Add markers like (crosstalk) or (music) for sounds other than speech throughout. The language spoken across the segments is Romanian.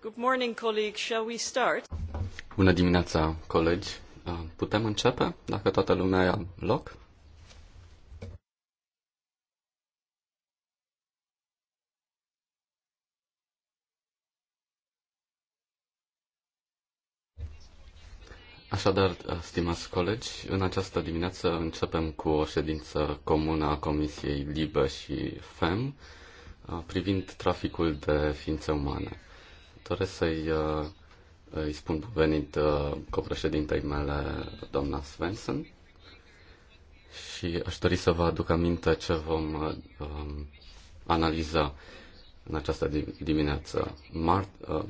Good morning, colleagues. Shall we start? Bună dimineața, colegi. Uh, putem începe, dacă toată lumea ia loc? Așadar, uh, stimați colegi, în această dimineață începem cu o ședință comună a Comisiei Libă și FEM uh, privind traficul de ființe umane. Doresc să-i uh, îi spun venit uh, copreședintei mele, doamna Svensson, și aș dori să vă aduc aminte ce vom uh, analiza în această dimineață. Mart, uh,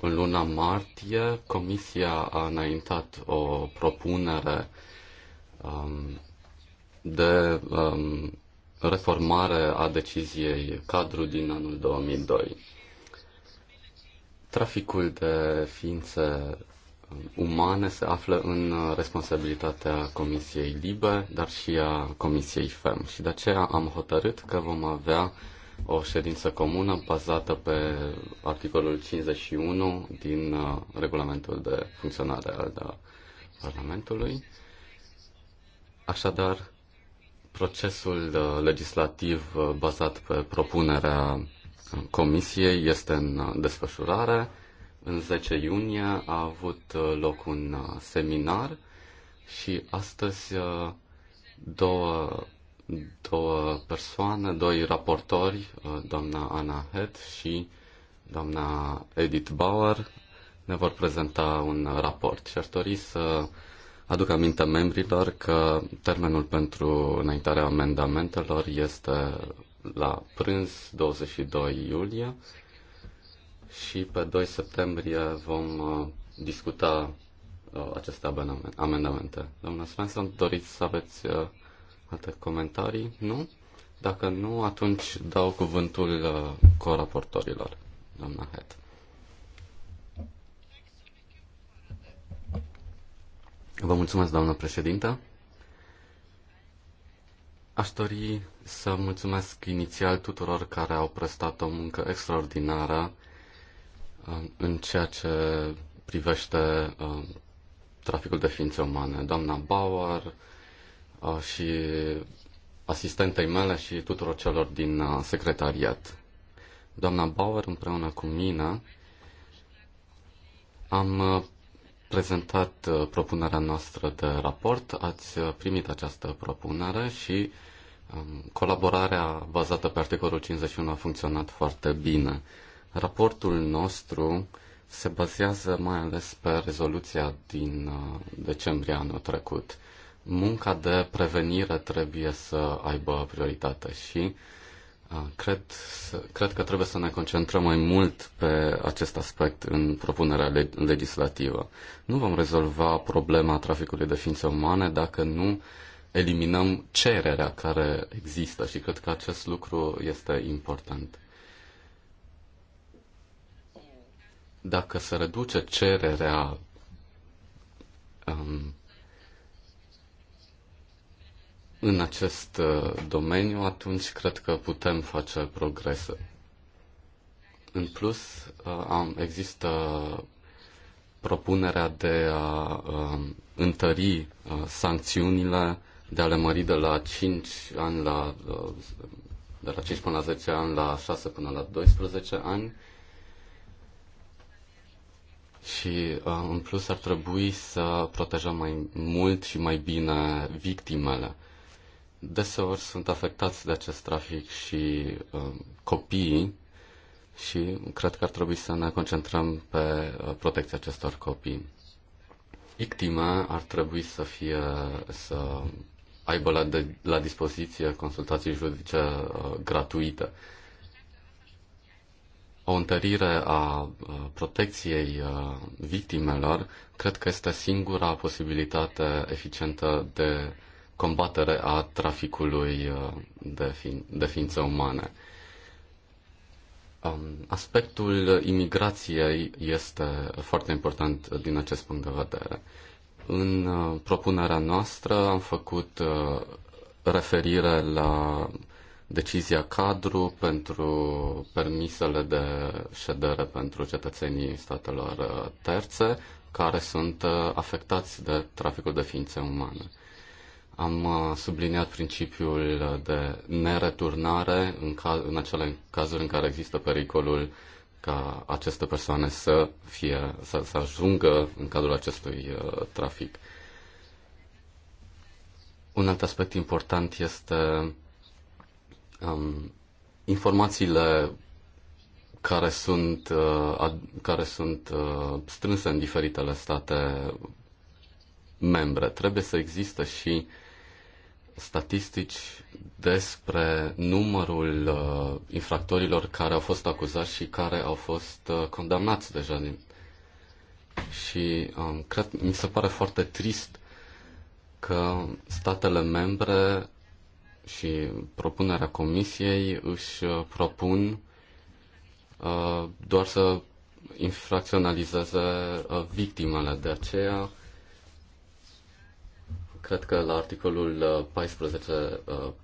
în luna martie, Comisia a înaintat o propunere um, de um, reformare a deciziei cadru din anul 2002 Traficul de ființe umane se află în responsabilitatea Comisiei Libe, dar și a Comisiei FEM. Și de aceea am hotărât că vom avea o ședință comună bazată pe articolul 51 din uh, regulamentul de funcționare al uh, Parlamentului. Așadar, procesul uh, legislativ bazat pe propunerea Comisiei este în desfășurare. În 10 iunie a avut uh, loc un uh, seminar și astăzi uh, două, două persoane, doi raportori, doamna Ana Het și doamna Edith Bauer, ne vor prezenta un raport și aș dori să aduc aminte membrilor că termenul pentru înaintarea amendamentelor este la prânz 22 iulie și pe 2 septembrie vom uh, discuta uh, aceste amendamente. Doamna Svensson, doriți să aveți uh, alte comentarii? Nu? Dacă nu, atunci dau cuvântul coraportorilor, doamna Het. Vă mulțumesc, doamnă președintă. Aș dori să mulțumesc inițial tuturor care au prestat o muncă extraordinară uh, în ceea ce privește uh, traficul de ființe umane. Doamna Bauer uh, și asistentei mele și tuturor celor din secretariat. Doamna Bauer împreună cu mine am prezentat uh, propunerea noastră de raport, ați uh, primit această propunere și um, colaborarea bazată pe articolul 51 a funcționat foarte bine. Raportul nostru se bazează mai ales pe rezoluția din uh, decembrie anul trecut. Munca de prevenire trebuie să aibă prioritate și Ah, cred, cred că trebuie să ne concentrăm mai mult pe acest aspect în propunerea legislativă. Nu vom rezolva problema traficului de ființe umane dacă nu eliminăm cererea care există și cred că acest lucru este important. Dacă se reduce cererea um, în acest uh, domeniu, atunci cred că putem face progrese. În plus, uh, există propunerea de a um, întări uh, sancțiunile, de a le mări de la 5 ani la de la 5 până la 10 ani la 6 până la 12 ani. Și în plus ar trebui să protejăm mai mult și mai bine victimele deseori sunt afectați de acest trafic și uh, copiii și cred că ar trebui să ne concentrăm pe uh, protecția acestor copii. Victima ar trebui să fie să aibă la, de, la dispoziție consultații juridice uh, gratuite. O întărire a uh, protecției uh, victimelor cred că este singura posibilitate eficientă de uh, combatere a traficului uh, de, fiin, de ființe umane. Um, aspectul imigrației este foarte important din acest punct de vedere. În uh, propunerea noastră am făcut uh, referire la decizia cadru pentru permisele de ședere pentru cetățenii statelor terțe care sunt afectați de traficul de ființe umane. Am uh, subliniat principiul de nereturnare în, caz, în acele cazuri în care există pericolul ca aceste persoane să, fie, să, să ajungă în cadrul acestui uh, trafic. Un alt aspect important este um, informațiile care sunt, uh, ad, care sunt uh, strânse în diferitele state membre. Trebuie să existe și uh, statistici despre numărul uh, infractorilor care au fost acuzați și care au fost uh, condamnați deja. Din... Și um, cred, mi se pare foarte trist că statele membre și propunerea comisiei își uh, propun uh, doar să infracționalizeze uh, victimele. De aceea, Cred că la articolul 14.4 uh,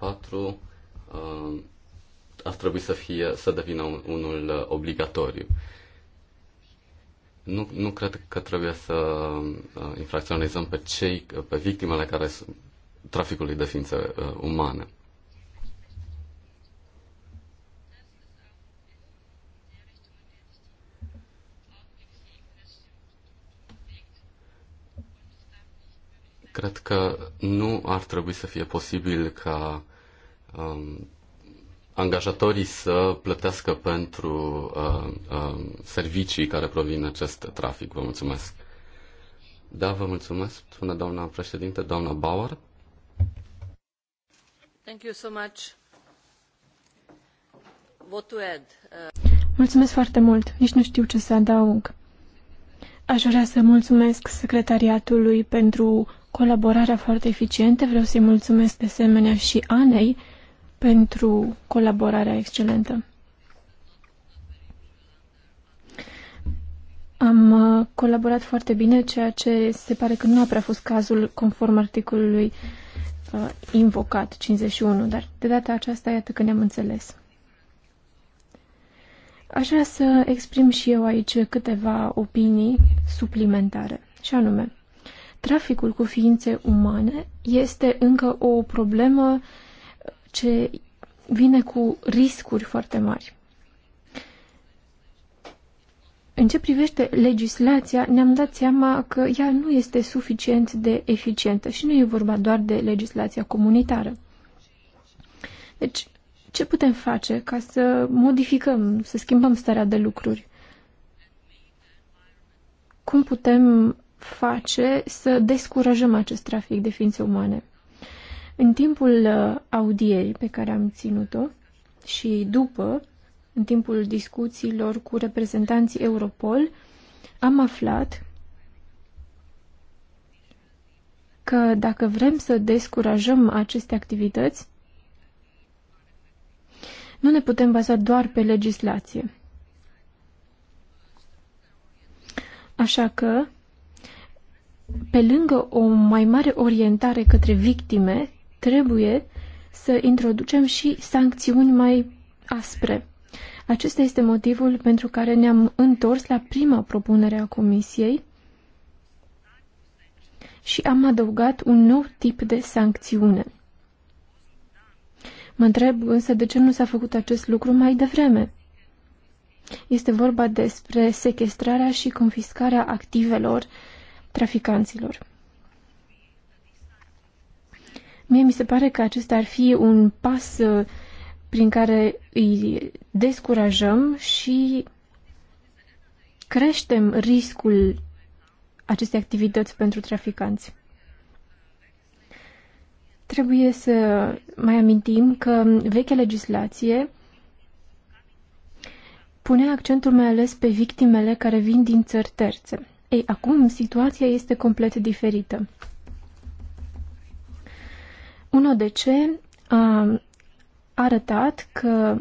uh, uh, ar trebui să, fie, să devină unul obligatoriu. Nu, nu cred că trebuie să infracționalizăm pe cei, pe victimele care traficului de ființe umane. Cred că nu ar trebui să fie posibil ca um, angajatorii să plătească pentru uh, uh, servicii care provin acest trafic. Vă mulțumesc. Da, vă mulțumesc. Spune doamna președinte, doamna Bauer. Thank you so much. What to add? Uh... Mulțumesc foarte mult. Nici nu știu ce să adaug. Aș vrea să mulțumesc secretariatului pentru colaborarea foarte eficientă. Vreau să-i mulțumesc de asemenea și Anei pentru colaborarea excelentă. Am uh, colaborat foarte bine, ceea ce se pare că nu a prea fost cazul conform articolului uh, invocat 51, dar de data aceasta iată că ne-am înțeles. Aș vrea să exprim și eu aici câteva opinii suplimentare, și anume, Traficul cu ființe umane este încă o problemă ce vine cu riscuri foarte mari. În ce privește legislația, ne-am dat seama că ea nu este suficient de eficientă și nu e vorba doar de legislația comunitară. Deci, ce putem face ca să modificăm, să schimbăm starea de lucruri? Cum putem face să descurajăm acest trafic de ființe umane. În timpul uh, audierii pe care am ținut-o și după, în timpul discuțiilor cu reprezentanții Europol, am aflat că dacă vrem să descurajăm aceste activități, nu ne putem baza doar pe legislație. Așa că pe lângă o mai mare orientare către victime, trebuie să introducem și sancțiuni mai aspre. Acesta este motivul pentru care ne-am întors la prima propunere a Comisiei și am adăugat un nou tip de sancțiune. Mă întreb însă de ce nu s-a făcut acest lucru mai devreme. Este vorba despre sequestrarea și confiscarea activelor traficanților. Mie mi se pare că acesta ar fi un pas uh, prin care îi descurajăm și creștem riscul acestei activități pentru traficanți. Trebuie să mai amintim că vechea legislație punea accentul mai ales pe victimele care vin din țări terțe. Ei, acum situația este complet diferită. Un ODC a arătat că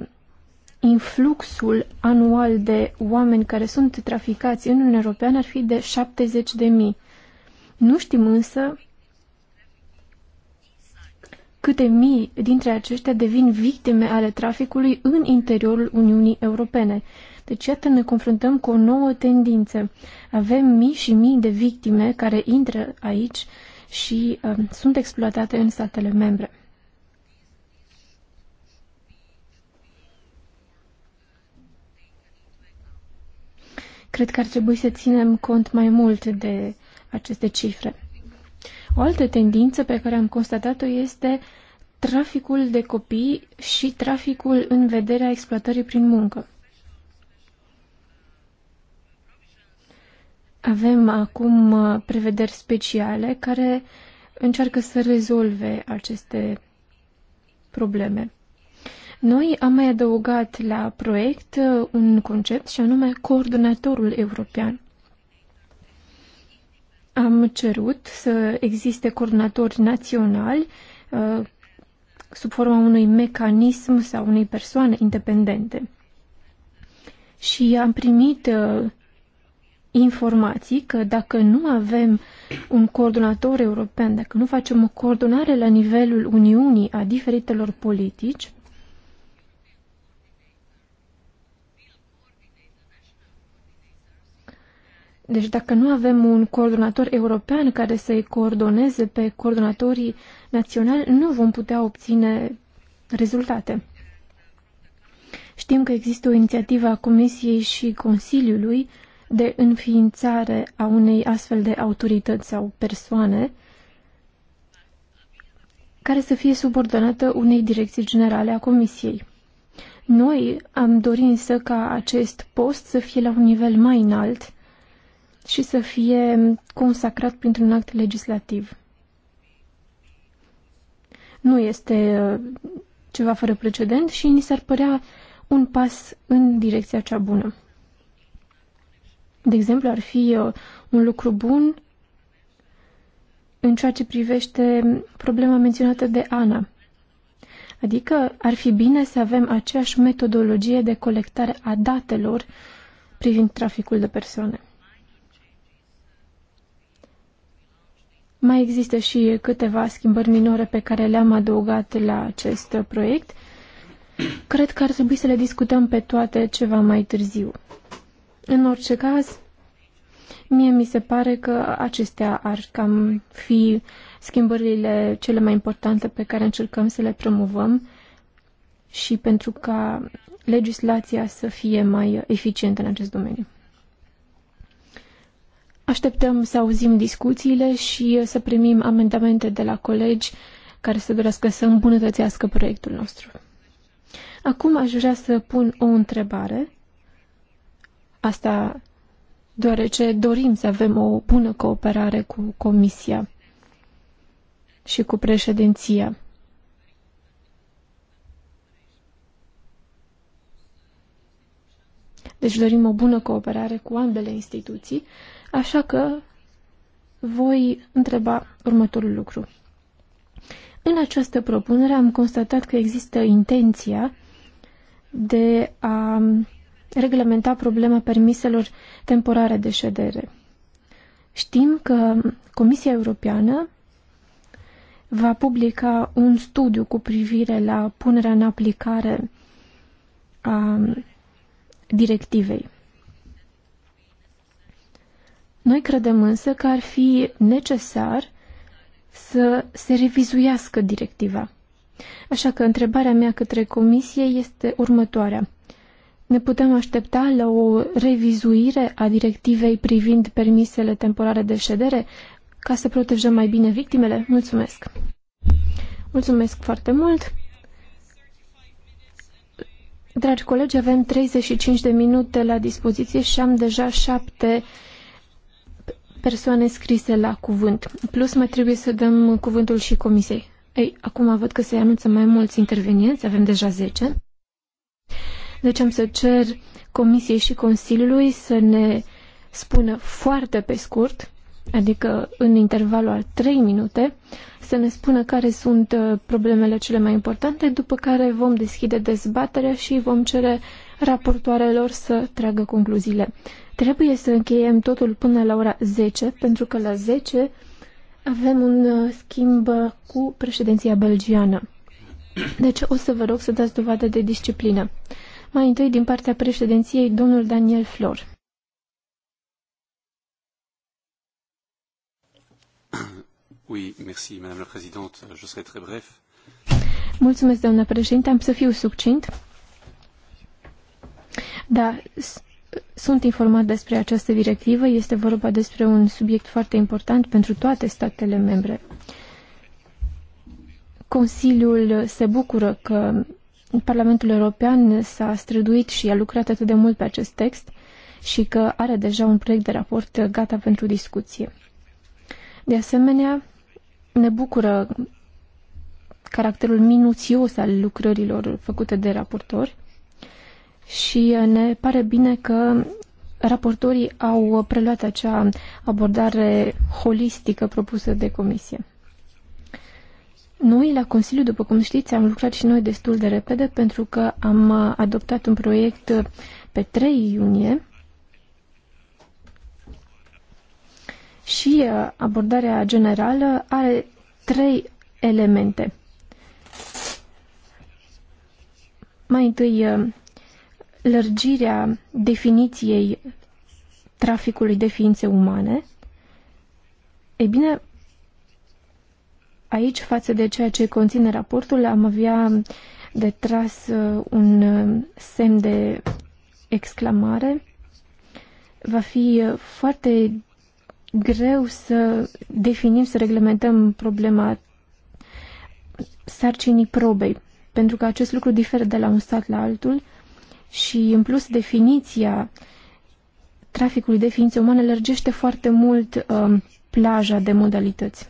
influxul anual de oameni care sunt traficați în Uniunea Europeană ar fi de 70 de mii. Nu știm însă câte mii dintre aceștia devin victime ale traficului în interiorul Uniunii Europene. Deci, iată, ne confruntăm cu o nouă tendință. Avem mii și mii de victime care intră aici și uh, sunt exploatate în statele membre. Cred că ar trebui să ținem cont mai mult de aceste cifre. O altă tendință pe care am constatat-o este traficul de copii și traficul în vederea exploatării prin muncă. Avem acum uh, prevederi speciale care încearcă să rezolve aceste probleme. Noi am mai adăugat la proiect uh, un concept și anume coordonatorul european. Am cerut să existe coordonatori naționali uh, sub forma unui mecanism sau unei persoane independente. Și am primit informații că dacă nu avem un coordonator european, dacă nu facem o coordonare la nivelul Uniunii a diferitelor politici, Deci dacă nu avem un coordonator european care să-i coordoneze pe coordonatorii naționali, nu vom putea obține rezultate. Știm că există o inițiativă a Comisiei și Consiliului uh, de înființare a unei astfel de autorități sau persoane care să fie subordonată unei direcții generale a Comisiei. Noi am dorit însă ca acest post să fie la un nivel mai înalt și să fie consacrat printr-un act legislativ. Nu este uh, ceva fără precedent și ni s-ar părea un pas în direcția cea bună. De exemplu, ar fi uh, un lucru bun în ceea ce privește problema menționată de Ana. Adică ar fi bine să avem aceeași metodologie de colectare a datelor privind traficul de persoane. Mai există și câteva schimbări minore pe care le-am adăugat la acest proiect. Cred că ar trebui să le discutăm pe toate ceva mai târziu. În orice caz, mie mi se pare că acestea ar cam fi schimbările cele mai importante pe care încercăm să le promovăm și pentru ca legislația să fie mai eficientă în acest domeniu. Așteptăm să auzim discuțiile și să primim amendamente de la colegi care să dorească să îmbunătățească proiectul nostru. Acum aș vrea să pun o întrebare Asta deoarece dorim să avem o bună cooperare cu Comisia și cu președinția. Deci dorim o bună cooperare cu ambele instituții, așa că voi întreba următorul lucru. În această propunere am constatat că există intenția de a reglementa problema permiselor temporare de ședere. Știm că Comisia Europeană va publica un studiu cu privire la punerea în aplicare a directivei. Noi credem însă că ar fi necesar să se revizuiască directiva. Așa că întrebarea mea către comisie este următoarea. Ne putem aștepta la o revizuire a directivei privind permisele temporare de ședere ca să protejăm mai bine victimele? Mulțumesc! Mulțumesc foarte mult! Dragi colegi, avem 35 de minute la dispoziție și am deja șapte persoane scrise la cuvânt. Plus mai trebuie să dăm cuvântul și comisiei. Ei, acum văd că se anunță mai mulți intervenienți, avem deja 10. Deci am să cer Comisiei și Consiliului să ne spună foarte pe scurt, adică în intervalul al 3 minute, să ne spună care sunt uh, problemele cele mai importante, după care vom deschide dezbaterea și vom cere raportoarelor să tragă concluziile. Trebuie să încheiem totul până la ora 10, pentru că la 10 avem un uh, schimb uh, cu președinția belgiană. Deci o să vă rog să dați dovadă de disciplină. Mai întâi, din partea președinției, domnul Daniel Flor. Oui, merci, Madame la Présidente. Je serai très bref. Mulțumesc, doamna președinte. Am să fiu succint. Da, sunt informat despre această directivă. Este vorba despre un subiect foarte important pentru toate statele membre. Consiliul se bucură că Parlamentul European s-a străduit și a lucrat atât de mult pe acest text și că are deja un proiect de raport gata pentru discuție. De asemenea, ne bucură caracterul minuțios al lucrărilor făcute de raportori și ne pare bine că raportorii au preluat acea abordare holistică propusă de comisie. Noi, la Consiliu, după cum știți, am lucrat și noi destul de repede pentru că am uh, adoptat un proiect uh, pe 3 iunie și uh, abordarea generală are trei elemente. Mai întâi, lărgirea definiției traficului de ființe umane. Ei bine, Aici, față de ceea ce conține raportul, am avea de tras uh, un uh, semn de exclamare. Va fi uh, foarte greu să definim, să reglementăm problema sarcinii probei, pentru că acest lucru diferă de la un stat la altul și, în plus, definiția traficului de ființe umane lărgește foarte mult uh, plaja de modalități.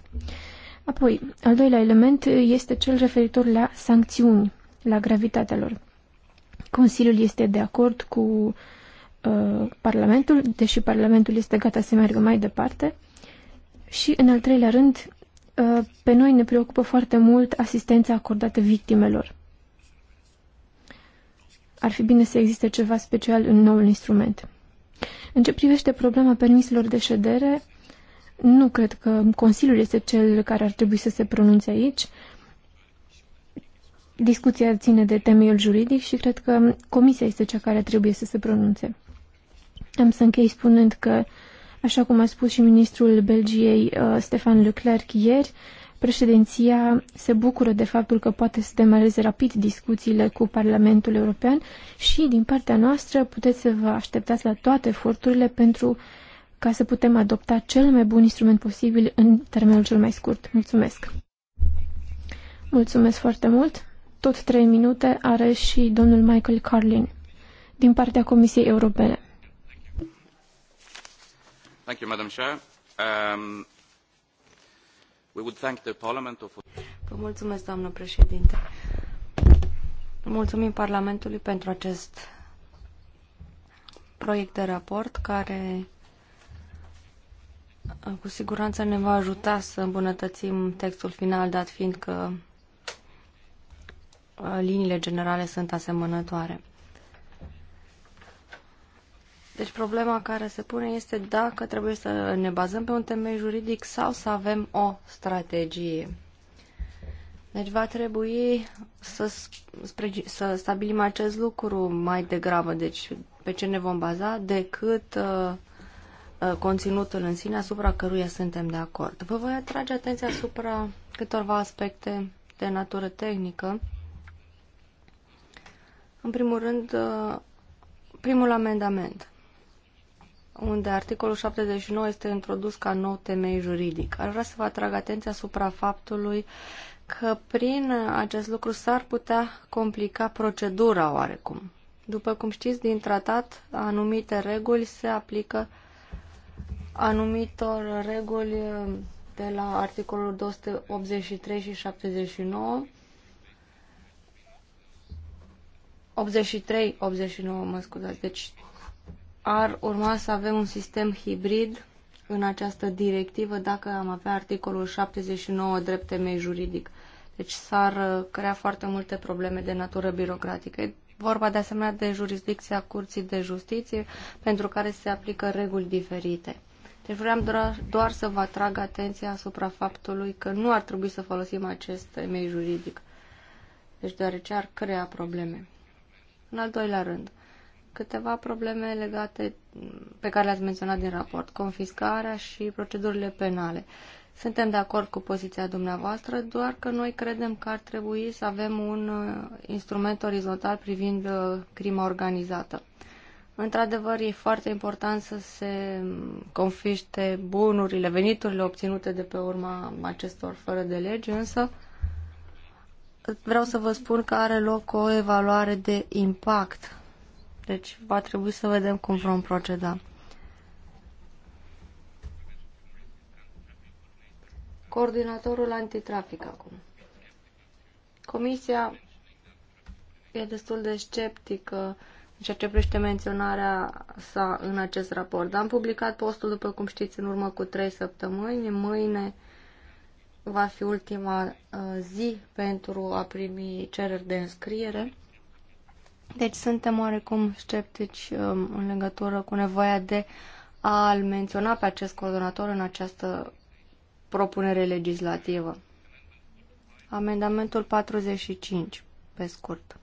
Apoi, al doilea element este cel referitor la sancțiuni, la gravitatea lor. Consiliul este de acord cu uh, Parlamentul, deși Parlamentul este gata să meargă mai departe. Și, în al treilea rând, uh, pe noi ne preocupă foarte mult asistența acordată victimelor. Ar fi bine să existe ceva special în noul instrument. În ce privește problema permiselor de ședere, nu cred că Consiliul este cel care ar trebui să se pronunțe aici. Discuția ține de temeiul juridic și cred că Comisia este cea care trebuie să se pronunțe. Am să închei spunând că, așa cum a spus și ministrul Belgiei uh, Stefan Leclerc ieri, președinția se bucură de faptul că poate să demareze rapid discuțiile cu Parlamentul European și, din partea noastră, puteți să vă așteptați la toate eforturile pentru ca să putem adopta cel mai bun instrument posibil în termenul cel mai scurt. Mulțumesc! Mulțumesc foarte mult! Tot trei minute are și domnul Michael Carlin din partea Comisiei Europene. Thank you, Madam Chair. Um, we would thank the Parliament of... Vă mulțumesc, doamnă președinte. Mulțumim Parlamentului pentru acest proiect de raport care Ah, cu siguranță ne va ajuta să îmbunătățim textul final, dat fiind că liniile generale sunt asemănătoare. Deci problema care se pune este dacă trebuie să ne bazăm pe un temei juridic sau să avem o strategie. Deci va trebui să, să stabilim acest lucru mai degrabă, deci pe ce ne vom baza, decât uh, Uh, conținutul în sine asupra căruia suntem de acord. Vă voi atrage atenția asupra câtorva aspecte de natură tehnică. În primul rând, uh, primul amendament, unde articolul 79 este introdus ca nou temei juridic. Ar vrea să vă atrag atenția asupra faptului că prin acest lucru s-ar putea complica procedura oarecum. După cum știți, din tratat, anumite reguli se aplică uh, anumitor reguli eh, de la articolul 283 și 79 83-89, mă scuzați. Deci ar urma să avem un sistem hibrid în această directivă dacă am avea articolul 79 drept temei juridic. Deci s-ar eh, crea foarte multe probleme de natură birocratică. E vorba de asemenea de jurisdicția Curții de Justiție pentru care se aplică reguli diferite. Deci vreau doar, doar să vă atrag atenția asupra faptului că nu ar trebui să folosim acest email juridic. Deci deoarece ar crea probleme. În al doilea rând, câteva probleme legate pe care le-ați menționat din raport, confiscarea și procedurile penale. Suntem de acord cu poziția dumneavoastră, doar că noi credem că ar trebui să avem un uh, instrument orizontal privind uh, crima organizată. Într-adevăr, e foarte important să se confiște bunurile, veniturile obținute de pe urma acestor fără de lege, însă vreau să vă spun că are loc o evaluare de impact. Deci va trebui să vedem cum vom proceda. Coordinatorul antitrafic acum. Comisia e destul de sceptică uh, în ceea ce privește menționarea sa în acest raport. Am publicat postul, după cum știți, în urmă cu trei săptămâni. Mâine va fi ultima uh, zi pentru a primi cereri de înscriere. Deci suntem oarecum sceptici um, în legătură cu nevoia de a-l menționa pe acest coordonator în această propunere legislativă. Amendamentul 45, pe scurt.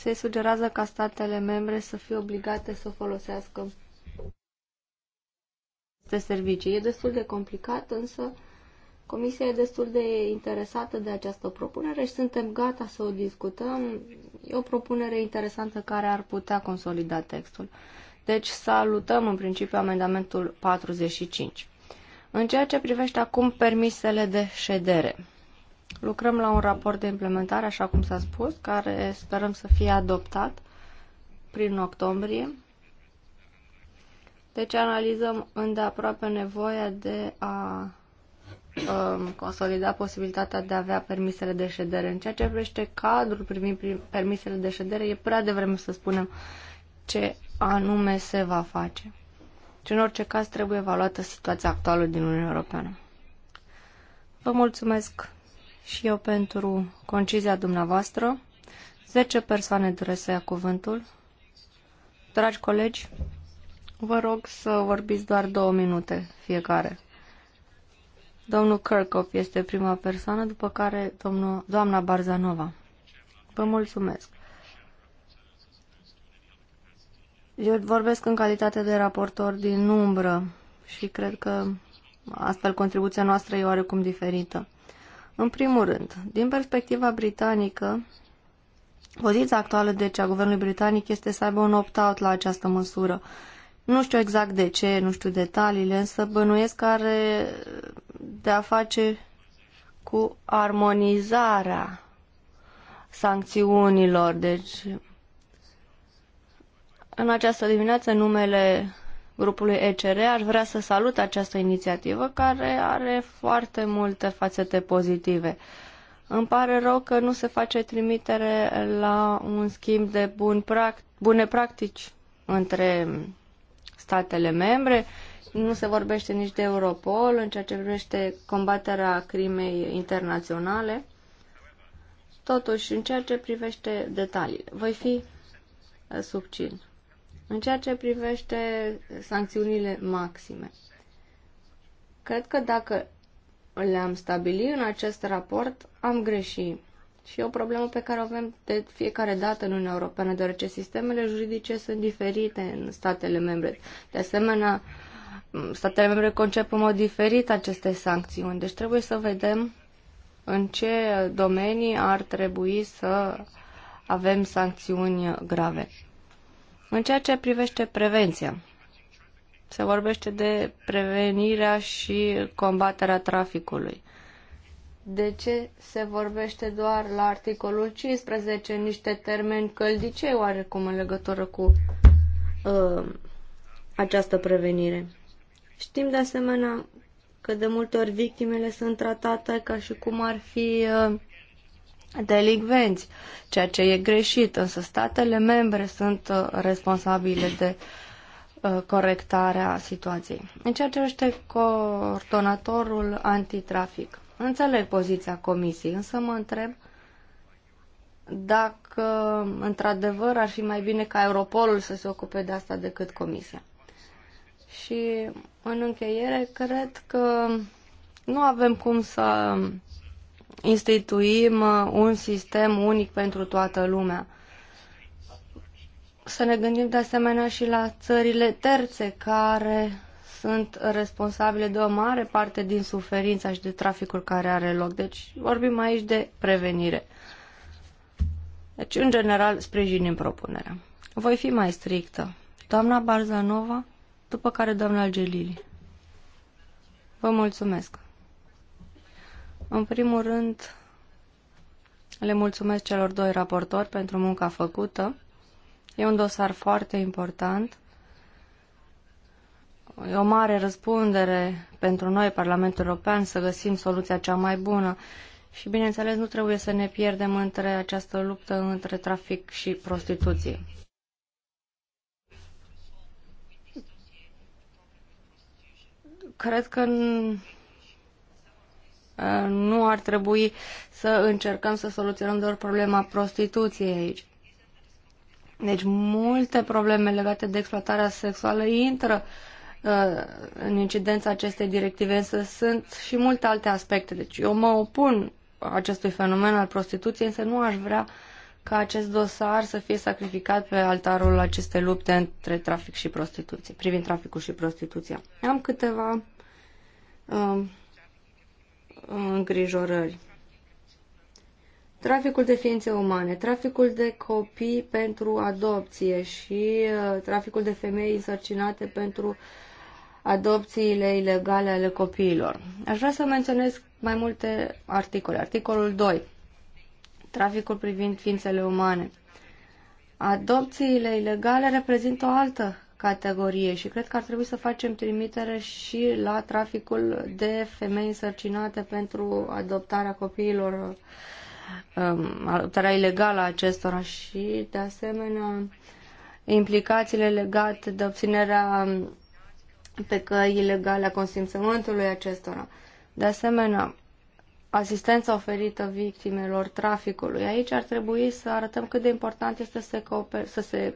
se sugerează ca statele membre să fie obligate să folosească aceste servicii. E destul de complicat, însă Comisia e destul de interesată de această propunere și suntem gata să o discutăm. E o propunere interesantă care ar putea consolida textul. Deci salutăm în principiu amendamentul 45. În ceea ce privește acum permisele de ședere, Lucrăm la un raport de implementare, așa cum s-a spus, care sperăm să fie adoptat prin octombrie. Deci analizăm îndeaproape nevoia de a um, consolida posibilitatea de a avea permisele de ședere. În ceea ce privește cadrul privind permisele de ședere, e prea devreme să spunem ce anume se va face. Și deci, în orice caz trebuie evaluată situația actuală din Uniunea Europeană. Vă mulțumesc și eu pentru concizia dumneavoastră. Zece persoane doresc să ia cuvântul. Dragi colegi, vă rog să vorbiți doar două minute fiecare. Domnul Kirkhoff este prima persoană, după care domnul, doamna Barzanova. Vă mulțumesc. Eu vorbesc în calitate de raportor din umbră și cred că astfel contribuția noastră e oarecum diferită. În primul rând, din perspectiva britanică, poziția actuală deci a guvernului britanic este să aibă un opt-out la această măsură. Nu știu exact de ce, nu știu detaliile, însă bănuiesc că are de a face cu armonizarea sancțiunilor. Deci, în această dimineață, numele grupului ECR, aș vrea să salut această inițiativă care are foarte multe fațete pozitive. Îmi pare rău că nu se face trimitere la un schimb de bun pract- bune practici între statele membre, nu se vorbește nici de Europol în ceea ce privește combaterea crimei internaționale. Totuși, în ceea ce privește detaliile, voi fi eh, subțin. În ceea ce privește sancțiunile maxime, cred că dacă le-am stabilit în acest raport, am greșit. Și e o problemă pe care o avem de fiecare dată în Uniunea Europeană, deoarece sistemele juridice sunt diferite în statele membre. De asemenea, statele membre concep în mod diferit aceste sancțiuni, deci trebuie să vedem în ce domenii ar trebui să avem sancțiuni grave. În ceea ce privește prevenția, se vorbește de prevenirea și combaterea traficului. De ce se vorbește doar la articolul 15 niște termeni căldicei oarecum în legătură cu uh, această prevenire? Știm de asemenea că de multe ori victimele sunt tratate ca și cum ar fi uh, delicvenți, ceea ce e greșit, însă statele membre sunt uh, responsabile de uh, corectarea situației. În ceea ce este coordonatorul antitrafic, înțeleg poziția comisiei, însă mă întreb dacă într-adevăr ar fi mai bine ca Europolul să se ocupe de asta decât comisia. Și în încheiere, cred că nu avem cum să instituim uh, un sistem unic pentru toată lumea. Să ne gândim de asemenea și la țările terțe care sunt responsabile de o mare parte din suferința și de traficul care are loc. Deci vorbim aici de prevenire. Deci, în general, sprijinim propunerea. Voi fi mai strictă. Doamna Barzanova, după care doamna Gelili. Vă mulțumesc. În primul rând, le mulțumesc celor doi raportori pentru munca făcută. E un dosar foarte important. E o mare răspundere pentru noi, Parlamentul European, să găsim soluția cea mai bună. Și, bineînțeles, nu trebuie să ne pierdem între această luptă între trafic și prostituție. Cred că nu ar trebui să încercăm să soluționăm doar problema prostituției aici. Deci multe probleme legate de exploatarea sexuală intră uh, în incidența acestei directive, însă sunt și multe alte aspecte. Deci eu mă opun acestui fenomen al prostituției, însă nu aș vrea ca acest dosar să fie sacrificat pe altarul acestei lupte între trafic și prostituție, privind traficul și prostituția. Am câteva uh, îngrijorări. Traficul de ființe umane, traficul de copii pentru adopție și uh, traficul de femei însărcinate pentru adopțiile ilegale ale copiilor. Aș vrea să menționez mai multe articole. Articolul 2. Traficul privind ființele umane. Adopțiile ilegale reprezintă o altă categorie și cred că ar trebui să facem trimitere și la traficul de femei însărcinate pentru adoptarea copiilor, um, adoptarea ilegală a acestora și, de asemenea, implicațiile legate de obținerea pe căi ilegale a consimțământului acestora. De asemenea, asistența oferită victimelor traficului. Aici ar trebui să arătăm cât de important este să, cooper- să se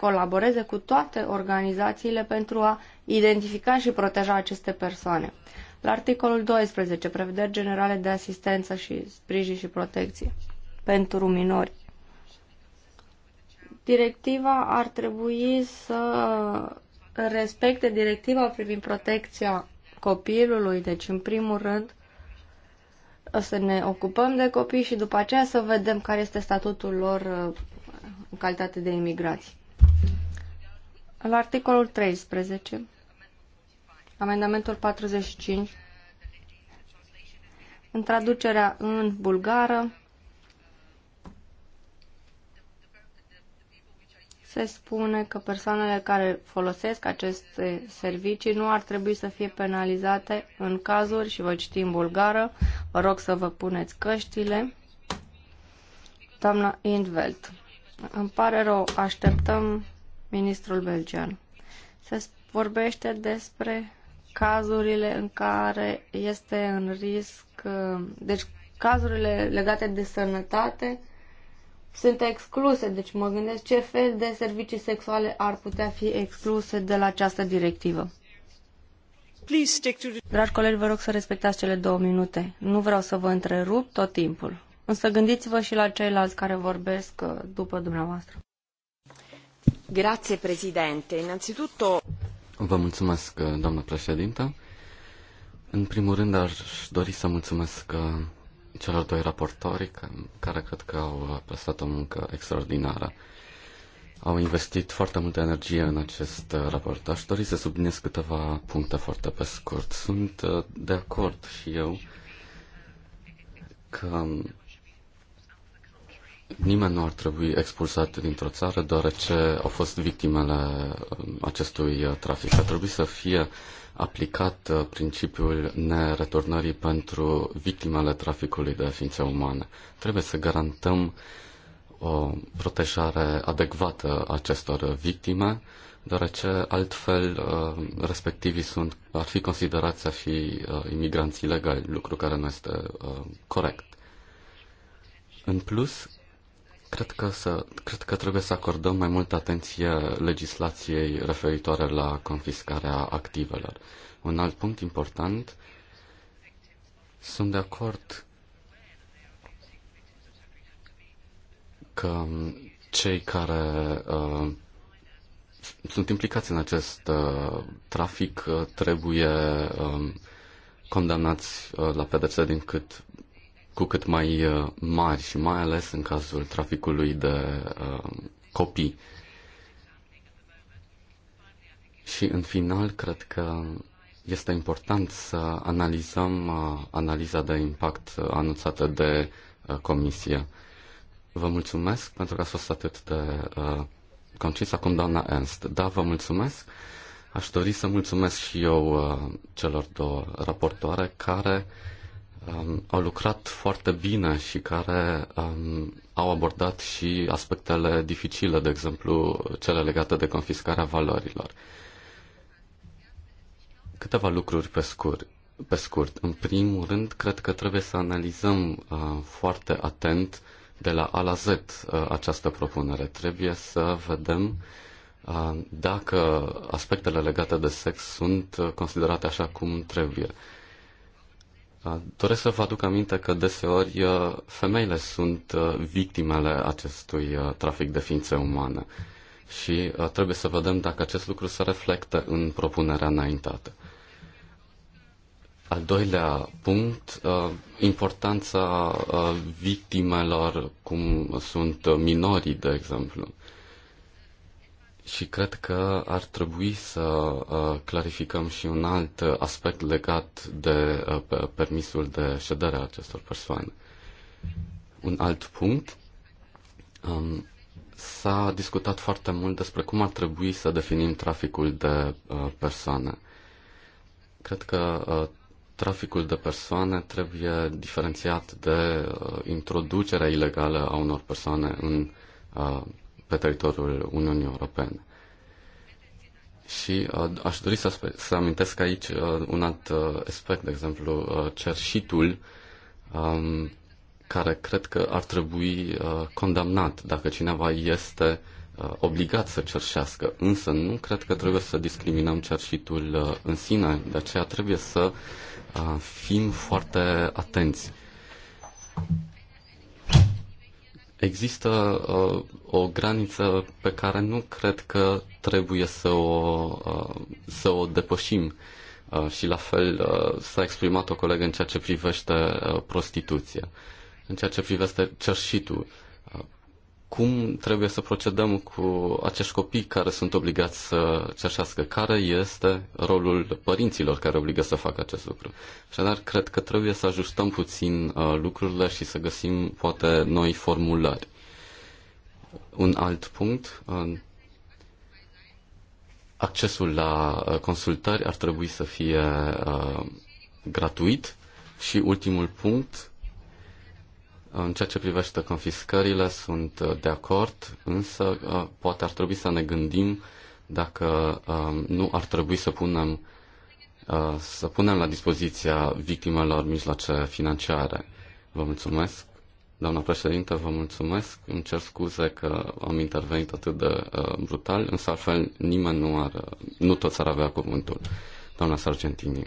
colaboreze cu toate organizațiile pentru a identifica și proteja aceste persoane. La articolul 12, prevederi generale de asistență și sprijin și protecție pentru minori. Directiva ar trebui să respecte directiva privind protecția copilului, deci în primul rând să ne ocupăm de copii și după aceea să vedem care este statutul lor uh, în calitate de imigrați. La articolul 13, amendamentul 45, în traducerea în bulgară, se spune că persoanele care folosesc aceste servicii nu ar trebui să fie penalizate în cazuri, și vă citi în bulgară, vă rog să vă puneți căștile, doamna Indveld. Îmi pare rău, așteptăm ministrul belgian. Se vorbește despre cazurile în care este în risc, deci cazurile legate de sănătate sunt excluse, deci mă gândesc ce fel de servicii sexuale ar putea fi excluse de la această directivă. Dragi colegi, vă rog să respectați cele două minute. Nu vreau să vă întrerup tot timpul. Însă gândiți-vă și la ceilalți care vorbesc uh, după dumneavoastră. Grazie, Presidente. Innanzitutto... Vă mulțumesc, uh, doamnă președintă. În primul rând, aș dori să mulțumesc uh, celor doi raportori care cred că au prestat o muncă extraordinară. Au investit foarte multă energie în acest raport. Aș dori să subliniez câteva puncte foarte pe scurt. Sunt de acord și eu că um, Nimeni nu ar trebui expulsat dintr-o țară deoarece au fost victimele um, acestui uh, trafic. Ar trebui să fie aplicat uh, principiul nereturnării pentru victimele traficului de ființe umane. Trebuie să garantăm o protejare adecvată acestor victime, deoarece altfel uh, respectivii sunt, ar fi considerați a fi imigranți ilegali, lucru care nu este corect. În plus, Cred că, să, cred că trebuie să acordăm mai multă atenție legislației referitoare la confiscarea activelor. Un alt punct important, sunt de acord că cei care uh, sunt implicați în acest uh, trafic uh, trebuie uh, condamnați uh, la pedepse din cât cu cât mai uh, mari și mai ales în cazul traficului de uh, copii. Și în final, cred că este important să analizăm uh, analiza de impact uh, anunțată de uh, Comisie. Vă mulțumesc pentru că ați fost atât de uh, concis. Acum, doamna Ernst. Da, vă mulțumesc. Aș dori să mulțumesc și eu uh, celor două raportoare care um, au lucrat foarte bine și care um, au abordat și aspectele dificile, de exemplu cele legate de confiscarea valorilor. Câteva lucruri pe scurt. Pe scurt, în primul rând, cred că trebuie să analizăm uh, foarte atent de la A la Z uh, această propunere. Trebuie să vedem uh, dacă aspectele legate de sex sunt uh, considerate așa cum trebuie. Uh, da, doresc să vă aduc aminte că deseori uh, femeile sunt uh, victimele acestui uh, trafic de ființe umane și trebuie să vedem dacă acest lucru se reflectă în propunerea înaintată. Al doilea punct, importanța victimelor cum sunt minorii, de exemplu. Și cred că ar trebui să uh, clarificăm și un alt aspect legat de uh, permisul de ședere a acestor persoane. Un alt punct. Um, s-a discutat foarte mult despre cum ar trebui să definim traficul de uh, persoane. Cred că traficul de persoane trebuie diferențiat de introducerea ilegală a unor persoane în pe teritoriul Uniunii Europene. Și uh, aș dori să, să amintesc aici uh, un alt uh, aspect, de exemplu, uh, cerșitul, um, care cred că ar trebui uh, condamnat dacă cineva este uh, obligat să cerșească. Însă nu cred că trebuie să discriminăm cerșitul uh, în sine, de aceea trebuie să uh, fim foarte atenți. Există uh, o graniță pe care nu cred că trebuie să o, uh, să o depășim. Uh, și la fel uh, s-a exprimat o colegă în ceea ce privește uh, prostituția, în ceea ce privește cerșitul. Uh, cum trebuie să procedăm cu acești copii care sunt obligați să cerșească, care este rolul părinților care obligă să facă acest lucru. Așadar, cred că trebuie să ajustăm puțin uh, lucrurile și să găsim poate noi formulări. Un alt punct, uh, accesul la uh, consultări ar trebui să fie uh, gratuit și ultimul punct, în ceea ce privește confiscările, sunt uh, de acord, însă uh, poate ar trebui să ne gândim dacă uh, nu ar trebui să punem, să punem la dispoziția victimelor mijloace financiare. Vă mulțumesc. Doamna președinte, vă mulțumesc. Îmi cer scuze că am intervenit atât de brutal, însă altfel nimeni nu ar, nu toți ar avea cuvântul. Doamna Sargentini,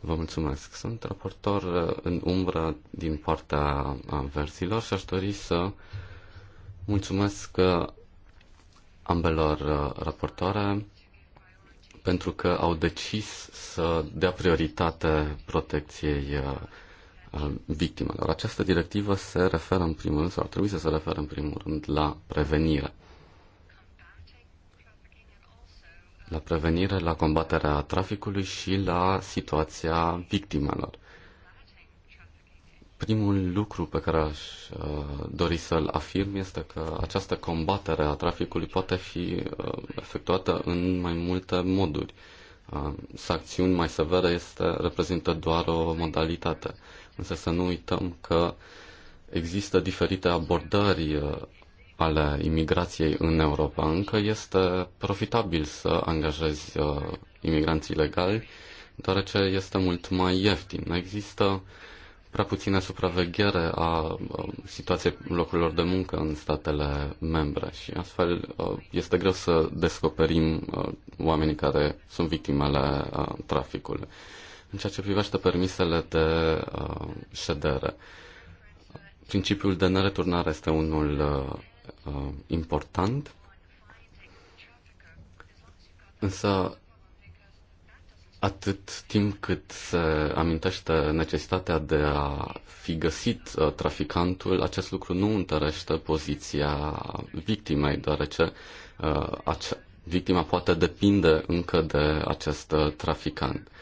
Vă mulțumesc. Sunt raportor uh, în umbră din partea versilor și aș dori să mulțumesc uh, ambelor uh, raportoare pentru că au decis să dea prioritate protecției victimelor. Această directivă se referă în primul rând, sau ar trebui să se referă în primul rând, la prevenire. la prevenire, la combaterea traficului și la situația victimelor. Primul lucru pe care aș uh, dori să-l afirm este că această combatere a traficului poate fi uh, efectuată în mai multe moduri. Uh, sancțiuni mai severe este, reprezintă doar o modalitate. Însă să nu uităm că există diferite abordări ale imigrației în Europa. Încă este profitabil să angajezi uh, imigranți ilegali, deoarece este mult mai ieftin. Există prea puține supraveghere a uh, situației locurilor de muncă în statele membre și astfel uh, este greu să descoperim uh, oamenii care sunt victimele uh, traficului. În ceea ce privește permisele de uh, ședere, principiul de nereturnare este unul uh, uh, important. Însă, atât timp cât se amintește necesitatea de a fi găsit uh, traficantul, acest lucru nu întărește poziția victimei, deoarece uh, acea, victima poate depinde încă de acest uh, traficant. Uh,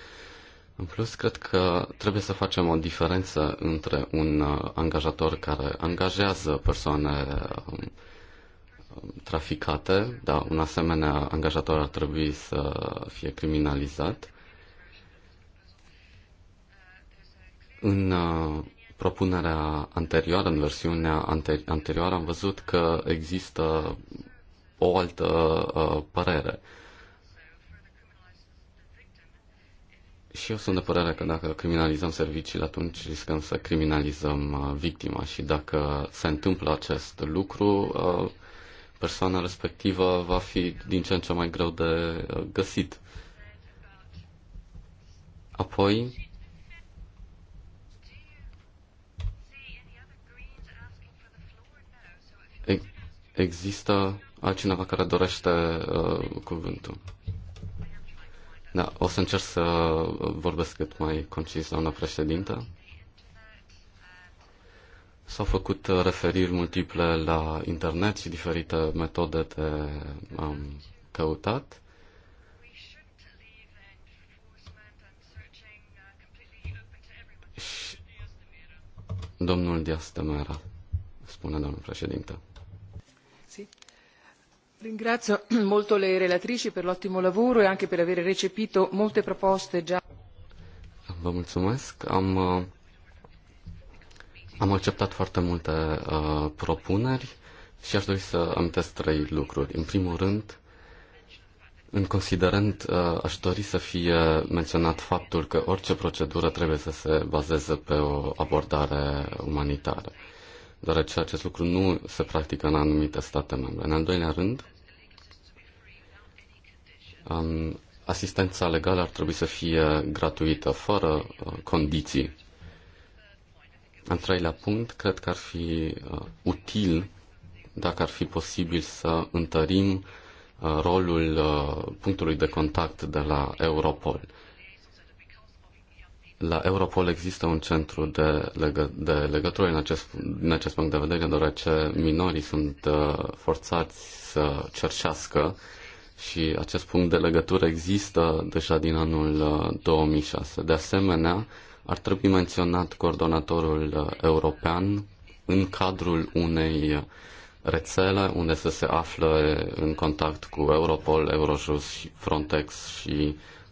în plus, cred că trebuie să facem o diferență între un uh, angajator care angajează persoane um, um, traficate, dar un asemenea angajator ar trebui să fie criminalizat. În uh, propunerea anterioară, în versiunea anterioară, am văzut că există o altă uh, părere. Și eu sunt de părere că dacă criminalizăm serviciile, atunci riscăm să criminalizăm uh, victima și dacă se întâmplă acest lucru, uh, persoana respectivă va fi din ce în ce mai greu de uh, găsit. Apoi, există altcineva care dorește uh, cuvântul. Da, o să încerc să vorbesc cât mai concis, doamna președintă. S-au făcut referiri multiple la internet și diferite metode de um, căutat. domnul Diastemera, spune domnul președinte ringrazio (clears throat) molto le relatrici per l'ottimo lavoro e anche per aver recepito molte proposte già. Vă mulțumesc. Am, uh, am acceptat foarte multe uh, propuneri și aș dori să amintesc trei lucruri. În primul rând, în considerent, uh, aș dori să fie menționat faptul că orice procedură trebuie să se bazeze pe o abordare umanitară, deoarece acest lucru nu se practică în anumite state membre. În al doilea rând, um, asistența legală ar trebui să fie gratuită, fără uh, condiții. Al treilea punct, cred că ar fi uh, util dacă ar fi posibil să întărim uh, rolul uh, punctului de contact de la Europol. La Europol există un centru de, legă, de legătură în acest, în acest punct de vedere, deoarece minorii sunt uh, forțați să cerșească uh, și acest punct de legătură există deja din anul 2006. Uh, de asemenea, ar trebui menționat coordonatorul uh, european în cadrul unei rețele unde să se afle în contact cu Europol, Eurojust, Frontex și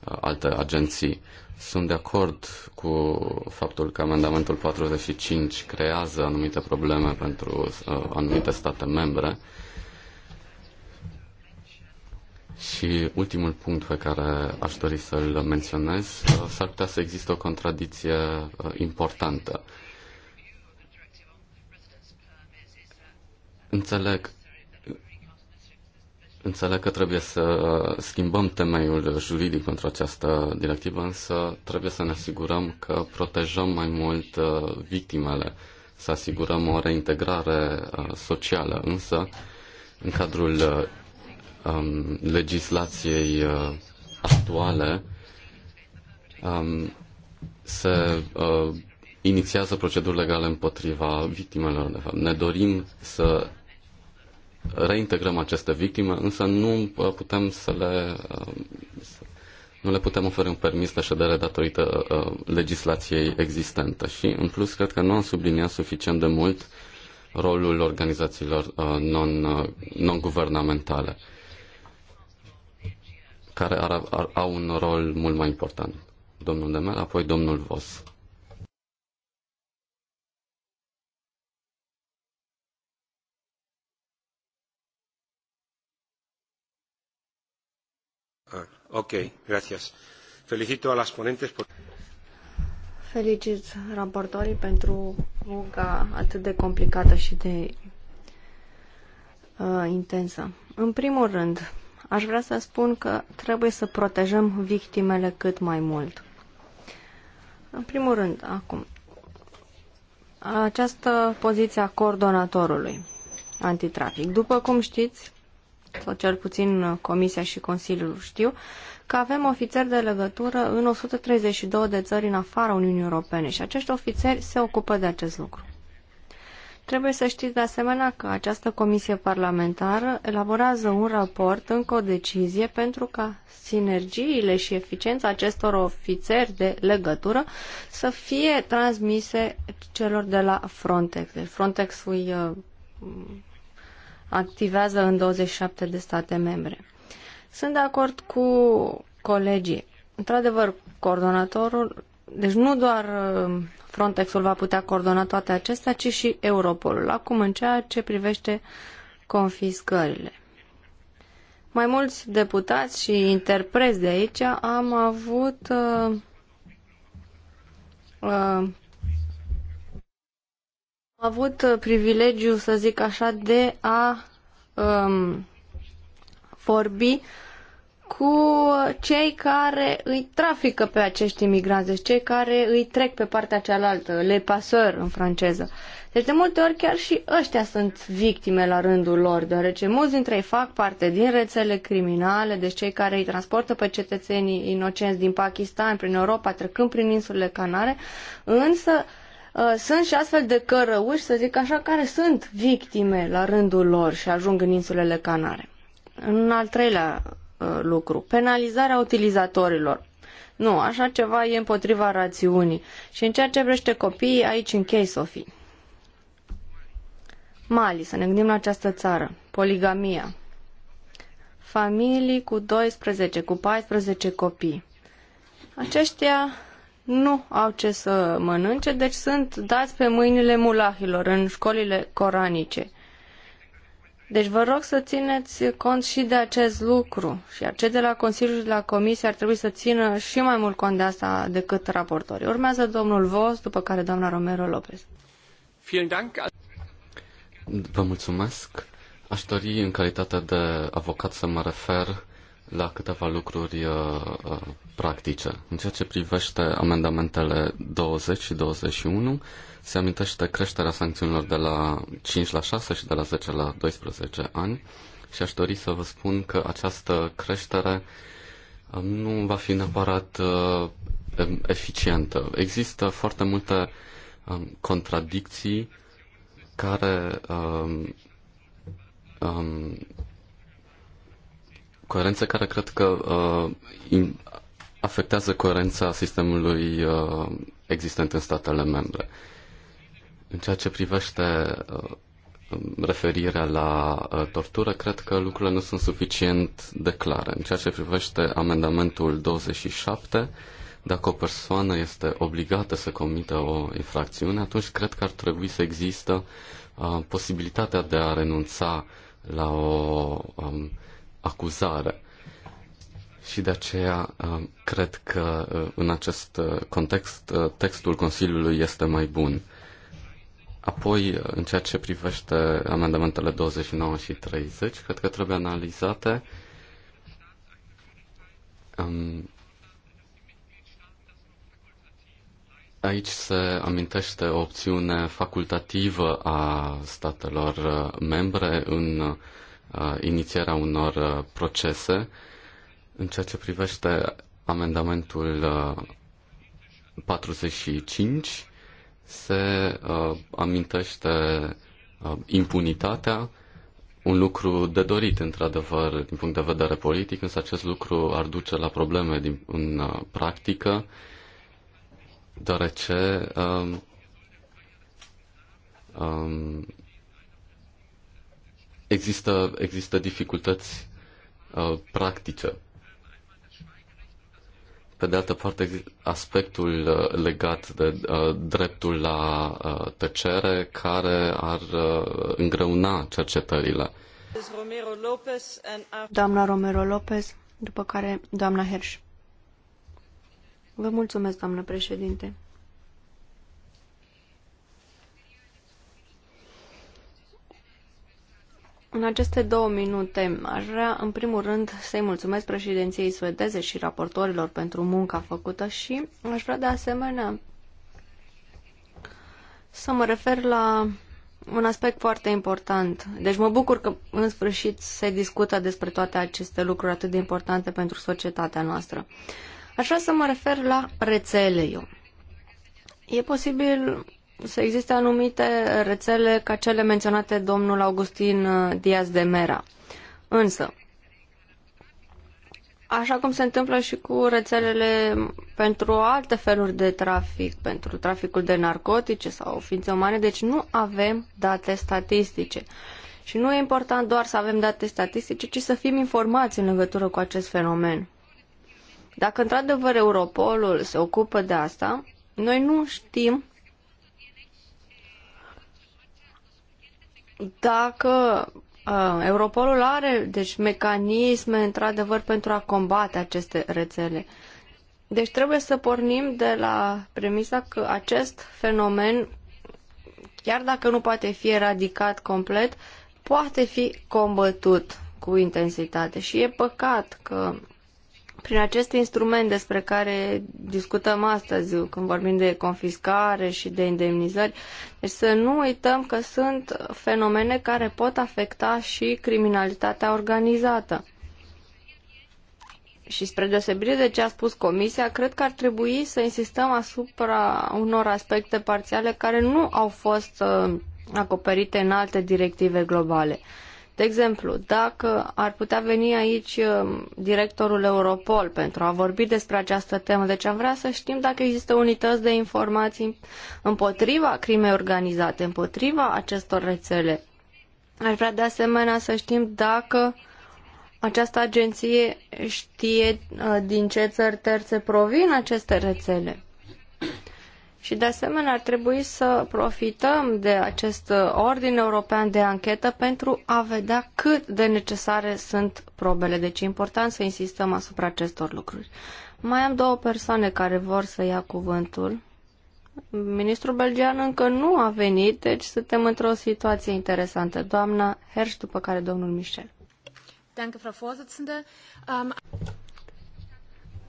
uh, alte agenții. Sunt de acord cu faptul că amendamentul 45 creează anumite probleme pentru anumite state membre, și ultimul punct pe care aș dori să-l menționez, uh, s-ar putea să existe o contradicție uh, importantă. Înțeleg, înțeleg că trebuie să schimbăm temeiul juridic pentru această directivă, însă trebuie să ne asigurăm că protejăm mai mult uh, victimele, să asigurăm o reintegrare socială, însă în cadrul um, legislației uh, actuale um, se uh, inițiază proceduri legale împotriva victimelor. De fapt. Ne dorim să reintegrăm aceste victime, însă nu uh, putem să le uh, nu le putem oferi un permis de ședere datorită uh, legislației existente. Și, în plus, cred că nu am subliniat suficient de mult rolul organizațiilor non, non-guvernamentale care ar, ar, au un rol mult mai important. Domnul Demel, apoi domnul Vos. Ah, ok, gracias. Felicito a las ponentes por... Felicit raportorii pentru munca atât de complicată și de uh, intensă. În primul rând, Aș vrea să spun că trebuie să protejăm victimele cât mai mult. În primul rând, acum, această poziție a coordonatorului antitrafic. După cum știți, sau cel puțin Comisia și Consiliul știu, că avem ofițeri de legătură în 132 de țări în afara Uniunii Europene și acești ofițeri se ocupă de acest lucru. Trebuie să știți de asemenea că această comisie parlamentară elaborează un raport, încă o decizie, pentru ca sinergiile și eficiența acestor ofițeri de legătură să fie transmise celor de la Frontex. Deci Frontex îi uh, activează în 27 de state membre. Sunt de acord cu colegii. Într-adevăr, coordonatorul deci nu doar uh, Frontexul va putea coordona toate acestea, ci și Europolul. Acum în ceea ce privește confiscările. Mai mulți deputați și interpreți de aici am avut uh, uh, am avut privilegiu, să zic așa, de a um, vorbi uh, cu cei care îi trafică pe acești imigranți, deci cei care îi trec pe partea cealaltă, le pasări în franceză. Deci de multe ori chiar și ăștia sunt victime la rândul lor, deoarece mulți dintre ei fac parte din rețele criminale, deci cei care îi transportă pe cetățenii inocenți din Pakistan, prin Europa, trecând prin insulele Canare, însă uh, sunt și astfel de cărăuși, să zic așa, care sunt victime la rândul lor și ajung în insulele Canare. În al treilea Uh, lucru. Penalizarea utilizatorilor. Nu, așa ceva e împotriva rațiunii. Și în ceea ce vrește copiii, aici închei, Sofie. Mali, să ne gândim la această țară. Poligamia. Familii cu 12, cu 14 copii. Aceștia nu au ce să mănânce, deci sunt dați pe mâinile mulahilor în școlile coranice. Deci vă rog să țineți cont și de acest lucru și cei de la Consiliu și de la Comisie ar trebui să țină și mai mult cont de asta decât raportorii. Urmează domnul Vos, după care doamna Romero Lopez. Vă mulțumesc. Aș dori, în calitate de avocat, să mă refer la câteva lucruri uh, uh practice. În ceea ce privește amendamentele 20 și 21, se amintește creșterea sancțiunilor de la 5 la 6 și de la 10 la 12 ani și aș dori să vă spun că această creștere uh, nu va fi neapărat uh, eficientă. Există foarte multe um, contradicții care um, um, coerențe care cred că uh, afectează coerența sistemului uh, existent în statele membre. Uh, în ceea ce privește uh, referirea la uh, tortură, cred că lucrurile nu sunt suficient de clare. În ceea ce privește amendamentul 27, dacă o persoană este obligată să comită o infracțiune, atunci cred că ar trebui să există uh, posibilitatea de a renunța la o um, acuzare. Și de aceea um, cred că în acest context textul Consiliului este mai bun. Apoi, în ceea ce privește amendamentele 29 și 30, cred că trebuie analizate um, Aici se amintește o opțiune facultativă a statelor uh, membre în uh, inițierea unor uh, procese. În ceea ce privește amendamentul 45, uh, se uh, amintește uh, impunitatea, un lucru de dorit, într-adevăr, din punct de vedere politic, însă acest lucru ar duce la probleme din, în uh, practică, deoarece um, um, există, există dificultăți uh, practice pe de altă parte, aspectul uh, legat de uh, dreptul la uh, tăcere care ar uh, îngreuna cercetările. Doamna Romero Lopez, după care doamna Hersch. Vă mulțumesc, doamnă președinte. În aceste două minute aș vrea, în primul rând, să-i mulțumesc președinției suedeze și raportorilor pentru munca făcută și aș vrea, de asemenea, să mă refer la un aspect foarte important. Deci mă bucur că, în sfârșit, se discută despre toate aceste lucruri atât de importante pentru societatea noastră. Aș vrea să mă refer la rețele eu. E posibil să existe anumite rețele ca cele menționate domnul Augustin uh, Diaz de Mera. Însă, așa cum se întâmplă și cu rețelele pentru alte feluri de trafic, pentru traficul de narcotice sau ființe umane, deci nu avem date statistice. Și nu e important doar să avem date statistice, ci să fim informați în legătură cu acest fenomen. Dacă într-adevăr Europolul se ocupă de asta, noi nu știm dacă uh, Europolul are deci mecanisme într-adevăr pentru a combate aceste rețele. Deci trebuie să pornim de la premisa că acest fenomen, chiar dacă nu poate fi eradicat complet, poate fi combătut cu intensitate. Și e păcat că prin acest instrument despre care discutăm astăzi, când vorbim de confiscare și de indemnizări, deci să nu uităm că sunt fenomene care pot afecta și criminalitatea organizată. Și spre deosebire de ce a spus Comisia, cred că ar trebui să insistăm asupra unor aspecte parțiale care nu au fost uh, acoperite în alte directive globale. De exemplu, dacă ar putea veni aici uh, directorul Europol pentru a vorbi despre această temă, deci am vrea să știm dacă există unități de informații împotriva crimei organizate, împotriva acestor rețele. Aș vrea de asemenea să știm dacă această agenție știe uh, din ce țări terțe provin aceste rețele. Și de asemenea ar trebui să profităm de acest uh, ordin european de anchetă pentru a vedea cât de necesare sunt probele. Deci e important să insistăm asupra acestor lucruri. Mai am două persoane care vor să ia cuvântul. Ministrul belgian încă nu a venit, deci suntem într-o situație interesantă. Doamna Herș, după care domnul Michel.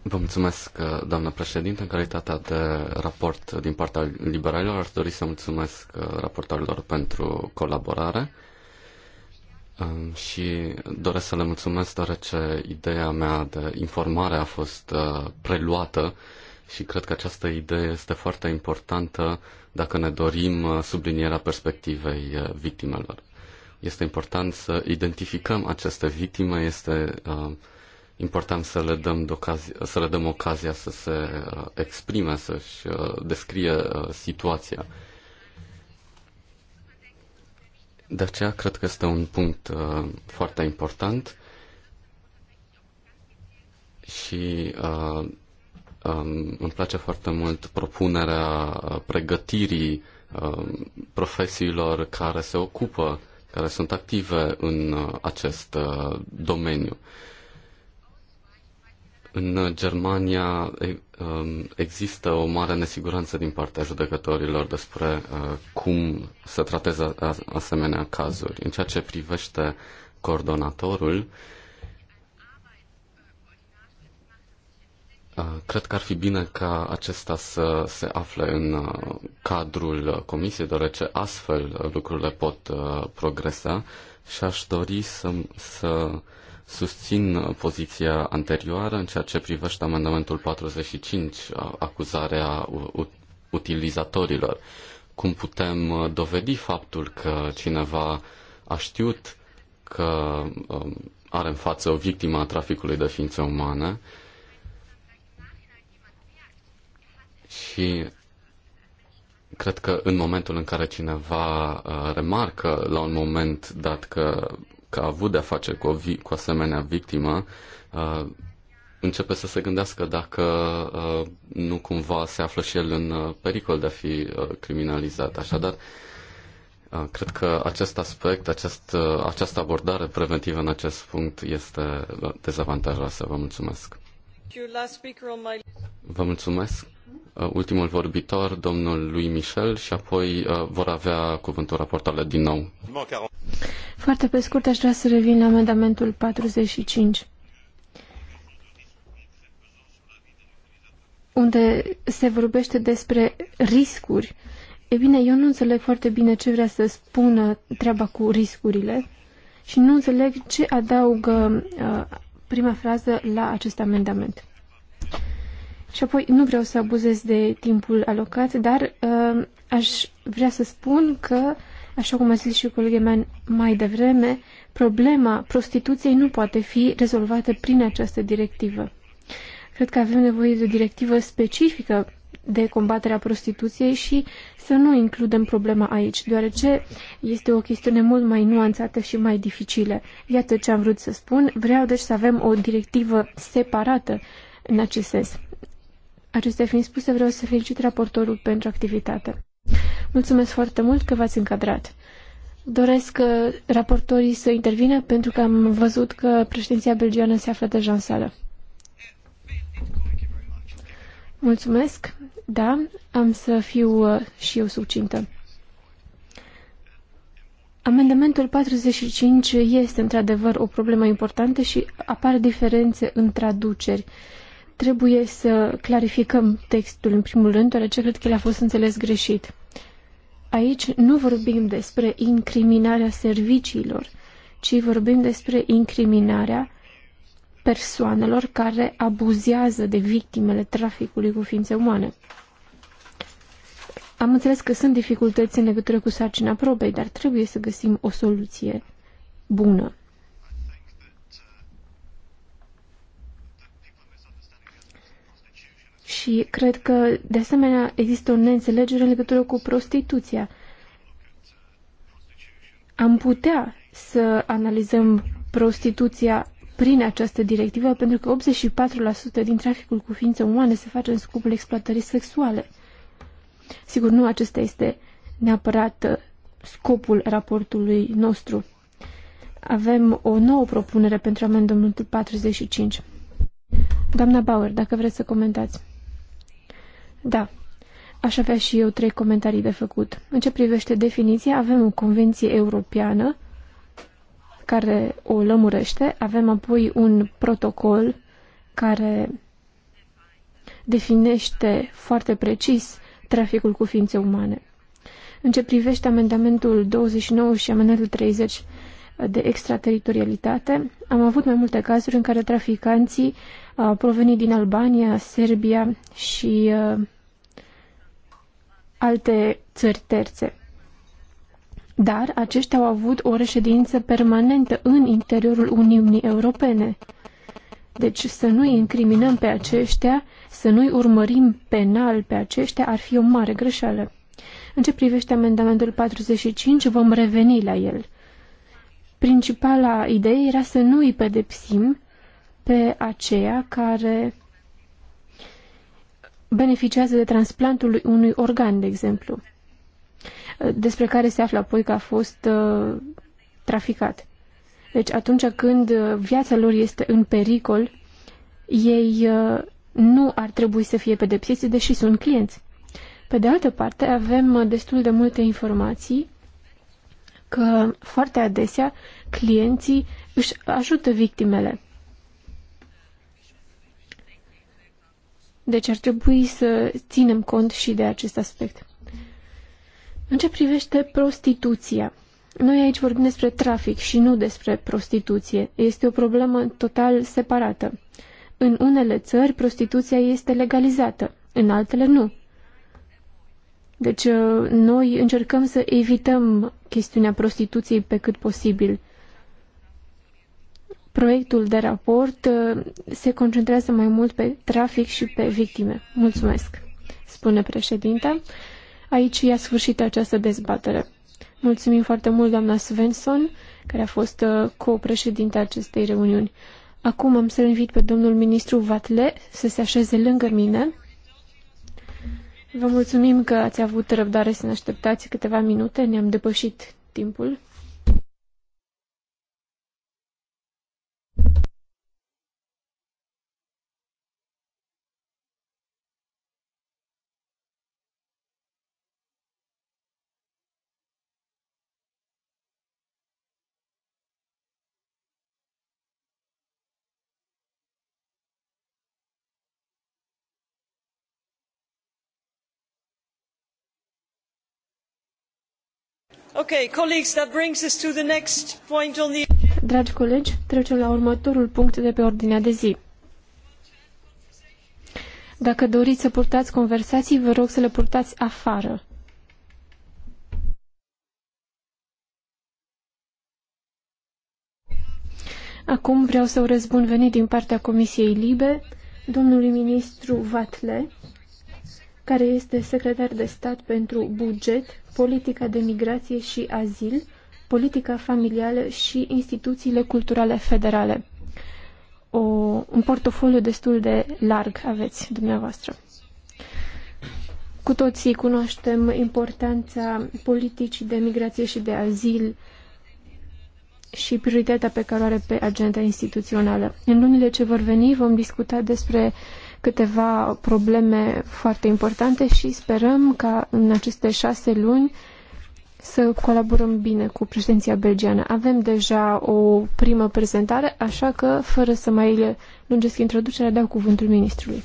Vă mulțumesc, uh, doamnă președinte, în calitatea de raport din partea liberalilor. Aș dori să mulțumesc uh, raportorilor pentru colaborare um, și doresc să le mulțumesc deoarece ideea mea de informare a fost uh, preluată și cred că această idee este foarte importantă dacă ne dorim sublinierea perspectivei victimelor. Este important să identificăm aceste victime, este uh, important să le dăm, ocazia, să le dăm ocazia să se uh, exprime, să-și uh, descrie uh, situația. De aceea cred că este un punct uh, foarte important și uh, um, îmi place foarte mult propunerea pregătirii uh, profesiilor care se ocupă, care sunt active în uh, acest uh, domeniu. Uh, în Germania um, există o mare nesiguranță din partea judecătorilor despre uh, cum să trateze asemenea cazuri. În ceea ce privește coordonatorul, uh, Cred că ar fi bine ca acesta să se afle în uh, cadrul comisiei, deoarece astfel lucrurile pot progresa și aș dori să, să Susțin uh, poziția anterioară în ceea ce privește amendamentul 45, uh, acuzarea utilizatorilor. Cum putem uh, dovedi faptul că cineva a știut că um, are în față o victimă a traficului de ființe umane și cred că în momentul în care cineva remarcă la un moment dat că că a avut de-a face cu o, vi- cu asemenea victimă uh, începe să se gândească dacă uh, nu cumva se află și el în uh, pericol de a fi uh, criminalizat. Așadar, uh, cred că acest aspect, acest, uh, această abordare preventivă în acest punct este uh, dezavantajoasă. Vă mulțumesc. Vă mulțumesc. Uh, ultimul vorbitor, domnul lui Michel, și apoi uh, vor avea cuvântul raportale din nou. Foarte pe scurt, aș vrea să revin la amendamentul 45. unde se vorbește despre riscuri. E bine, eu nu înțeleg foarte bine ce vrea să spună treaba cu riscurile și nu înțeleg ce adaugă uh, prima frază la acest amendament. Și apoi, nu vreau să abuzez de timpul alocat, dar uh, aș vrea să spun că, așa cum a zis și colegii mei mai devreme, problema prostituției nu poate fi rezolvată prin această directivă. Cred că avem nevoie de o directivă specifică de combaterea prostituției și să nu includem problema aici, deoarece este o chestiune mult mai nuanțată și mai dificilă. Iată ce am vrut să spun. Vreau deci să avem o directivă separată în acest sens. Acestea fiind spuse, vreau să felicit raportorul pentru activitate. Mulțumesc foarte mult că v-ați încadrat. Doresc uh, raportorii să intervină pentru că am văzut că președinția belgiană se află deja în sală. Mulțumesc. Da, am să fiu uh, și eu succintă. Amendamentul 45 este într-adevăr o problemă importantă și apar diferențe în traduceri. Uh, Trebuie să clarificăm textul în primul rând, deoarece cred că el a fost înțeles greșit. Aici nu vorbim despre incriminarea serviciilor, ci vorbim despre incriminarea persoanelor care abuzează de victimele traficului cu ființe umane. Am înțeles că sunt dificultăți în legătură cu sarcina probei, dar trebuie să găsim o soluție bună. Și cred că, de asemenea, există o neînțelegere în legătură cu prostituția. Am putea să analizăm prostituția prin această directivă, pentru că 84% din traficul cu ființe umane se face în scopul exploatării sexuale. Sigur, nu acesta este neapărat uh, scopul raportului nostru. Avem o nouă propunere pentru amendamentul 45. Doamna Bauer, dacă vreți să comentați. Da. Aș avea și eu trei comentarii de făcut. În ce privește definiția, avem o convenție europeană care o lămurește, avem apoi un protocol care definește foarte precis traficul cu ființe umane. În ce privește amendamentul 29 și amendamentul 30 de extraterritorialitate am avut mai multe cazuri în care traficanții provenit din Albania, Serbia și alte țări terțe. Dar aceștia au avut o reședință permanentă în interiorul Uniunii Europene. Deci să nu-i incriminăm pe aceștia, să nu-i urmărim penal pe aceștia, ar fi o mare greșeală. În ce privește amendamentul 45, vom reveni la el. Principala idee era să nu i pedepsim, pe aceea care beneficiază de transplantul unui organ, de exemplu, despre care se află apoi că a fost uh, traficat. Deci atunci când viața lor este în pericol, ei uh, nu ar trebui să fie pedepsiți, deși sunt clienți. Pe de altă parte, avem uh, destul de multe informații că foarte adesea clienții își ajută victimele. Deci ar trebui să ținem cont și de acest aspect. În ce privește prostituția, noi aici vorbim despre trafic și nu despre prostituție. Este o problemă total separată. În unele țări, prostituția este legalizată, în altele nu. Deci uh, noi încercăm să evităm chestiunea prostituției pe cât posibil – proiectul de raport uh, se concentrează mai mult pe trafic și pe victime. Mulțumesc, spune președinte. Aici i-a sfârșit această dezbatere. Mulțumim foarte mult, doamna Svensson, care a fost uh, co-președinte acestei reuniuni. Acum am să-l invit pe domnul ministru Vatle să se așeze lângă mine. Vă mulțumim că ați avut răbdare să ne așteptați câteva minute, ne-am depășit timpul. Okay, colleagues, that brings us to the next point on the... Dragi colegi, trecem la următorul punct de pe ordinea de zi. Dacă doriți să purtați conversații, vă rog să le purtați afară. Acum vreau să urez bun venit din partea Comisiei Libe, domnului ministru Vatle, care este secretar de stat pentru buget, politica de migrație și azil, politica familială și instituțiile culturale federale. O, un portofoliu destul de larg aveți dumneavoastră. Cu toții cunoaștem importanța politicii de migrație și de azil și prioritatea pe care o are pe agenda instituțională. În lunile ce vor veni vom discuta despre câteva probleme foarte importante și sperăm ca în aceste șase luni să colaborăm bine cu președinția belgiană. Avem deja o primă prezentare, așa că, fără să mai lungesc introducerea, dau cuvântul ministrului.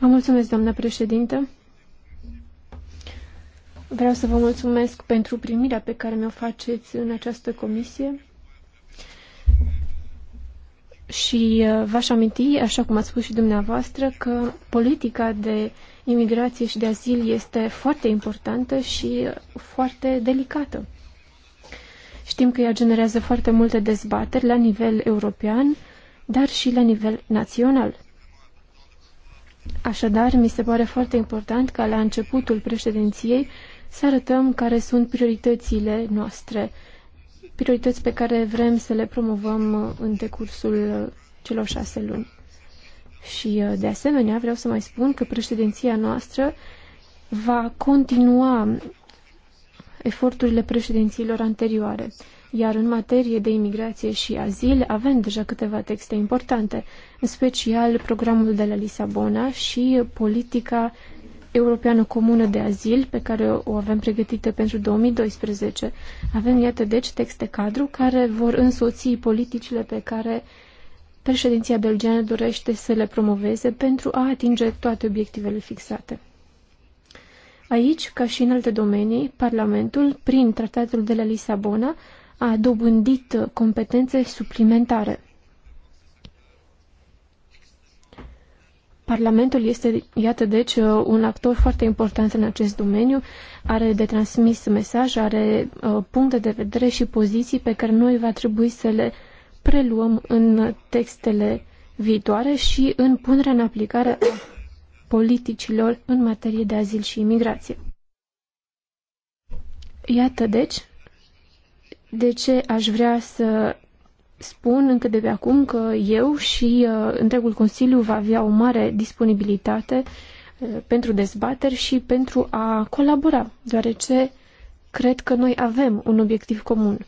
Vă mulțumesc, doamna președinte. Vreau să vă mulțumesc pentru primirea pe care mi-o faceți în această comisie. Și uh, v-aș aminti, așa cum ați spus și dumneavoastră, că politica de imigrație și de azil este foarte importantă și foarte delicată. Știm că ea generează foarte multe dezbateri la nivel european, dar și la nivel național. Așadar, mi se pare foarte important ca la începutul președinției să arătăm care sunt prioritățile noastre priorități pe care vrem să le promovăm în decursul celor șase luni. Și, uh, de asemenea, vreau să mai spun că președinția noastră va continua eforturile președințiilor anterioare, iar în materie de imigrație și azil avem deja câteva texte importante, în special programul de la Lisabona și politica Europeană Comună de Azil, pe care o avem pregătită pentru 2012. Avem, iată, deci, texte cadru care vor însoți politicile pe care președinția belgeană dorește să le promoveze pentru a atinge toate obiectivele fixate. Aici, ca și în alte domenii, Parlamentul, prin Tratatul de la Lisabona, a dobândit competențe suplimentare. Parlamentul este, iată deci, uh, un actor foarte important în acest domeniu, are de transmis mesaj, are uh, puncte de vedere și poziții pe care noi va trebui să le preluăm în textele viitoare și în punerea în aplicare a politicilor în materie de azil și imigrație. Iată deci de ce aș vrea să spun încă de pe acum că eu și uh, întregul Consiliu va avea o mare disponibilitate uh, pentru dezbateri și pentru a colabora, deoarece cred că noi avem un obiectiv comun.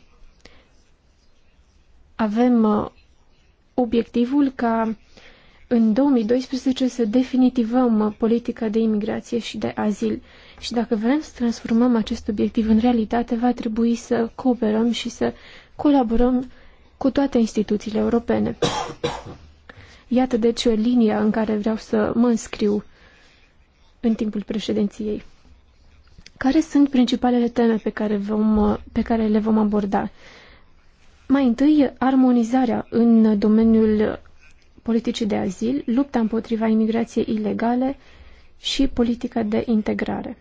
Avem uh, obiectivul ca în 2012 să definitivăm uh, politica de imigrație și de azil. Și dacă vrem să transformăm acest obiectiv în realitate, va trebui să cooperăm și să colaborăm cu toate instituțiile europene. Iată deci linia în care vreau să mă înscriu în timpul președinției. Care sunt principalele teme pe care, vom, pe care le vom aborda? Mai întâi, armonizarea în domeniul politicii de azil, lupta împotriva imigrației ilegale și politica de integrare.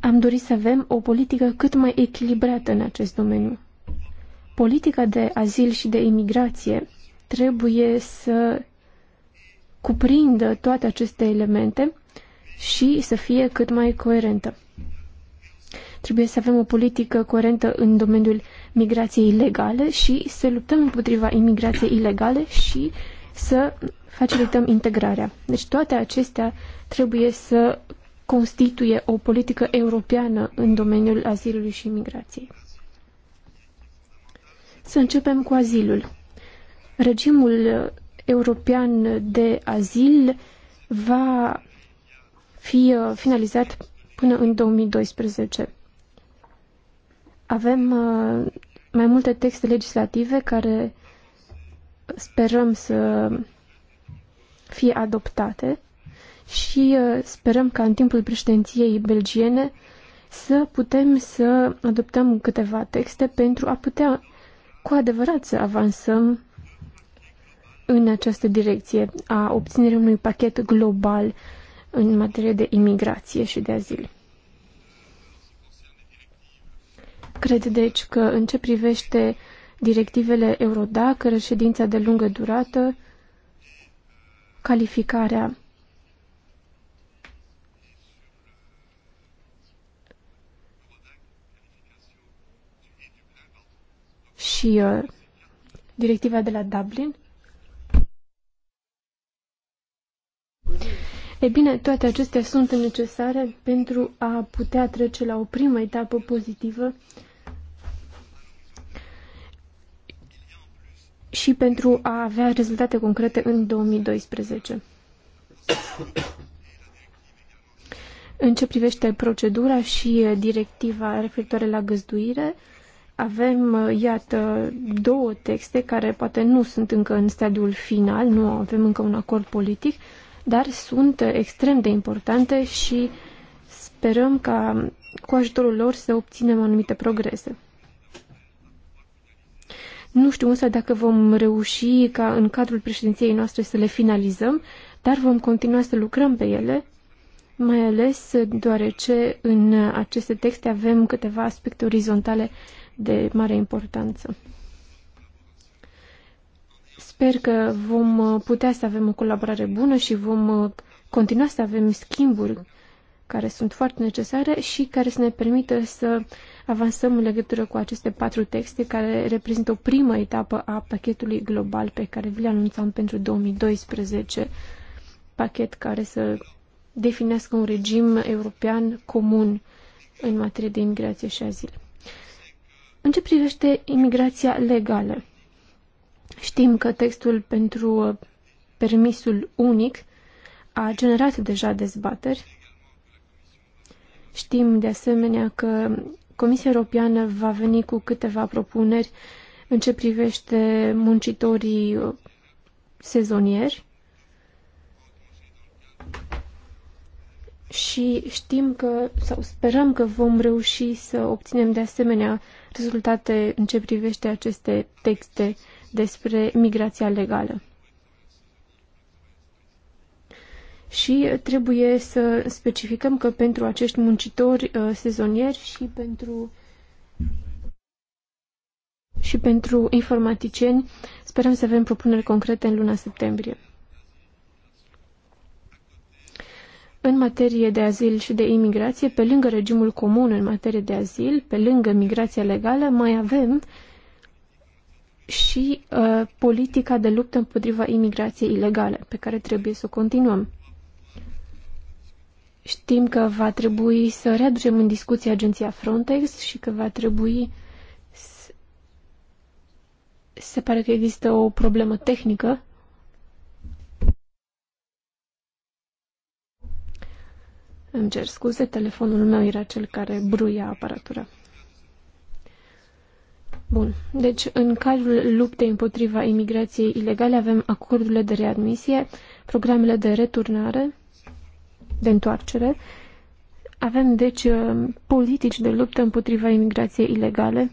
Am dorit să avem o politică cât mai echilibrată în acest domeniu. Politica de azil și de imigrație trebuie să cuprindă toate aceste elemente și să fie cât mai coerentă. Trebuie să avem o politică coerentă în domeniul migrației ilegale și să luptăm împotriva imigrației ilegale și să facilităm integrarea. Deci toate acestea trebuie să constituie o politică europeană în domeniul azilului și imigrației. Să începem cu azilul. Regimul european de azil va fi uh, finalizat până în 2012. Avem uh, mai multe texte legislative care sperăm să fie adoptate și uh, sperăm ca în timpul președinției belgiene să putem să adoptăm câteva texte pentru a putea cu adevărat să avansăm în această direcție a obținerii unui pachet global în materie de imigrație și de azil. Cred deci că în ce privește directivele Eurodac, reședința de lungă durată, calificarea și uh, directiva de la Dublin? E bine, toate acestea sunt necesare pentru a putea trece la o primă etapă pozitivă și pentru a avea rezultate concrete în 2012. în ce privește procedura și uh, directiva referitoare la găzduire, uh, avem, uh, iată, două texte care poate nu sunt încă în stadiul final, nu avem încă un acord politic, dar sunt uh, extrem de importante și sperăm ca cu ajutorul lor să obținem anumite progrese. Nu știu însă dacă vom reuși ca în cadrul președinției noastre să le finalizăm, dar vom continua să lucrăm pe ele, mai ales uh, deoarece în aceste texte avem câteva aspecte orizontale de mare importanță. Sper că vom uh, putea să avem o colaborare bună și vom uh, continua să avem schimburi care sunt foarte necesare și care să ne permită să avansăm în legătură cu aceste patru texte care reprezintă o primă etapă a pachetului global pe care vi-l anunțam pentru 2012, pachet care să definească un regim european comun în materie de imigrație și azil. În ce privește imigrația legală? Știm că textul pentru uh, permisul unic a generat deja dezbateri. Știm de asemenea că Comisia Europeană va veni cu câteva propuneri în ce privește muncitorii uh, sezonieri și știm că, sau sperăm că vom reuși să obținem de asemenea rezultate în ce privește aceste texte despre migrația legală. Și trebuie să specificăm că pentru acești muncitori uh, sezonieri și pentru și pentru informaticieni sperăm să avem propuneri concrete în luna septembrie. în materie de azil și de imigrație, pe lângă regimul comun în materie de azil, pe lângă migrația legală, mai avem și uh, politica de luptă împotriva imigrației ilegale, pe care trebuie să o continuăm. Știm că va trebui să readucem în discuție agenția Frontex și că va trebui să... se pare că există o problemă tehnică Îmi cer scuze, telefonul meu era cel care bruia aparatura. Bun. Deci, în cadrul luptei împotriva imigrației ilegale avem acordurile de readmisie, programele de returnare, de întoarcere. Avem, deci, uh, politici de luptă împotriva imigrației ilegale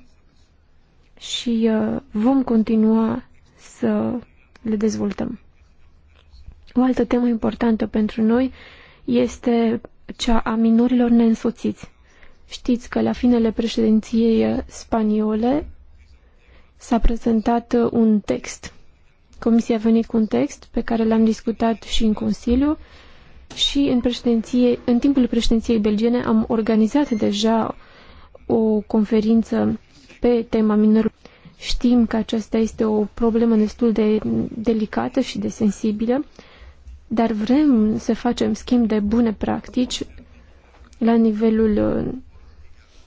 și uh, vom continua să le dezvoltăm. O altă temă importantă pentru noi este cea a minorilor neînsoțiți. Știți că la finele președinției spaniole s-a prezentat un text. Comisia a venit cu un text pe care l-am discutat și în Consiliu și în, președinție, în timpul președinției belgiene am organizat deja o conferință pe tema minorilor. Știm că aceasta este o problemă destul de delicată și de sensibilă dar vrem să facem schimb de bune practici la nivelul uh,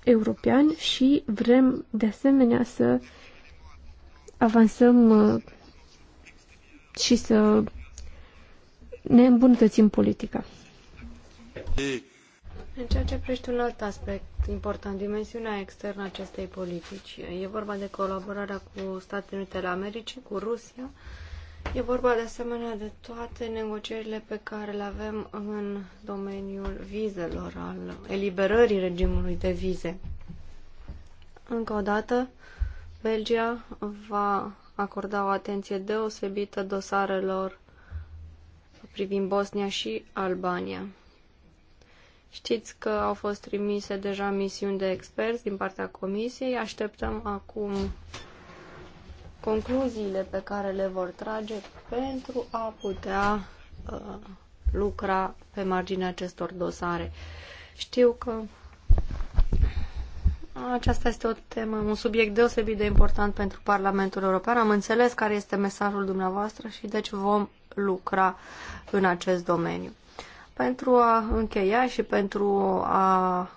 european și vrem de asemenea să avansăm uh, și să ne îmbunătățim politica. În ceea ce privește un alt aspect important, dimensiunea externă a acestei politici, e vorba de colaborarea cu Statele Unite ale Americii, cu Rusia, E vorba de asemenea de toate negocierile pe care le avem în domeniul vizelor, al eliberării regimului de vize. Încă o dată, Belgia va acorda o atenție deosebită dosarelor privind Bosnia și Albania. Știți că au fost trimise deja misiuni de experți din partea Comisiei. Așteptăm acum concluziile pe care le vor trage pentru a putea uh, lucra pe marginea acestor dosare. Știu că aceasta este o temă, un subiect deosebit de important pentru Parlamentul European. Am înțeles care este mesajul dumneavoastră și deci vom lucra în acest domeniu. Pentru a încheia și pentru a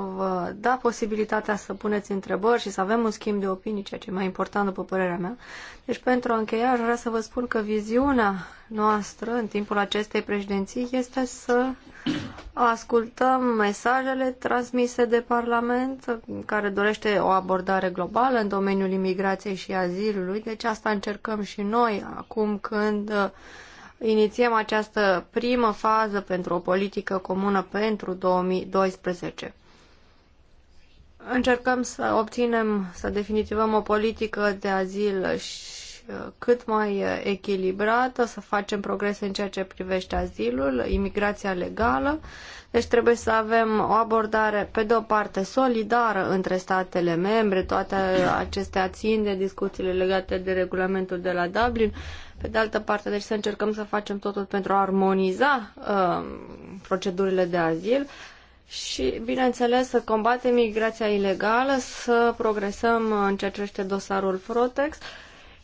vă da posibilitatea să puneți întrebări și să avem un schimb de opinii, ceea ce e mai important după părerea mea. Deci pentru a încheia, aș vrea să vă spun că viziunea noastră în timpul acestei președinții este să ascultăm mesajele transmise de Parlament care dorește o abordare globală în domeniul imigrației și azilului. Deci asta încercăm și noi acum când uh, inițiem această primă fază pentru o politică comună pentru 2012 încercăm să obținem, să definitivăm o politică de azil și uh, cât mai uh, echilibrată, să facem progrese în ceea ce privește azilul, imigrația legală. Deci trebuie să avem o abordare, pe de o parte, solidară între statele membre, toate uh, acestea țin de discuțiile legate de regulamentul de la Dublin, pe de altă parte, deci să încercăm să facem totul pentru a armoniza uh, procedurile de azil, și, bineînțeles, să combatem migrația ilegală, să progresăm în ceea ce privește dosarul Frontex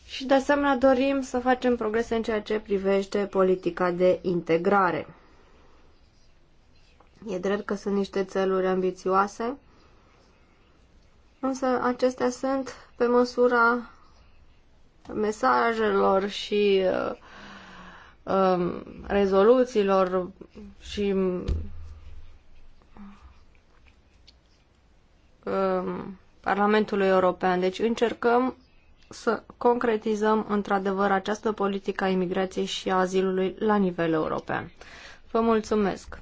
și, de asemenea, dorim să facem progrese în ceea ce privește politica de integrare. E drept că sunt niște țeluri ambițioase, însă acestea sunt pe măsura mesajelor și uh, uh, rezoluțiilor și Um, Parlamentului European. Deci încercăm să concretizăm într-adevăr această politică a imigrației și a azilului la nivel european. Vă mulțumesc!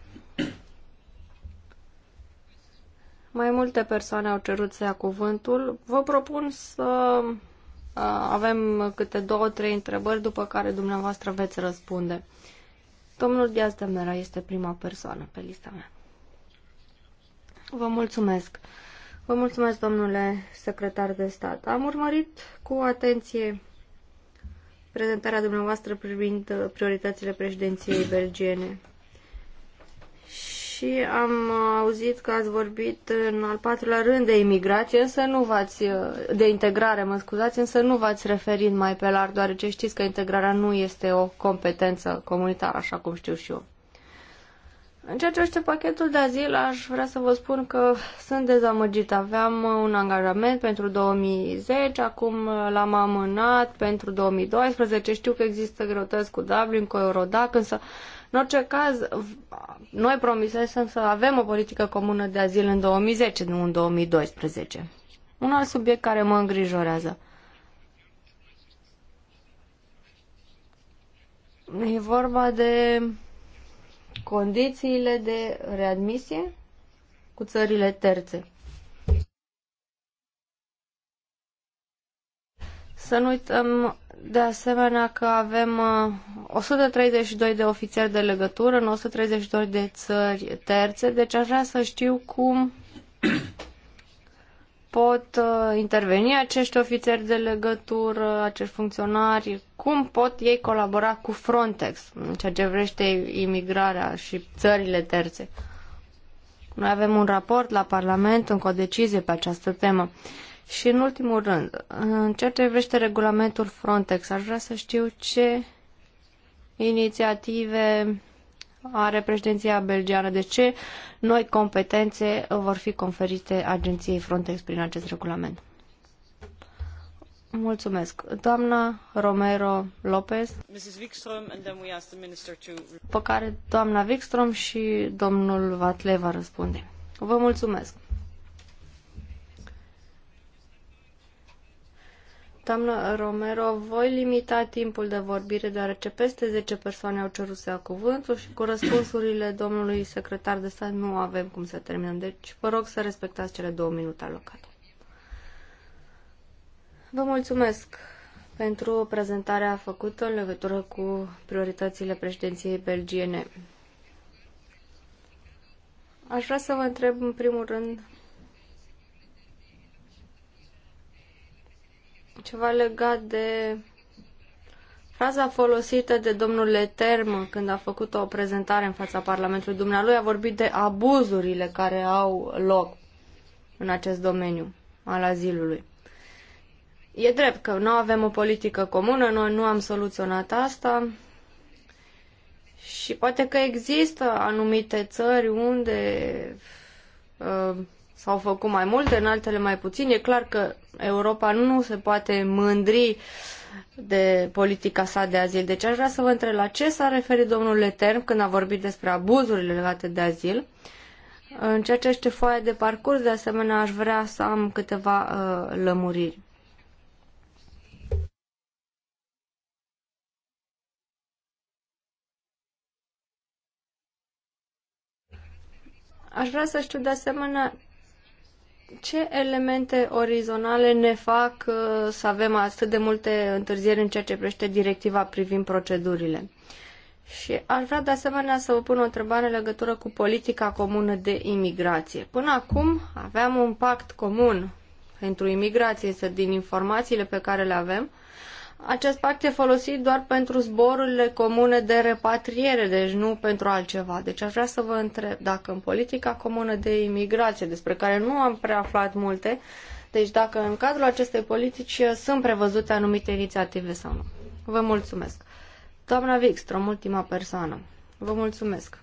Mai multe persoane au cerut să ia cuvântul. Vă propun să uh, avem câte două, trei întrebări, după care dumneavoastră veți răspunde. Domnul Diaz de Mera este prima persoană pe lista mea. Vă mulțumesc! Vă mulțumesc, domnule secretar de stat. Am urmărit cu atenție prezentarea dumneavoastră privind uh, prioritățile președinției belgiene. Și am uh, auzit că ați vorbit în al patrulea rând de imigrație, însă nu v-ați, uh, de integrare, mă scuzați, însă nu v-ați referit mai pe larg, deoarece știți că integrarea nu este o competență comunitară, așa cum știu și eu. În ceea ce este pachetul de azil, aș vrea să vă spun că sunt dezamăgit. Aveam uh, un angajament pentru 2010, acum uh, l-am amânat pentru 2012. Știu că există greutăți cu Dublin, cu Eurodac, însă în orice caz, noi promisesem să avem o politică comună de azil în 2010, nu în 2012. Un alt subiect care mă îngrijorează. E vorba de condițiile de readmisie cu țările terțe. Să nu uităm de asemenea că avem 132 uh, de ofițeri de legătură în 132 de țări terțe, deci aș vrea să știu cum pot uh, interveni acești ofițeri de legătură, acești funcționari, cum pot ei colabora cu Frontex în ceea ce vrește imigrarea și țările terțe. Noi avem un raport la Parlament, încă o decizie pe această temă. Și în ultimul rând, în ceea ce vrește regulamentul Frontex, aș vrea să știu ce inițiative are președinția belgiană. De ce noi competențe vor fi conferite agenției Frontex prin acest regulament? Mulțumesc. Doamna Romero Lopez, pe care doamna Wikström și domnul Vat va răspunde. Vă mulțumesc. Doamnă Romero, voi limita timpul de vorbire, deoarece peste 10 persoane au cerut să ia cuvântul și cu răspunsurile domnului secretar de stat nu avem cum să terminăm. Deci vă rog să respectați cele două minute alocate. Vă mulțumesc pentru prezentarea făcută în legătură cu prioritățile președinției belgiene. Aș vrea să vă întreb în primul rând ceva legat de fraza folosită de domnul Leterm când a făcut o prezentare în fața Parlamentului dumnealui. A vorbit de abuzurile care au loc în acest domeniu al azilului. E drept că nu avem o politică comună, noi nu am soluționat asta și poate că există anumite țări unde uh, s-au făcut mai multe, în altele mai puțin. E clar că Europa nu se poate mândri de politica sa de azil. Deci aș vrea să vă întreb la ce s-a referit domnul Leterm când a vorbit despre abuzurile legate de azil. În ceea ce este foaia de parcurs, de asemenea, aș vrea să am câteva uh, lămuriri. Aș vrea să știu de asemenea ce elemente orizonale ne fac uh, să avem atât de multe întârzieri în ceea ce privește directiva privind procedurile? Și aș vrea de asemenea să vă pun o întrebare în legătură cu politica comună de imigrație. Până acum aveam un pact comun pentru imigrație, să din informațiile pe care le avem, acest pact e folosit doar pentru zborurile comune de repatriere, deci nu pentru altceva. Deci aș vrea să vă întreb dacă în politica comună de imigrație, despre care nu am prea aflat multe, deci dacă în cadrul acestei politici sunt prevăzute anumite inițiative sau nu. Vă mulțumesc. Doamna Wikström, ultima persoană. Vă mulțumesc.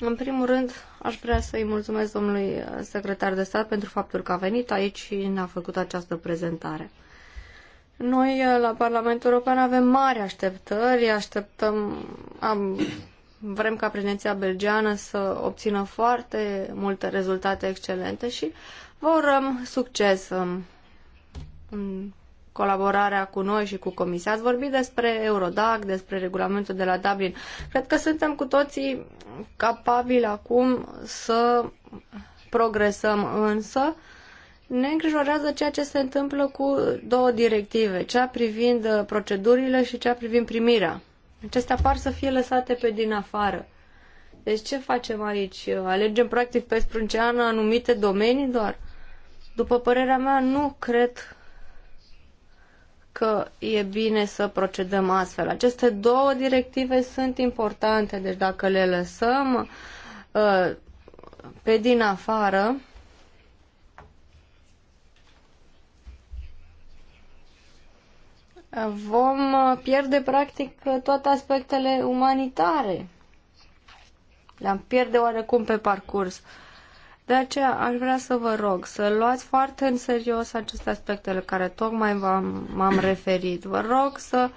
În primul rând, aș vrea să-i mulțumesc domnului secretar de stat pentru faptul că a venit aici și ne-a făcut această prezentare. Noi, eh, la Parlamentul European, avem mari așteptări, așteptăm, am, vrem ca prezenția belgeană să obțină foarte multe rezultate excelente și vă urăm succes eh, în colaborarea cu noi și cu Comisia. Ați vorbit despre Eurodac, despre regulamentul de la Dublin. Cred că suntem cu toții capabili acum să progresăm, însă ne îngrijorează ceea ce se întâmplă cu două directive, cea privind procedurile și cea privind primirea. Acestea par să fie lăsate pe din afară. Deci ce facem aici? Alegem practic pe sprânceană anumite domenii doar? După părerea mea, nu cred că e bine să procedăm astfel. Aceste două directive sunt importante, deci dacă le lăsăm uh, pe din afară, vom pierde practic toate aspectele umanitare. Le-am pierde oarecum pe parcurs. Uh, de aceea aș vrea să vă rog să luați foarte în serios aceste aspecte la care tocmai m-am referit. Vă rog să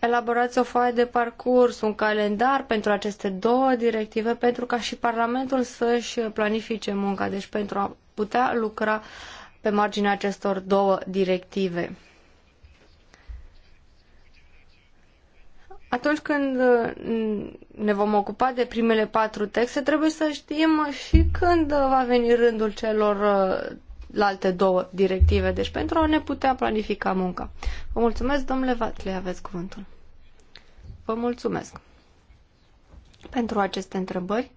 elaborați o foaie de parcurs, un calendar pentru aceste două directive, pentru ca și Parlamentul să-și planifice munca, deci pentru a putea lucra pe marginea acestor două directive. Atunci când uh, ne vom ocupa de primele patru texte, trebuie să știm și când uh, va veni rândul celor uh, la alte două directive, deci pentru a ne putea planifica munca. Vă mulțumesc, domnule Vatle, aveți cuvântul. Vă mulțumesc pentru aceste întrebări.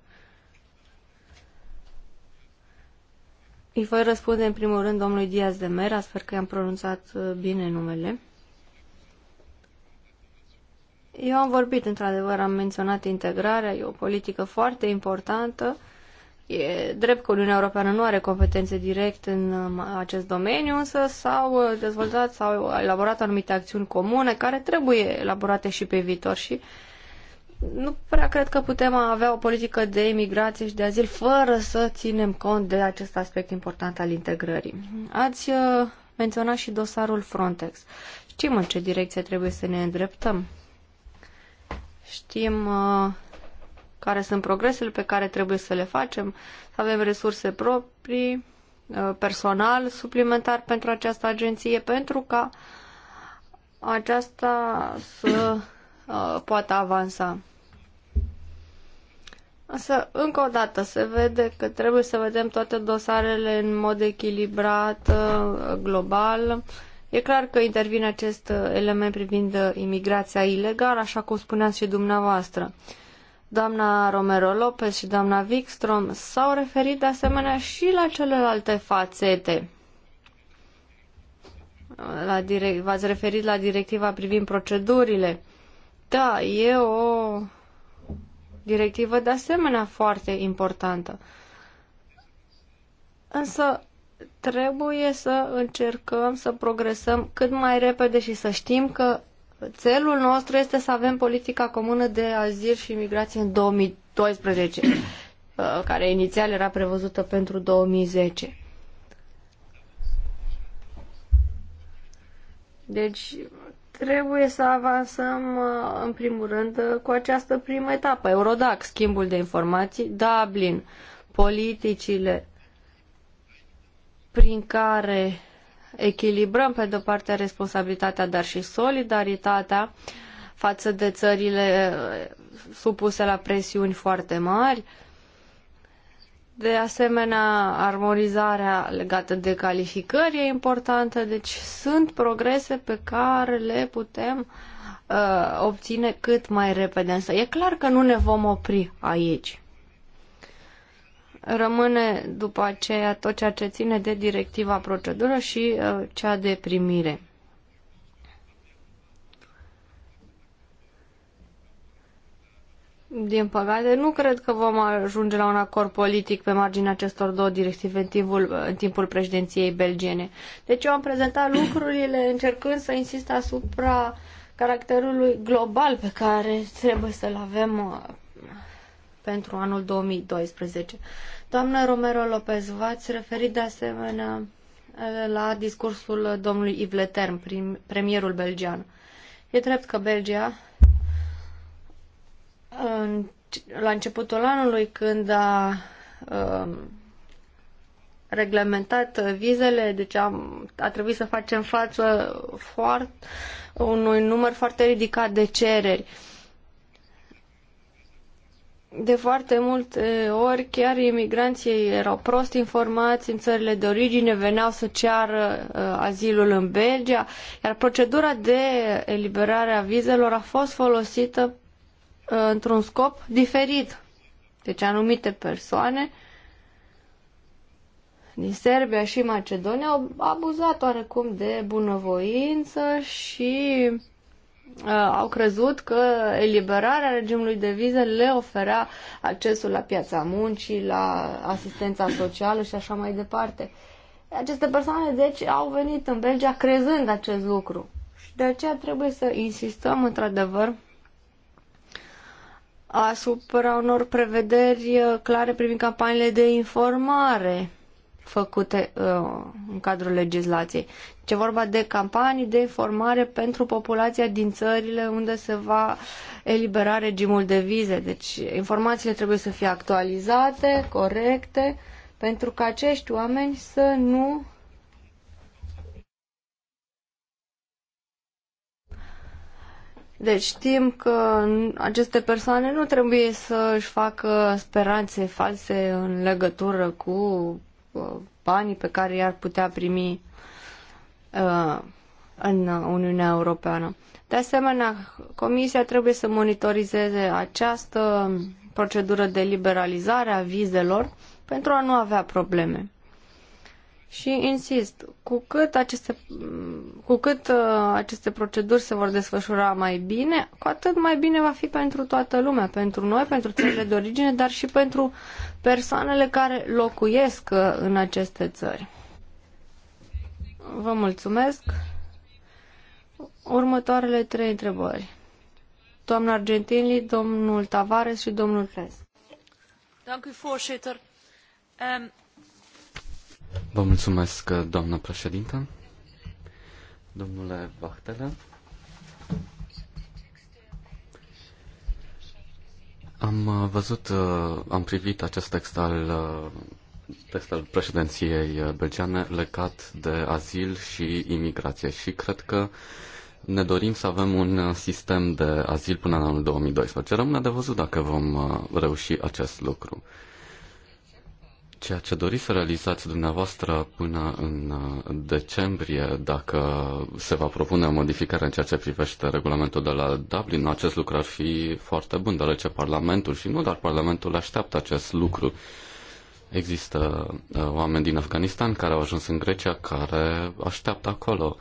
Îi voi răspunde în primul rând domnului Diaz de Mera, sper că i-am pronunțat bine numele. Eu am vorbit, într-adevăr, am menționat integrarea, e o politică foarte importantă. E drept că Uniunea Europeană nu are competențe direct în um, acest domeniu, însă s-au uh, dezvoltat, s-au elaborat anumite acțiuni comune care trebuie elaborate și pe viitor și nu prea cred că putem avea o politică de imigrație și de azil fără să ținem cont de acest aspect important al integrării. Ați uh, menționat și dosarul Frontex. Știm în ce direcție trebuie să ne îndreptăm știm uh, care sunt progresele pe care trebuie să le facem, să avem resurse proprii, uh, personal suplimentar pentru această agenție, pentru ca aceasta să uh, poată avansa. Însă, încă o dată, se vede că trebuie să vedem toate dosarele în mod echilibrat, global E clar că intervine acest uh, element privind uh, imigrația ilegală, așa cum spuneați și dumneavoastră. Doamna Romero Lopez și doamna Wikstrom s-au referit de asemenea și la celelalte fațete. La direct, v-ați referit la directiva privind procedurile. Da, e o directivă de asemenea foarte importantă. Însă trebuie să încercăm să progresăm cât mai repede și să știm că țelul nostru este să avem politica comună de azil și imigrație în 2012, (clears throat) uh, care inițial era prevăzută pentru 2010. Deci trebuie să avansăm uh, în primul rând uh, cu această primă etapă, Eurodac, schimbul de informații, Dublin, politicile prin care echilibrăm pe de-o parte responsabilitatea, dar și solidaritatea față de țările uh, supuse la presiuni foarte mari, de asemenea, armonizarea legată de calificări e importantă, deci sunt progrese pe care le putem uh, obține cât mai repede. Însă e clar că nu ne vom opri aici rămâne după aceea tot ceea ce ține de directiva procedură și uh, cea de primire. Din păcate, nu cred că vom ajunge la un acord politic pe marginea acestor două directive în timpul, în timpul președinției belgiene. Deci eu am prezentat lucrurile încercând să insist asupra caracterului global pe care trebuie să-l avem uh, pentru anul 2012. Doamna Romero Lopez, v-ați referit de asemenea la discursul domnului Yves Leterme, prim, premierul belgian. E drept că Belgia, în, la începutul anului, când a um, reglementat vizele, deci am, a trebuit să facem față foarte, unui număr foarte ridicat de cereri. Uh, de foarte multe ori chiar imigranții erau prost informați în țările de origine, veneau să ceară uh, azilul în Belgia, iar procedura de eliberare a vizelor a fost folosită uh, într-un scop diferit. Deci anumite persoane din Serbia și Macedonia au abuzat oarecum de bunăvoință și uh, au crezut că eliberarea regimului de vize le oferea accesul la piața muncii, la asistența socială și așa mai departe. Aceste persoane, deci, au venit în Belgia crezând acest lucru. Și de aceea trebuie să insistăm, într-adevăr, asupra unor prevederi uh, clare privind campaniile de informare făcute uh, în cadrul legislației ce vorba de campanii de formare pentru populația din țările unde se va elibera regimul de vize. Deci informațiile trebuie să fie actualizate, corecte, pentru ca acești oameni să nu Deci știm că aceste persoane nu trebuie să își facă speranțe false în legătură cu uh, banii pe care i-ar putea primi Uh, în Uniunea Europeană. De asemenea, Comisia trebuie să monitorizeze această procedură de liberalizare a vizelor pentru a nu avea probleme. Și insist, cu cât aceste, cu cât, uh, aceste proceduri se vor desfășura mai bine, cu atât mai bine va fi pentru toată lumea, pentru noi, pentru țările de origine, dar și pentru persoanele care locuiesc uh, în aceste țări. Vă mulțumesc. Următoarele trei întrebări. Doamna Argentinli, domnul Tavares și domnul Fes. Ehm, Vă mulțumesc, doamnă președintă. Domnule Bachtele. am uh, văzut, uh, am privit acest text al uh, text al președinției legat de azil și imigrație și cred că ne dorim să avem un sistem de azil până în anul 2012. Rămâne de văzut dacă vom uh, reuși acest lucru. Ceea ce doriți să realizați dumneavoastră până în uh, decembrie, dacă se va propune o modificare în ceea ce privește regulamentul de la Dublin, acest lucru ar fi foarte bun, deoarece Parlamentul și nu doar Parlamentul așteaptă acest lucru. Mm Există uh, oameni din Afganistan care au ajuns în Grecia, care așteaptă acolo.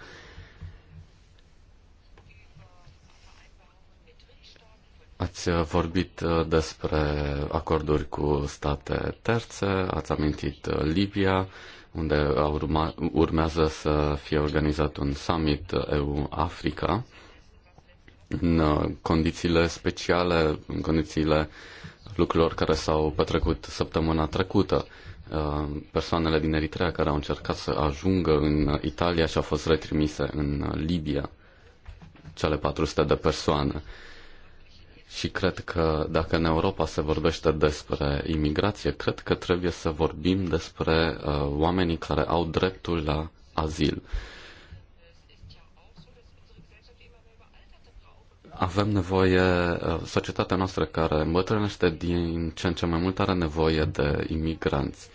Ați uh, vorbit uh, despre acorduri cu state terțe, ați amintit Libia, unde urma, urmează să fie organizat un summit EU-Africa în condițiile speciale, în condițiile lucrurilor care s-au petrecut săptămâna trecută. Uh, persoanele din Eritrea care au încercat să ajungă în Italia și au fost retrimise în Libia, cele 400 de persoane. Și cred că dacă în Europa se vorbește despre imigrație, cred că trebuie să vorbim despre uh, oamenii care au dreptul la azil. Uh, Avem nevoie, uh, societatea noastră care îmbătrânește din ce în ce mai mult are nevoie de imigranți.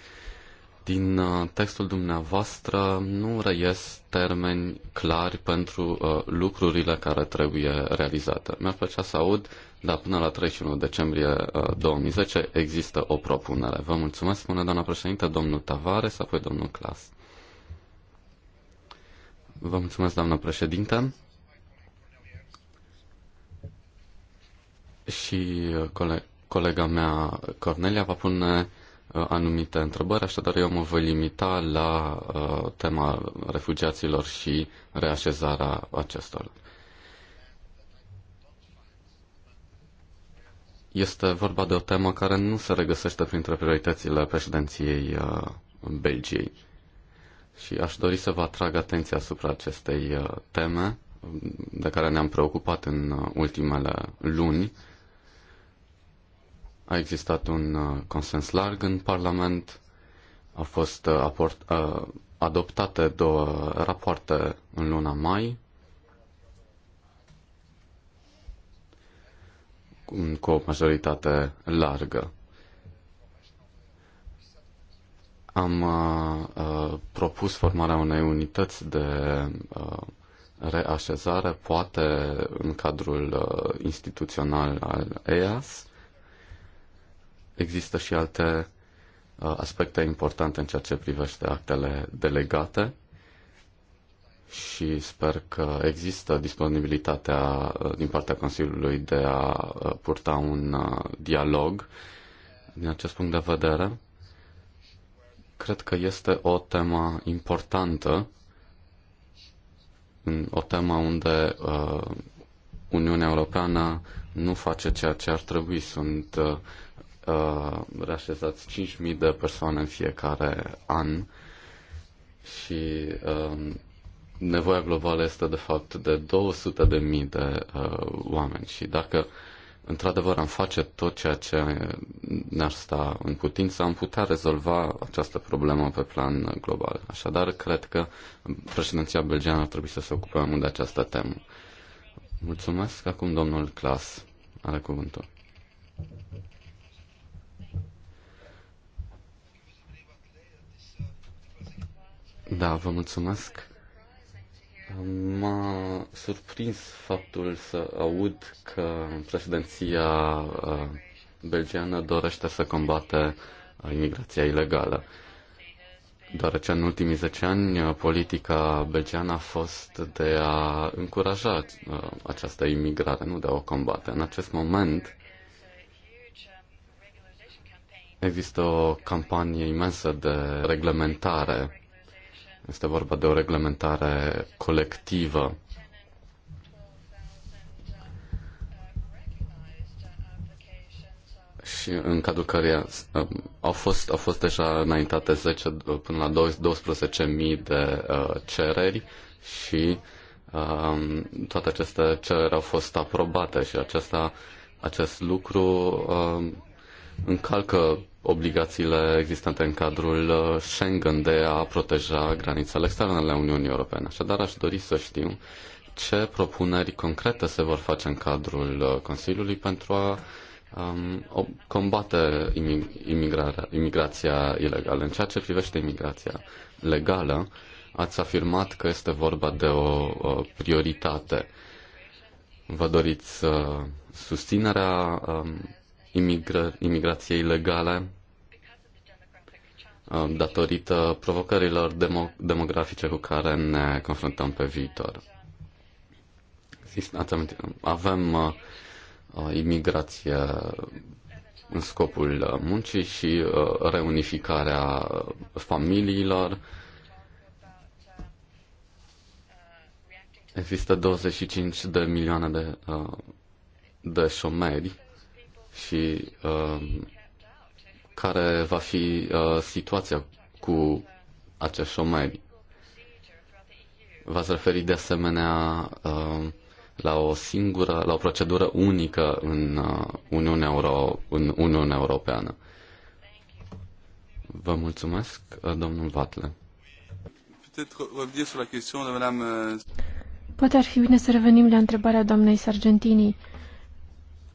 Din uh, textul dumneavoastră nu reies termeni clari pentru uh, lucrurile care trebuie realizate. Mi-ar plăcea să aud, dar până la 31 decembrie uh, 2010 există o propunere. Vă mulțumesc, spune doamna președinte, domnul Tavares, apoi domnul Clas. Vă mulțumesc, doamna președinte. și uh, cole- colega mea Cornelia va pune uh, anumite întrebări, așadar eu mă voi limita la uh, tema refugiaților și reașezarea acestor. Este vorba de o temă care nu se regăsește printre prioritățile președinției uh, Belgiei. Și aș dori să vă atrag atenția asupra acestei uh, teme de care ne-am preocupat în uh, ultimele luni a existat un uh, consens larg în Parlament, au fost uh, aport, uh, adoptate două rapoarte în luna mai, cu o majoritate largă. Am uh, propus formarea unei unități de uh, reașezare, poate în cadrul uh, instituțional al EAS, există și alte uh, aspecte importante în ceea ce privește actele delegate și sper că există disponibilitatea uh, din partea Consiliului de a uh, purta un dialog din acest punct de vedere. Cred că este o temă importantă, o temă unde Uniunea Europeană nu face ceea ce ar trebui. Sunt Uh, reașezați 5.000 de persoane în fiecare an și uh, nevoia globală este de fapt de 200.000 de uh, oameni și dacă într-adevăr am face tot ceea ce ne-ar sta în putință, am putea rezolva această problemă pe plan global. Așadar, cred că președinția belgeană ar trebui să se ocupe mult de această temă. Mulțumesc. Acum domnul Clas are cuvântul. Da, vă mulțumesc. M-a surprins faptul să aud că președinția uh, belgiană dorește să combate uh, imigrația ilegală. Deoarece în ultimii 10 ani uh, politica belgiană a fost de a încuraja această imigrare, nu de a o combate. În acest moment există o campanie imensă de reglementare este vorba de o reglementare colectivă și în cadrul căreia um, au fost, au fost deja înaintate 10 până la 12.000 de uh, cereri și um, toate aceste cereri au fost aprobate și acesta, acest lucru um, încalcă obligațiile existente în cadrul uh, Schengen de a proteja granițele externe ale Uniunii Europene. Așadar, aș dori să știu ce propuneri concrete se vor face în cadrul uh, Consiliului pentru a um, combate imigrarea, imigrația ilegală. În ceea ce privește imigrația legală, ați afirmat că este vorba de o, o prioritate. Vă doriți uh, susținerea um, imigra- imigrație ilegale um, datorită provocărilor demo- demografice cu care ne confruntăm pe viitor. Avem uh, uh, imigrație în scopul muncii și uh, reunificarea familiilor. Există 25 de milioane de, de șomeri și uh, care va fi uh, situația cu acești șomeri. V-ați referit de asemenea uh, la o singură, la o procedură unică în uh, Uniunea, Euro, în Uniunea Europeană. Vă mulțumesc, uh, domnul Vatle. Euh, Poate ar fi bine să revenim la întrebarea doamnei Sargentini.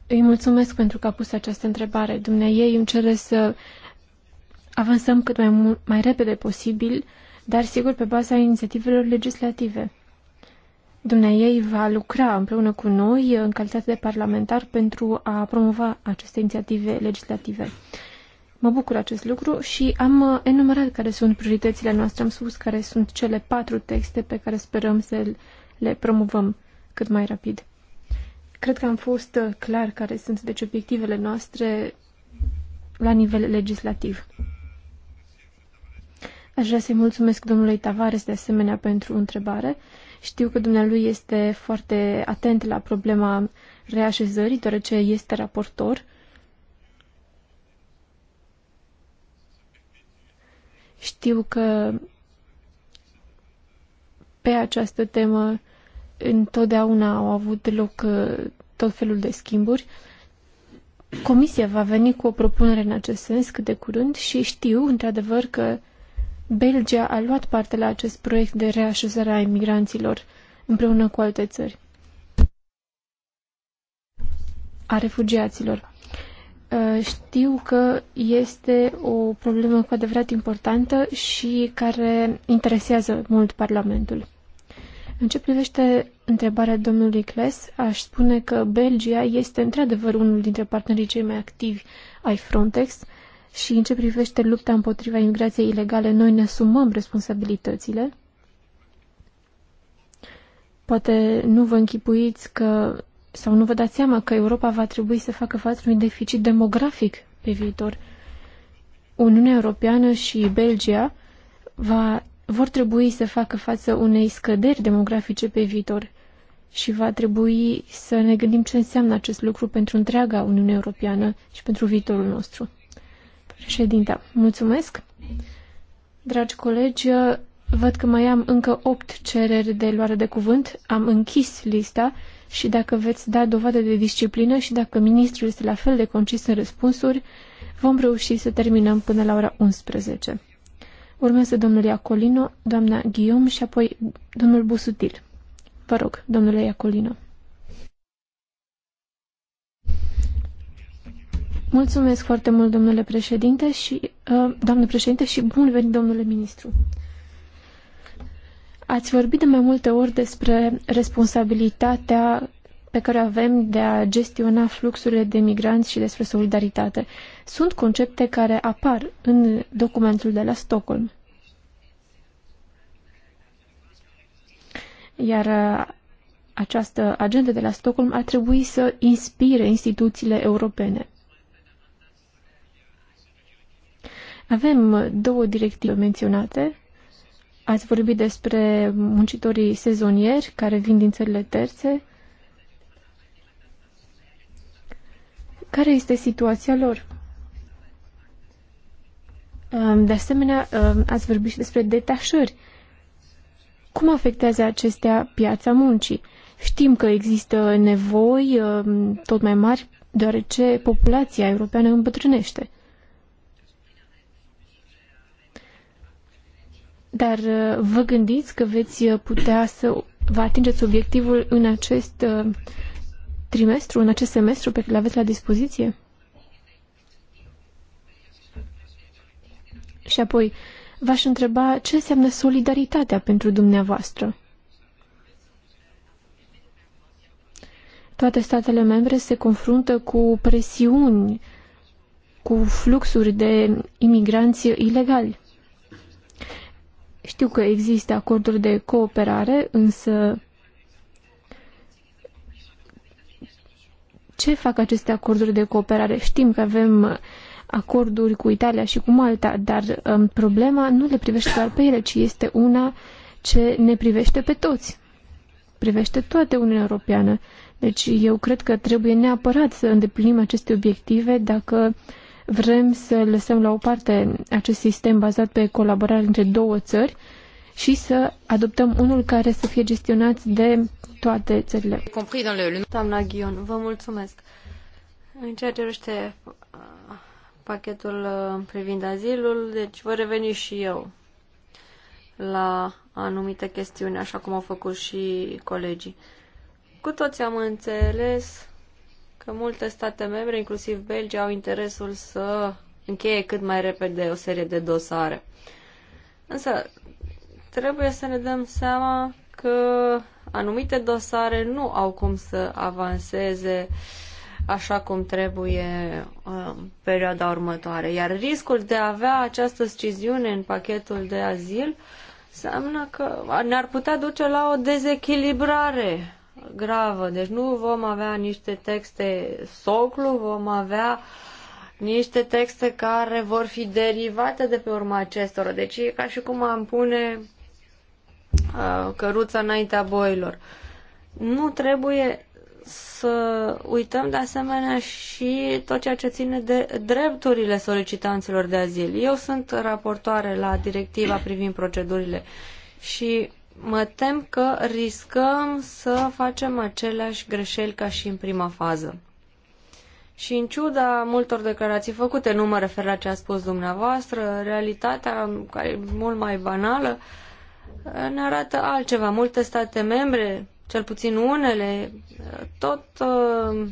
Îi mulțumesc pentru că a pus această întrebare. Dumnezeu îmi cere să avansăm cât mai, mai repede posibil, dar sigur pe baza inițiativelor legislative. Dumnezeu va lucra împreună cu noi în calitate de parlamentar pentru a promova aceste inițiative legislative. Mă bucur acest lucru și am enumerat care sunt prioritățile noastre. Am spus care sunt cele patru texte pe care sperăm să le promovăm cât mai rapid. Cred că am fost uh, clar care sunt deci obiectivele noastre la nivel legislativ. Aș vrea să-i mulțumesc domnului Tavares de asemenea pentru întrebare. Știu că dumnealui este foarte atent la problema reașezării, deoarece este raportor. Știu că pe această temă întotdeauna au avut loc uh, tot felul de schimburi. Comisia va veni cu o propunere în acest sens cât de curând și știu, într-adevăr, că Belgia a luat parte la acest proiect de reașezare a imigranților împreună cu alte țări. A refugiaților. Uh, știu că este o problemă cu adevărat importantă și care interesează mult Parlamentul. În ce privește întrebarea domnului Kles, aș spune că Belgia este într-adevăr unul dintre partenerii cei mai activi ai Frontex și în ce privește lupta împotriva imigrației ilegale, noi ne asumăm responsabilitățile. Poate nu vă închipuiți că sau nu vă dați seama că Europa va trebui să facă față unui deficit demografic pe viitor. Uniunea Europeană și Belgia va vor trebui să facă față unei scăderi demografice pe viitor și va trebui să ne gândim ce înseamnă acest lucru pentru întreaga Uniune Europeană și pentru viitorul nostru. Președinte, mulțumesc! Dragi colegi, văd că mai am încă 8 cereri de luare de cuvânt, am închis lista și dacă veți da dovadă de disciplină și dacă ministrul este la fel de concis în răspunsuri, vom reuși să terminăm până la ora 11. Urmează domnul Iacolino, doamna Ghiom și apoi domnul Busutil. Vă rog, domnule Iacolino. Mulțumesc foarte mult, domnule președinte și uh, doamnă președinte și bun venit, domnule ministru. Ați vorbit de mai multe ori despre responsabilitatea pe care o avem de a gestiona fluxurile de migranți și despre solidaritate. Sunt concepte care apar în documentul de la Stockholm. Iar uh, această agendă de la Stockholm ar trebui să inspire instituțiile europene. Avem două directive menționate. Ați vorbit despre muncitorii sezonieri care vin din țările terțe, care este situația lor. De asemenea, ați vorbit și despre detașări. Cum afectează acestea piața muncii? Știm că există nevoi tot mai mari, deoarece populația europeană îmbătrânește. Dar uh, vă gândiți că veți putea să vă atingeți obiectivul în acest uh, trimestru, în acest semestru pe care îl aveți la dispoziție? Și apoi, v-aș întreba ce înseamnă solidaritatea pentru dumneavoastră. Toate statele membre se confruntă cu presiuni, cu fluxuri de imigranți ilegali. Știu că există acorduri de cooperare, însă ce fac aceste acorduri de cooperare? Știm că avem acorduri cu Italia și cu Malta, dar um, problema nu le privește doar pe ele, ci este una ce ne privește pe toți. Privește toată Uniunea Europeană. Deci eu cred că trebuie neapărat să îndeplinim aceste obiective dacă vrem să lăsăm la o parte acest sistem bazat pe colaborare între două țări și să adoptăm unul care să fie gestionat de toate țările. Doamna Ghion, vă mulțumesc. În ceea ce rește uh, pachetul uh, privind azilul, deci vă reveni și eu la anumite chestiuni, așa cum au făcut și colegii. Cu toți am înțeles că multe state membre, inclusiv Belgia, au interesul să încheie cât mai repede o serie de dosare. Însă, trebuie să ne dăm seama că anumite dosare nu au cum să avanseze așa cum trebuie în um, perioada următoare. Iar riscul de a avea această sciziune în pachetul de azil înseamnă că ne-ar putea duce la o dezechilibrare gravă. Deci nu vom avea niște texte soclu, vom avea niște texte care vor fi derivate de pe urma acestora. Deci e ca și cum am pune căruța înaintea boilor. Nu trebuie să uităm de asemenea și tot ceea ce ține de drepturile solicitanților de azil. Eu sunt raportoare la directiva privind procedurile și mă tem că riscăm să facem aceleași greșeli ca și în prima fază. Și în ciuda multor declarații făcute, nu mă refer la ce a spus dumneavoastră, realitatea, care e mult mai banală, uh, ne arată altceva. Multe state membre, cel puțin unele, tot uh,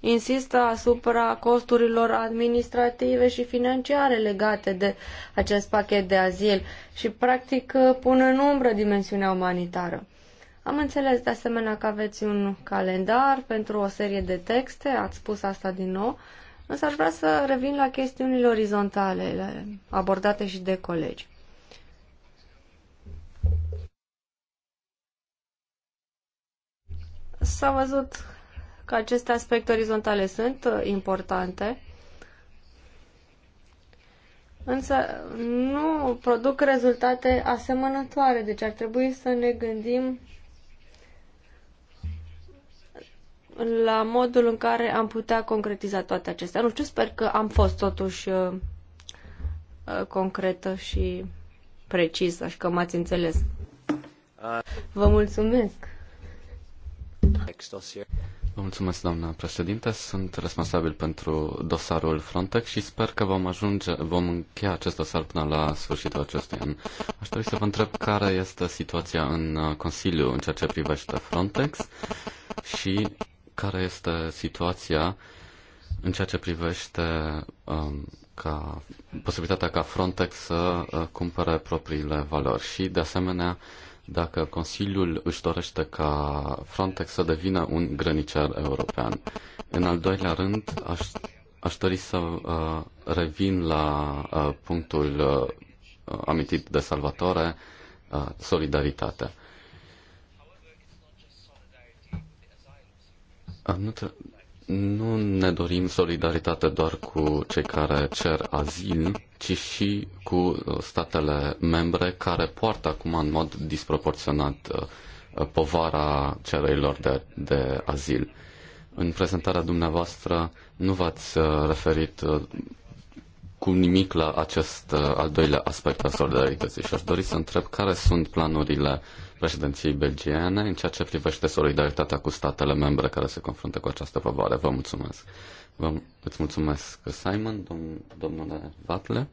insistă asupra costurilor administrative și financiare legate de acest pachet de azil și practic uh, pun în umbră dimensiunea umanitară. Am înțeles de asemenea că aveți un calendar pentru o serie de texte, ați spus asta din nou, însă aș vrea să revin la chestiunile orizontale abordate și de colegi. s-a văzut că aceste aspecte orizontale sunt uh, importante, însă nu produc rezultate asemănătoare, deci ar trebui să ne gândim la modul în care am putea concretiza toate acestea. Nu știu, sper că am fost totuși uh, uh, concretă și precisă și că m-ați înțeles. Vă mulțumesc! mulțumesc, doamna președinte. Sunt responsabil pentru dosarul Frontex și sper că vom ajunge, vom încheia acest dosar până la sfârșitul acestui an. Aș dori să vă întreb care este situația în Consiliu în ceea ce privește Frontex și care este situația în ceea ce privește um, ca posibilitatea ca Frontex să uh, cumpere propriile valori și, de asemenea, dacă Consiliul își dorește ca Frontex să devină un grăniciar european. În al doilea rând, aș, aș dori să uh, revin la uh, punctul uh, uh amintit de Salvatore, uh, solidaritatea. Uh, nu, nu ne dorim solidaritate doar cu cei care cer azil, ci și cu uh, statele membre care poartă acum în mod disproporționat uh, povara cererilor de, de azil. În prezentarea dumneavoastră nu v-ați uh, referit cu nimic la acest al doilea aspect al solidarității și aș dori să întreb care sunt planurile uh, președinției belgiene în ceea ce privește solidaritatea cu statele membre care se confruntă cu această povară. Vă mulțumesc. Vă, îți mulțumesc, Simon, dom, domnule Vatle.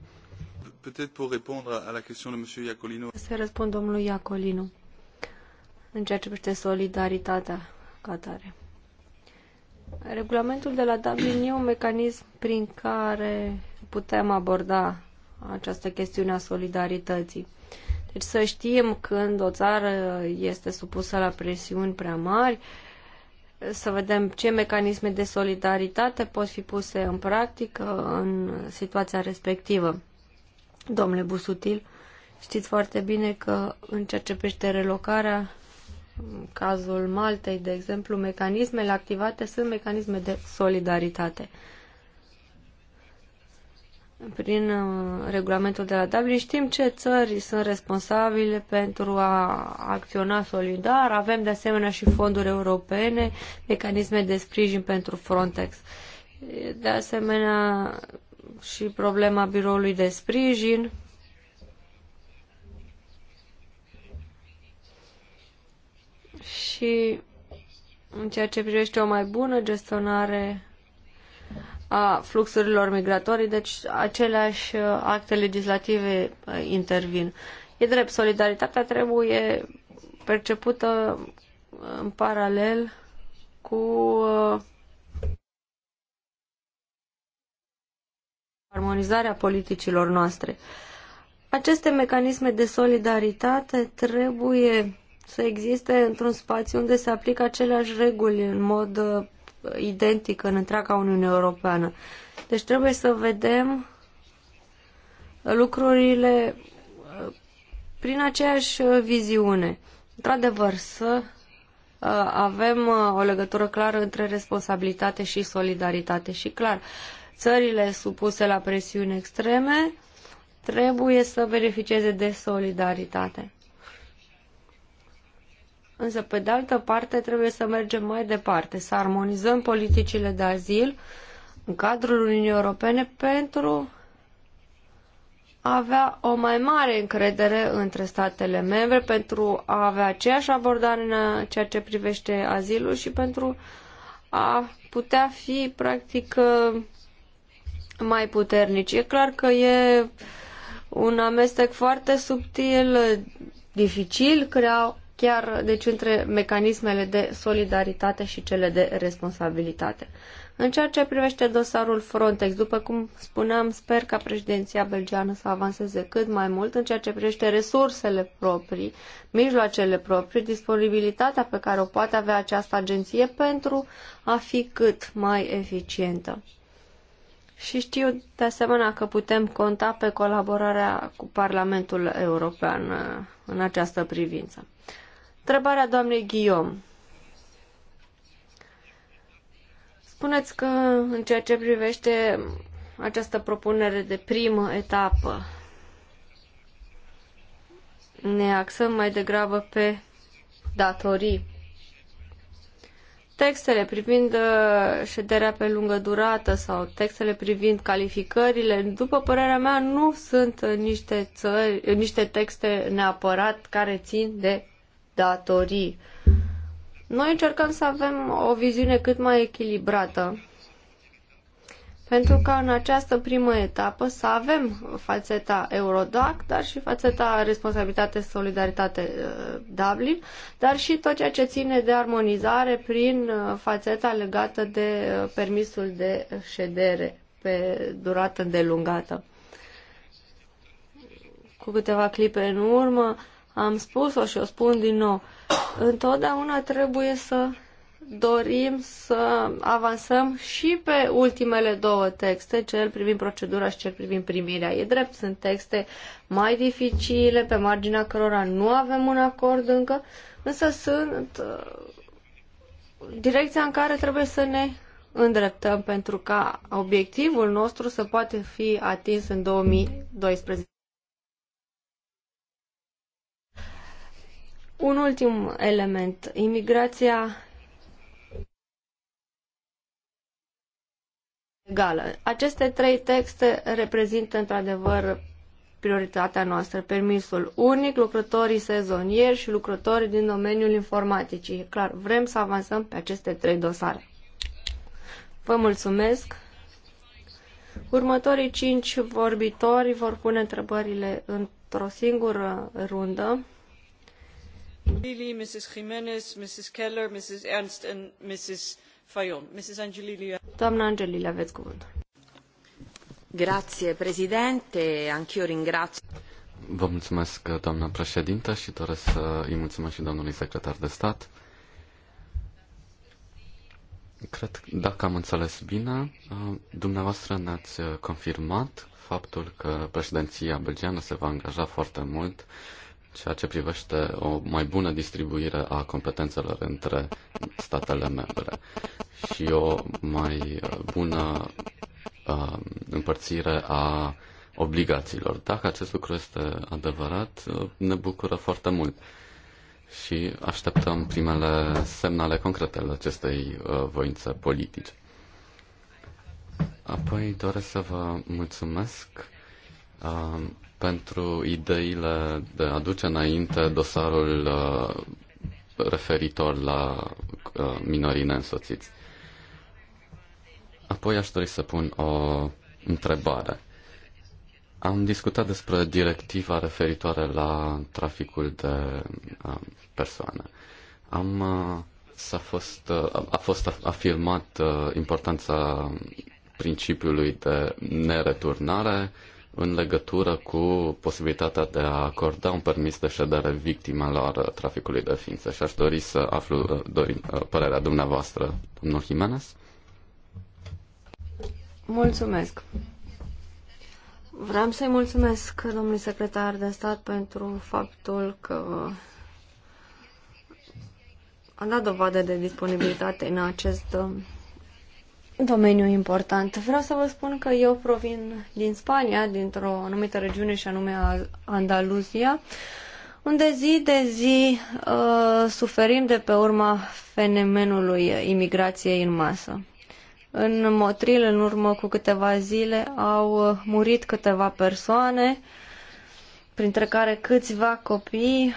Să răspund domnului Iacolino în ceea ce privește solidaritatea ca tare. Regulamentul de la Dublin e un mecanism prin care putem aborda această chestiune a solidarității. Deci să știm când o țară este supusă la presiuni prea mari, să vedem ce mecanisme de solidaritate pot fi puse în practică în situația respectivă. Domnule Busutil, știți foarte bine că în ceea ce privește relocarea, în cazul Maltei, de exemplu, mecanismele activate sunt mecanisme de solidaritate prin uh, regulamentul de la Dublin știm ce țări sunt responsabile pentru a acționa solidar. Avem de asemenea și fonduri europene, mecanisme de sprijin pentru Frontex. De asemenea și problema biroului de sprijin. Și în ceea ce privește o mai bună gestionare a fluxurilor migratorii, deci aceleași uh, acte legislative uh, intervin. E drept, solidaritatea trebuie percepută uh, în paralel cu armonizarea politicilor noastre. Aceste mecanisme de solidaritate trebuie să existe într-un spațiu unde se aplică aceleași reguli în mod identic în întreaga Uniune Europeană. Deci trebuie să vedem lucrurile uh, prin aceeași uh, viziune. Într-adevăr, să uh, avem o legătură clară între responsabilitate și solidaritate și clar, țările supuse la presiuni extreme trebuie să beneficieze de solidaritate. Însă, pe de altă parte, trebuie să mergem mai departe, să armonizăm politicile de azil în cadrul Uniunii Europene pentru a avea o mai mare încredere între statele membre, pentru a avea aceeași abordare în ceea ce privește azilul și pentru a putea fi, practic, mai puternici. E clar că e un amestec foarte subtil, dificil, creau chiar deci între mecanismele de solidaritate și cele de responsabilitate. În ceea ce privește dosarul Frontex, după cum spuneam, sper ca președinția Belgiană să avanseze cât mai mult în ceea ce privește resursele proprii, mijloacele proprii, disponibilitatea pe care o poate avea această agenție pentru a fi cât mai eficientă. Și știu de asemenea că putem conta pe colaborarea cu Parlamentul European uh, în această privință. Întrebarea doamnei Guillaume. Spuneți că în ceea ce privește această propunere de primă etapă, ne axăm mai degrabă pe datorii. Textele privind uh, șederea pe lungă durată sau textele privind calificările, după părerea mea, nu sunt uh, niște, țări, niște texte neapărat care țin de datorii. Noi încercăm să avem o viziune cât mai echilibrată pentru ca în această primă etapă să avem fațeta Eurodac, dar și fațeta responsabilitate, solidaritate uh, Dublin, dar și tot ceea ce ține de armonizare prin uh, fațeta legată de uh, permisul de ședere pe durată îndelungată. Cu câteva clipe în urmă, am spus-o și o spun din nou. Întotdeauna trebuie să dorim să avansăm și pe ultimele două texte, cel privind procedura și cel privind primirea. E drept, sunt texte mai dificile, pe marginea cărora nu avem un acord încă, însă sunt uh, direcția în care trebuie să ne îndreptăm pentru ca obiectivul nostru să poate fi atins în 2012. Un ultim element. Imigrația legală. Aceste trei texte reprezintă într-adevăr prioritatea noastră, permisul unic, lucrătorii sezonieri și lucrătorii din domeniul informaticii. E clar, vrem să avansăm pe aceste trei dosare. Vă mulțumesc! Următorii cinci vorbitori vor pune întrebările într-o singură rundă. Angelili, Mrs. Jimenez, Mrs. Keller, Mrs. Ernst and Mrs. Fayon. Mrs. Doamna aveți cuvântul. Grazie, Anch'io ringrazio. Vă mulțumesc, doamna președintă, și doresc să îi mulțumesc și domnului secretar de stat. Cred că, dacă am înțeles bine, dumneavoastră ne-ați confirmat faptul că președinția belgiană se va angaja foarte mult ceea ce privește o mai bună distribuire a competențelor între statele membre și o mai bună uh, împărțire a obligațiilor. Dacă acest lucru este adevărat, ne bucură foarte mult și așteptăm primele semnale concrete ale acestei uh, voințe politice. Apoi doresc să vă mulțumesc. Uh, pentru ideile de a duce înainte dosarul uh, referitor la uh, minorii neînsoțiți. Apoi aș dori să pun o întrebare. Am discutat despre directiva referitoare la traficul de uh, persoane. Am, s-a fost, a fost afirmat importanța principiului de nereturnare, în legătură cu posibilitatea de a acorda un permis de ședere victimelor traficului de ființe și aș dori să aflu dori, uh, părerea dumneavoastră, domnul Jimenez. Mulțumesc. Vreau să-i mulțumesc domnului secretar de stat pentru faptul că a dat dovadă de disponibilitate în acest um, domeniu important. Vreau să vă spun că eu provin din Spania, dintr-o anumită regiune și anume Andaluzia, unde zi de zi uh, suferim de pe urma fenomenului imigrației în masă. În Motril, în urmă cu câteva zile, au uh, murit câteva persoane, printre care câțiva copii,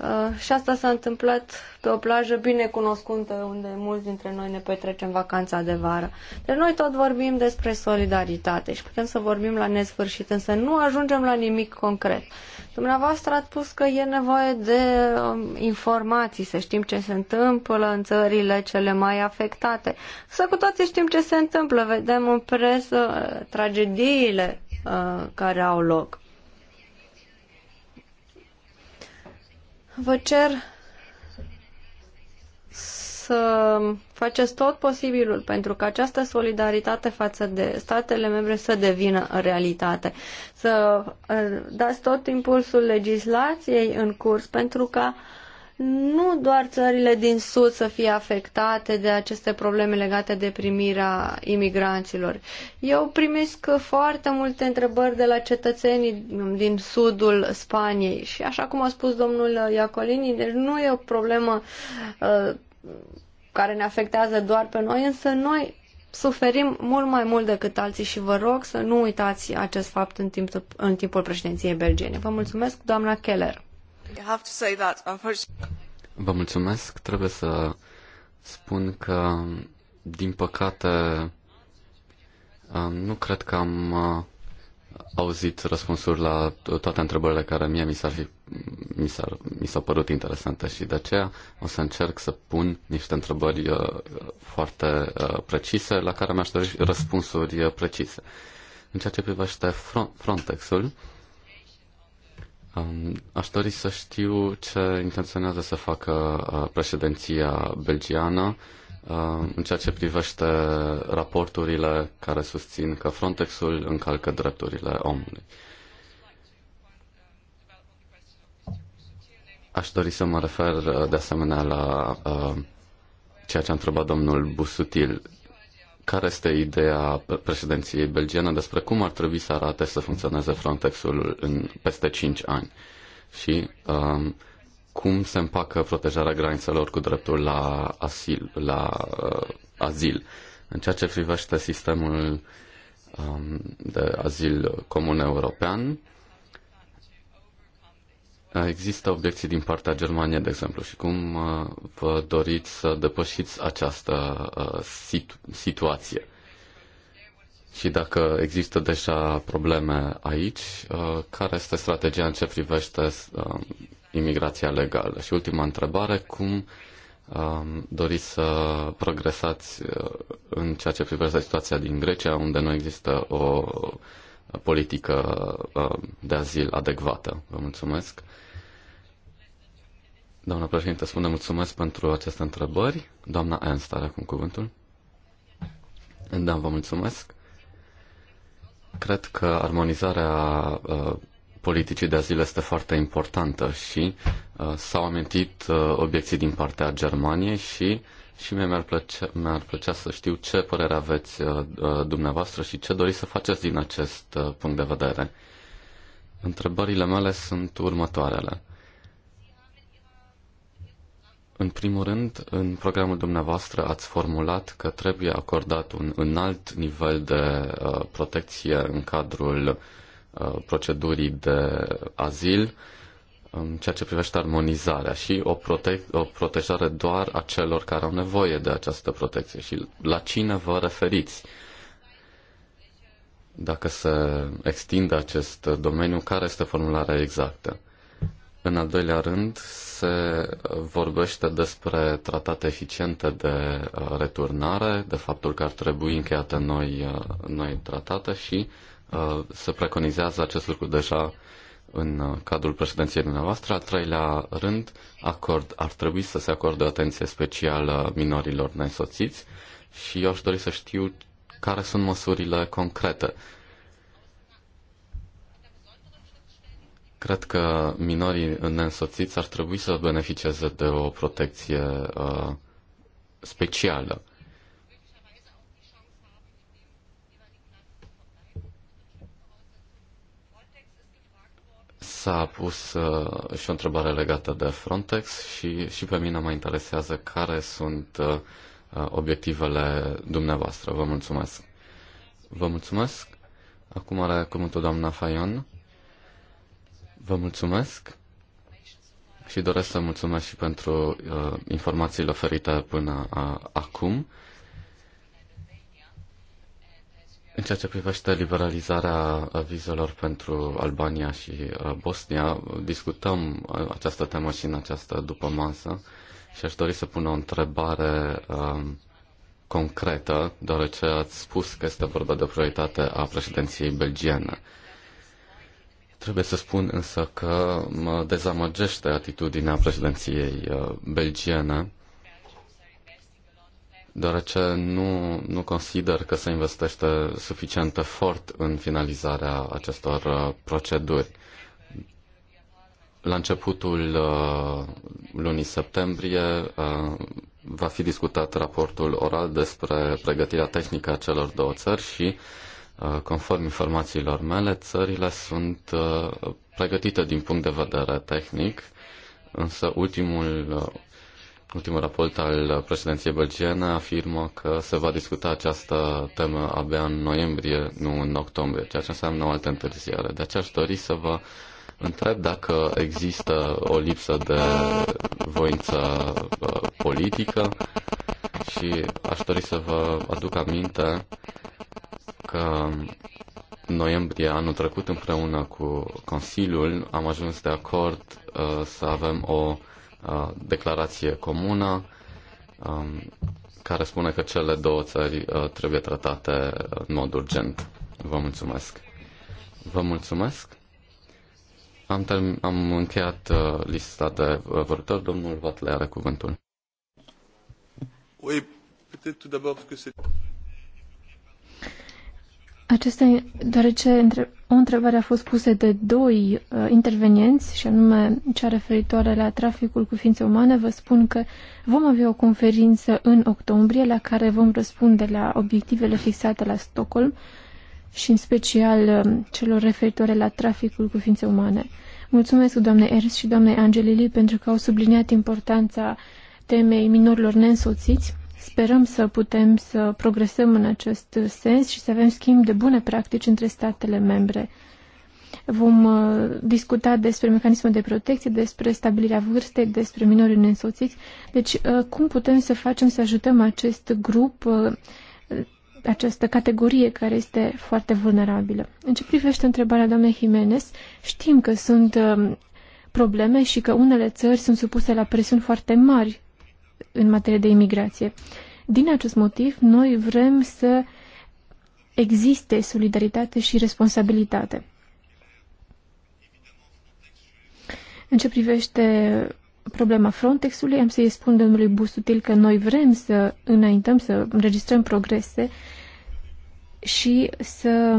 Uh, și asta s-a întâmplat pe o plajă bine cunoscută unde mulți dintre noi ne petrecem vacanța de vară. Deci noi tot vorbim despre solidaritate și putem să vorbim la nesfârșit, însă nu ajungem la nimic concret. Dumneavoastră ați spus că e nevoie de um, informații, să știm ce se întâmplă în țările cele mai afectate. Să cu toții știm ce se întâmplă, vedem în presă uh, tragediile uh, care au loc. Vă cer să faceți tot posibilul pentru că această solidaritate față de statele membre să devină realitate. Să uh, dați tot impulsul legislației în curs pentru ca nu doar țările din sud să fie afectate de aceste probleme legate de primirea imigranților. Eu primesc foarte multe întrebări de la cetățenii din sudul Spaniei și așa cum a spus domnul Iacolini, deci nu e o problemă uh, care ne afectează doar pe noi, însă noi suferim mult mai mult decât alții și vă rog să nu uitați acest fapt în, timp, în timpul președinției belgene. Vă mulțumesc, doamna Keller. Vă mulțumesc. Trebuie să spun că, din păcate, nu cred că am uh, auzit răspunsuri la toate întrebările care mie mi, s-ar fi, mi, s-ar, mi s-au părut interesante și de aceea o să încerc să pun niște întrebări uh, foarte uh, precise la care mi-aș dori răspunsuri precise. În ceea ce privește Frontexul, Um, aș dori să știu ce intenționează să facă uh, președinția belgiană uh, în ceea ce privește raporturile care susțin că Frontexul încalcă drepturile omului. Aș dori să mă refer uh, de asemenea la uh, ceea ce a întrebat domnul Busutil care este ideea președinției belgiene despre cum ar trebui să arate să funcționeze Frontexul în peste 5 ani și um, cum se împacă protejarea granițelor cu dreptul la asil, la uh, azil. În ceea ce privește sistemul um, de azil comun european, Există obiecții din partea Germaniei, de exemplu, și cum uh, vă doriți să depășiți această uh, situ- situație? Și dacă există deja probleme aici, uh, care este strategia în ce privește imigrația legală? Și ultima întrebare, cum um, doriți să progresați în ceea ce privește situația din Grecia, unde nu există o politică de azil adecvată? Vă mulțumesc. Doamna președinte, spune mulțumesc pentru aceste întrebări. Doamna Ernst are acum cuvântul. Da, vă mulțumesc. Cred că armonizarea uh, politicii de azil este foarte importantă și uh, s-au amintit uh, obiecții din partea Germaniei și și mie mi-ar plăcea, mi-ar plăcea să știu ce părere aveți uh, uh, dumneavoastră și ce doriți să faceți din acest uh, punct de vedere. Întrebările mele sunt următoarele. În primul rând, în programul dumneavoastră ați formulat că trebuie acordat un înalt nivel de uh, protecție în cadrul uh, procedurii de azil în um, ceea ce privește armonizarea și o, prote- o protejare doar a celor care au nevoie de această protecție. Și la cine vă referiți? Dacă se extinde acest domeniu, care este formularea exactă? În al doilea rând, se vorbește despre tratate eficiente de uh, returnare, de faptul că ar trebui încheiate noi, uh, noi tratate și uh, se preconizează acest lucru deja în cadrul președinției dumneavoastră. Al treilea rând, acord, ar trebui să se acorde o atenție specială minorilor nesoțiți și eu aș dori să știu care sunt măsurile concrete Cred că minorii neînsoțiți ar trebui să beneficieze de o protecție uh, specială. S-a pus uh, și o întrebare legată de Frontex și, și pe mine mă interesează care sunt uh, uh obiectivele dumneavoastră. Vă mulțumesc. Vă mulțumesc. Acum are cuvântul doamna Fayon. Vă mulțumesc și doresc să mulțumesc și pentru uh, informațiile oferite până a, acum. În ceea ce privește liberalizarea vizelor pentru Albania și uh, Bosnia, discutăm uh, această temă și în această după masă și aș dori să pun o întrebare um, concretă, deoarece ați spus că este vorba de prioritate a președinției belgiene. Trebuie să spun însă că mă dezamăgește atitudinea președinției uh, belgiene, deoarece nu, nu consider că se investește suficient efort în finalizarea acestor uh, proceduri. La începutul uh, lunii septembrie va fi discutat raportul oral despre pregătirea tehnică a celor două țări și Uh, conform informațiilor mele, țările sunt uh, pregătite din punct de vedere tehnic, însă ultimul, uh, ultimul raport al președinției belgiene afirmă că se va discuta această temă abia în noiembrie, nu în octombrie, ceea ce înseamnă o altă întârziere. De aceea aș dori să vă întreb dacă există o lipsă de voință uh, politică și aș dori să vă aduc aminte că noiembrie anul trecut împreună cu Consiliul am ajuns de acord uh, să avem o uh, declarație comună um, care spune că cele două țări uh, trebuie tratate uh, în mod urgent. Vă mulțumesc. Vă mulțumesc. Am, term- am încheiat uh, lista de uh, vorbitori. Domnul Vatle are cuvântul. Acesta, deoarece între, o întrebare a fost pusă de doi uh, intervenienți, și anume cea referitoare la traficul cu ființe umane, vă spun că vom avea o conferință în octombrie la care vom răspunde la obiectivele fixate la Stockholm. Uh, și în special um, celor referitoare la traficul cu ființe umane. Mulțumesc doamnei Ernst și doamnei Angelili pentru că au subliniat importanța temei minorilor neînsoțiți. Sperăm să putem să progresăm în acest sens și să avem schimb de bune practici între statele membre. Vom uh, discuta despre mecanismul de protecție, despre stabilirea vârstei, despre minorii neînsoțiți. Deci, uh, cum putem să facem să ajutăm acest grup uh, această categorie care este foarte vulnerabilă. În ce privește întrebarea doamnei Jimenez, știm că sunt um, probleme și că unele țări sunt supuse la presiuni foarte mari în materie de imigrație. Din acest motiv, noi vrem să existe solidaritate și responsabilitate. În ce privește problema Frontexului, am să-i spun domnului Busutil că noi vrem să înaintăm, să înregistrăm progrese și să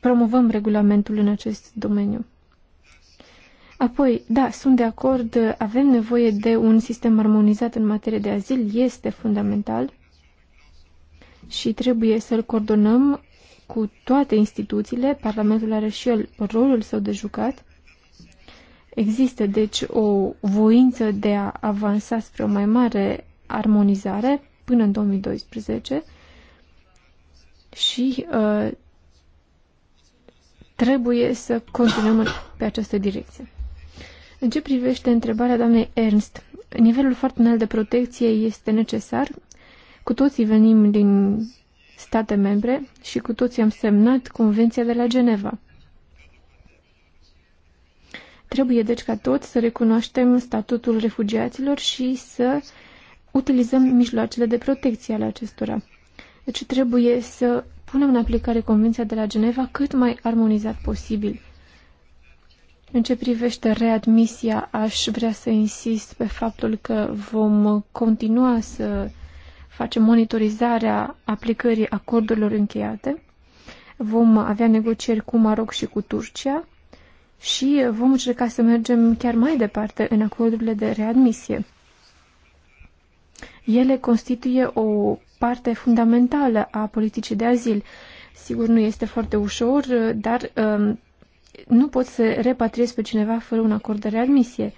promovăm regulamentul în acest domeniu. Apoi, da, sunt de acord, avem nevoie de un sistem armonizat în materie de azil, este fundamental și trebuie să-l coordonăm cu toate instituțiile, Parlamentul are și el rolul său de jucat, Există, deci, o voință de a avansa spre o mai mare armonizare până în 2012 și uh, trebuie să continuăm pe această direcție. În ce privește întrebarea doamnei Ernst, nivelul foarte înalt de protecție este necesar. Cu toții venim din state membre și cu toții am semnat Convenția de la Geneva. Trebuie deci ca toți să recunoaștem statutul refugiaților și să utilizăm mijloacele de protecție ale acestora. Deci trebuie să punem în aplicare Convenția de la Geneva cât mai armonizat posibil. În ce privește readmisia, aș vrea să insist pe faptul că vom continua să facem monitorizarea aplicării acordurilor încheiate. Vom avea negocieri cu Maroc și cu Turcia și vom încerca să mergem chiar mai departe în acordurile de readmisie. Ele constituie o parte fundamentală a politicii de azil. Sigur, nu este foarte ușor, dar um, nu poți să repatriezi pe cineva fără un acord de readmisie.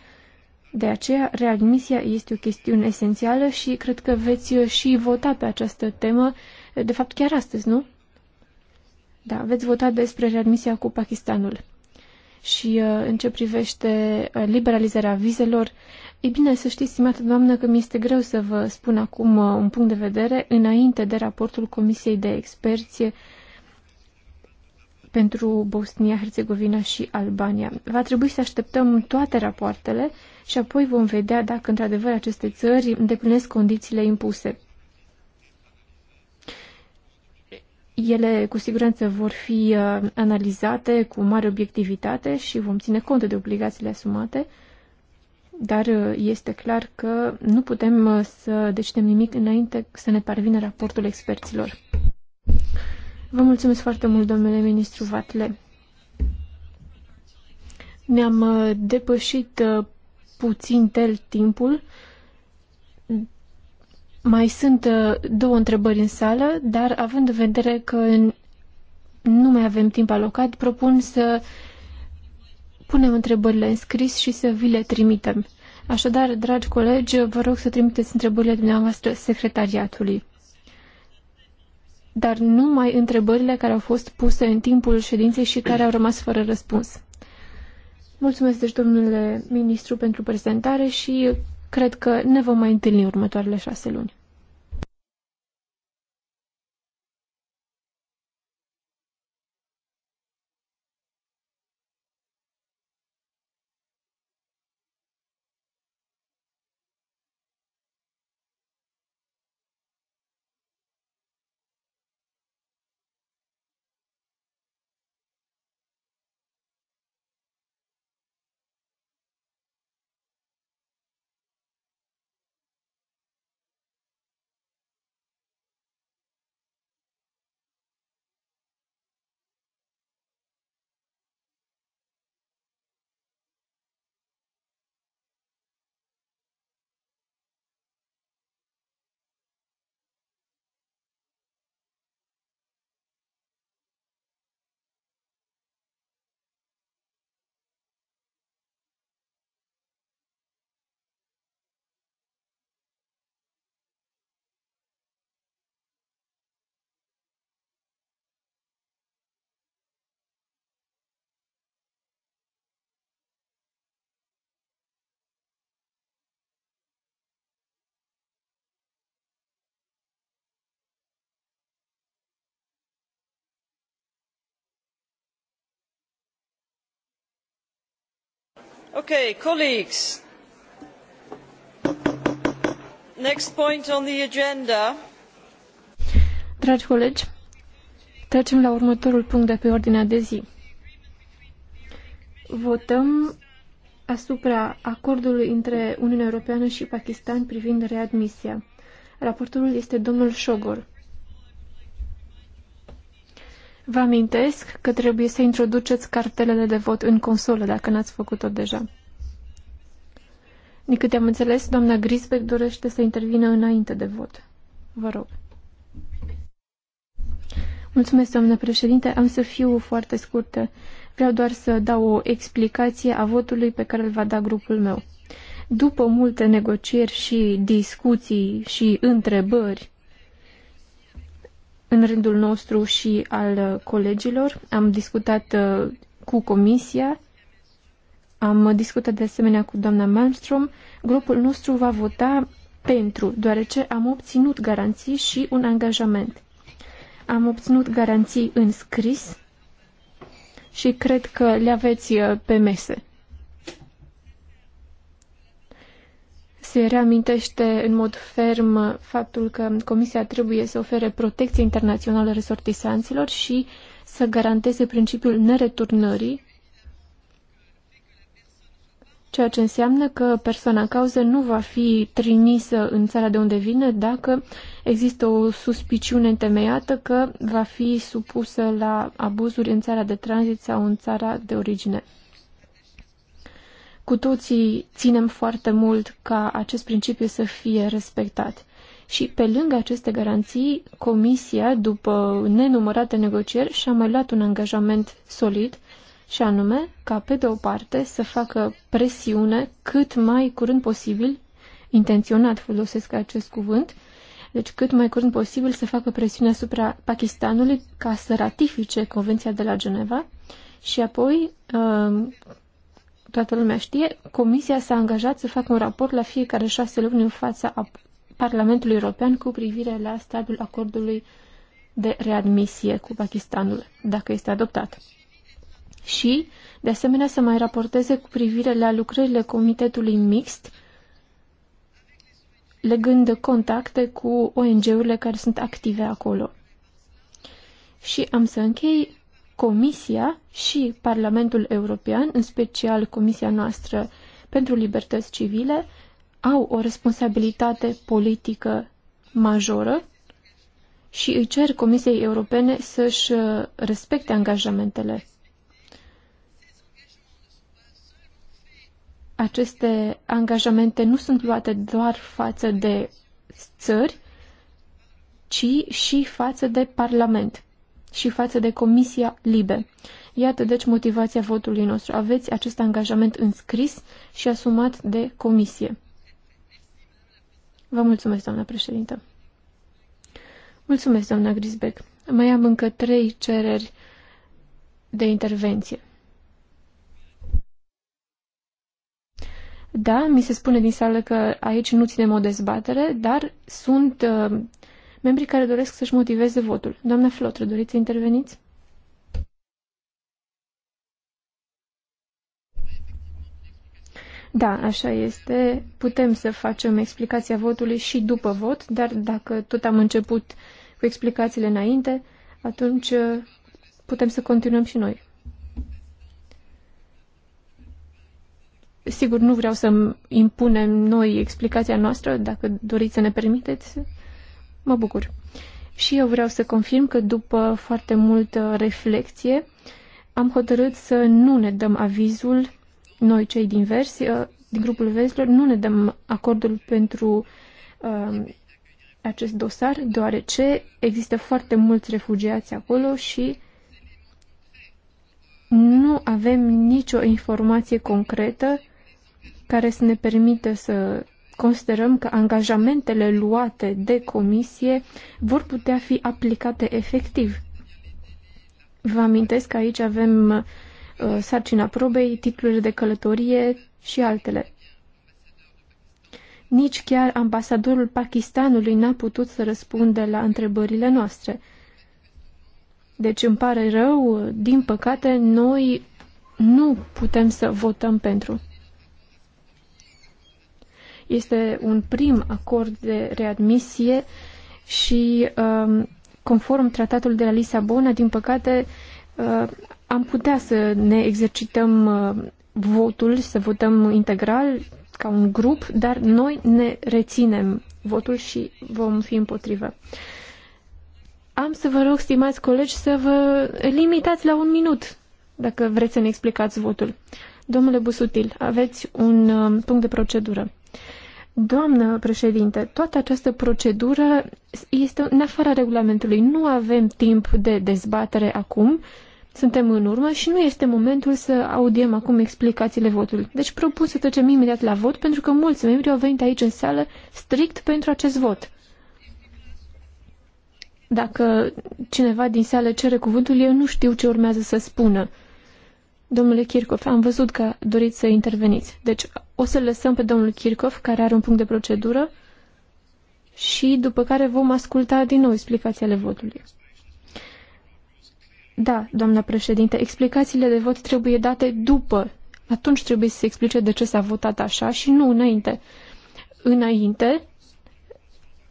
De aceea, readmisia este o chestiune esențială și cred că veți și vota pe această temă, de fapt chiar astăzi, nu? Da, veți vota despre readmisia cu Pakistanul și uh, în ce privește uh, liberalizarea vizelor, ei bine, să știți, stimată doamnă, că mi-este greu să vă spun acum uh, un punct de vedere înainte de raportul Comisiei de Experți pentru Bosnia, Herzegovina și Albania. Va trebui să așteptăm toate rapoartele și apoi vom vedea dacă într-adevăr aceste țări îndeplinesc condițiile impuse. Ele cu siguranță vor fi uh, analizate cu mare obiectivitate și vom ține cont de obligațiile asumate, dar uh, este clar că nu putem uh, să decidem nimic înainte să ne parvină raportul experților. Vă mulțumesc foarte mult, domnule ministru Vatle. Ne-am depășit puțin tel timpul. Mai sunt uh, două întrebări în sală, dar având în vedere că nu mai avem timp alocat, propun să punem întrebările în scris și să vi le trimitem. Așadar, dragi colegi, vă rog să trimiteți întrebările dumneavoastră secretariatului. Dar numai întrebările care au fost puse în timpul ședinței și care au rămas fără răspuns. Mulțumesc, deci, domnule ministru, pentru prezentare și cred că ne vom mai întâlni următoarele șase luni. colleagues. Next point on the agenda. Dragi colegi, trecem la următorul punct de pe ordinea de zi. Votăm asupra acordului între Uniunea Europeană și Pakistan privind readmisia. Raportorul este domnul Șogor. Vă amintesc că trebuie să introduceți cartelele de vot în consolă, dacă n-ați făcut-o deja. Din câte am înțeles, doamna Grisbeck dorește să intervină înainte de vot. Vă rog. Mulțumesc, doamnă președinte. Am să fiu foarte scurtă. Vreau doar să dau o explicație a votului pe care îl va da grupul meu. După multe negocieri și discuții și întrebări în rândul nostru și al uh, colegilor. Am discutat uh, cu comisia, am discutat de asemenea cu doamna Malmström. Grupul nostru va vota pentru, deoarece am obținut garanții și un angajament. Am obținut garanții în scris și cred că le aveți uh, pe mese. se reamintește în mod ferm faptul că Comisia trebuie să ofere protecție internațională resortisanților și să garanteze principiul nereturnării, ceea ce înseamnă că persoana în cauză nu va fi trimisă în țara de unde vine dacă există o suspiciune întemeiată că va fi supusă la abuzuri în țara de tranzit sau în țara de origine. Cu toții ținem foarte mult ca acest principiu să fie respectat. Și pe lângă aceste garanții, Comisia, după nenumărate negocieri, și-a mai luat un angajament solid, și anume ca, pe de o parte, să facă presiune cât mai curând posibil, intenționat folosesc acest cuvânt, deci cât mai curând posibil să facă presiune asupra Pakistanului ca să ratifice Convenția de la Geneva și apoi uh, toată lumea știe, Comisia s-a angajat să facă un raport la fiecare șase luni în fața a Parlamentului European cu privire la stadiul acordului de readmisie cu Pakistanul, dacă este adoptat. Și, de asemenea, să mai raporteze cu privire la lucrările Comitetului Mixt, legând contacte cu ONG-urile care sunt active acolo. Și am să închei Comisia și Parlamentul European, în special Comisia noastră pentru Libertăți Civile, au o responsabilitate politică majoră și îi cer Comisiei Europene să-și uh, respecte angajamentele. Aceste angajamente nu sunt luate doar față de țări, ci și față de Parlament și față de Comisia Libe. Iată deci motivația votului nostru. Aveți acest angajament înscris și asumat de Comisie. Vă mulțumesc, doamna președintă. Mulțumesc, doamna Grisbeck. Mai am încă trei cereri de intervenție. Da, mi se spune din sală că aici nu ținem o dezbatere, dar sunt uh, membrii care doresc să-și motiveze votul. Doamna Flotră, doriți să interveniți? Da, așa este. Putem să facem explicația votului și după vot, dar dacă tot am început cu explicațiile înainte, atunci uh, putem să continuăm și noi. Sigur, nu vreau să impunem noi explicația noastră, dacă doriți să ne permiteți, Mă bucur. Și eu vreau să confirm că după foarte multă reflexie am hotărât să nu ne dăm avizul, noi cei din vers, uh, din grupul verzilor, nu ne dăm acordul pentru uh, acest dosar, deoarece există foarte mulți refugiați acolo și nu avem nicio informație concretă care să ne permită să considerăm că angajamentele luate de comisie vor putea fi aplicate efectiv. Vă amintesc că aici avem uh, sarcina probei, titlurile de călătorie și altele. Nici chiar ambasadorul Pakistanului n-a putut să răspundă la întrebările noastre. Deci îmi pare rău, din păcate, noi nu putem să votăm pentru. Este un prim acord de readmisie și um, conform tratatul de la Lisabona, din păcate, uh, am putea să ne exercităm uh, votul, să votăm integral ca un grup, dar noi ne reținem votul și vom fi împotrivă. Am să vă rog, stimați colegi, să vă limitați la un minut, dacă vreți să ne explicați votul. Domnule Busutil, aveți un um, punct de procedură. Doamnă președinte, toată această procedură este în afara regulamentului. Nu avem timp de dezbatere acum, suntem în urmă și nu este momentul să audiem acum explicațiile votului. Deci propun să trecem imediat la vot, pentru că mulți membri au venit aici în sală strict pentru acest vot. Dacă cineva din sală cere cuvântul, eu nu știu ce urmează să spună. Domnule Kirchhoff, am văzut că doriți să interveniți. Deci o să lăsăm pe domnul Kirchhoff, care are un punct de procedură, și după care vom asculta din nou explicațiile votului. Da, doamna președinte, explicațiile de vot trebuie date după. Atunci trebuie să se explice de ce s-a votat așa și nu înainte. Înainte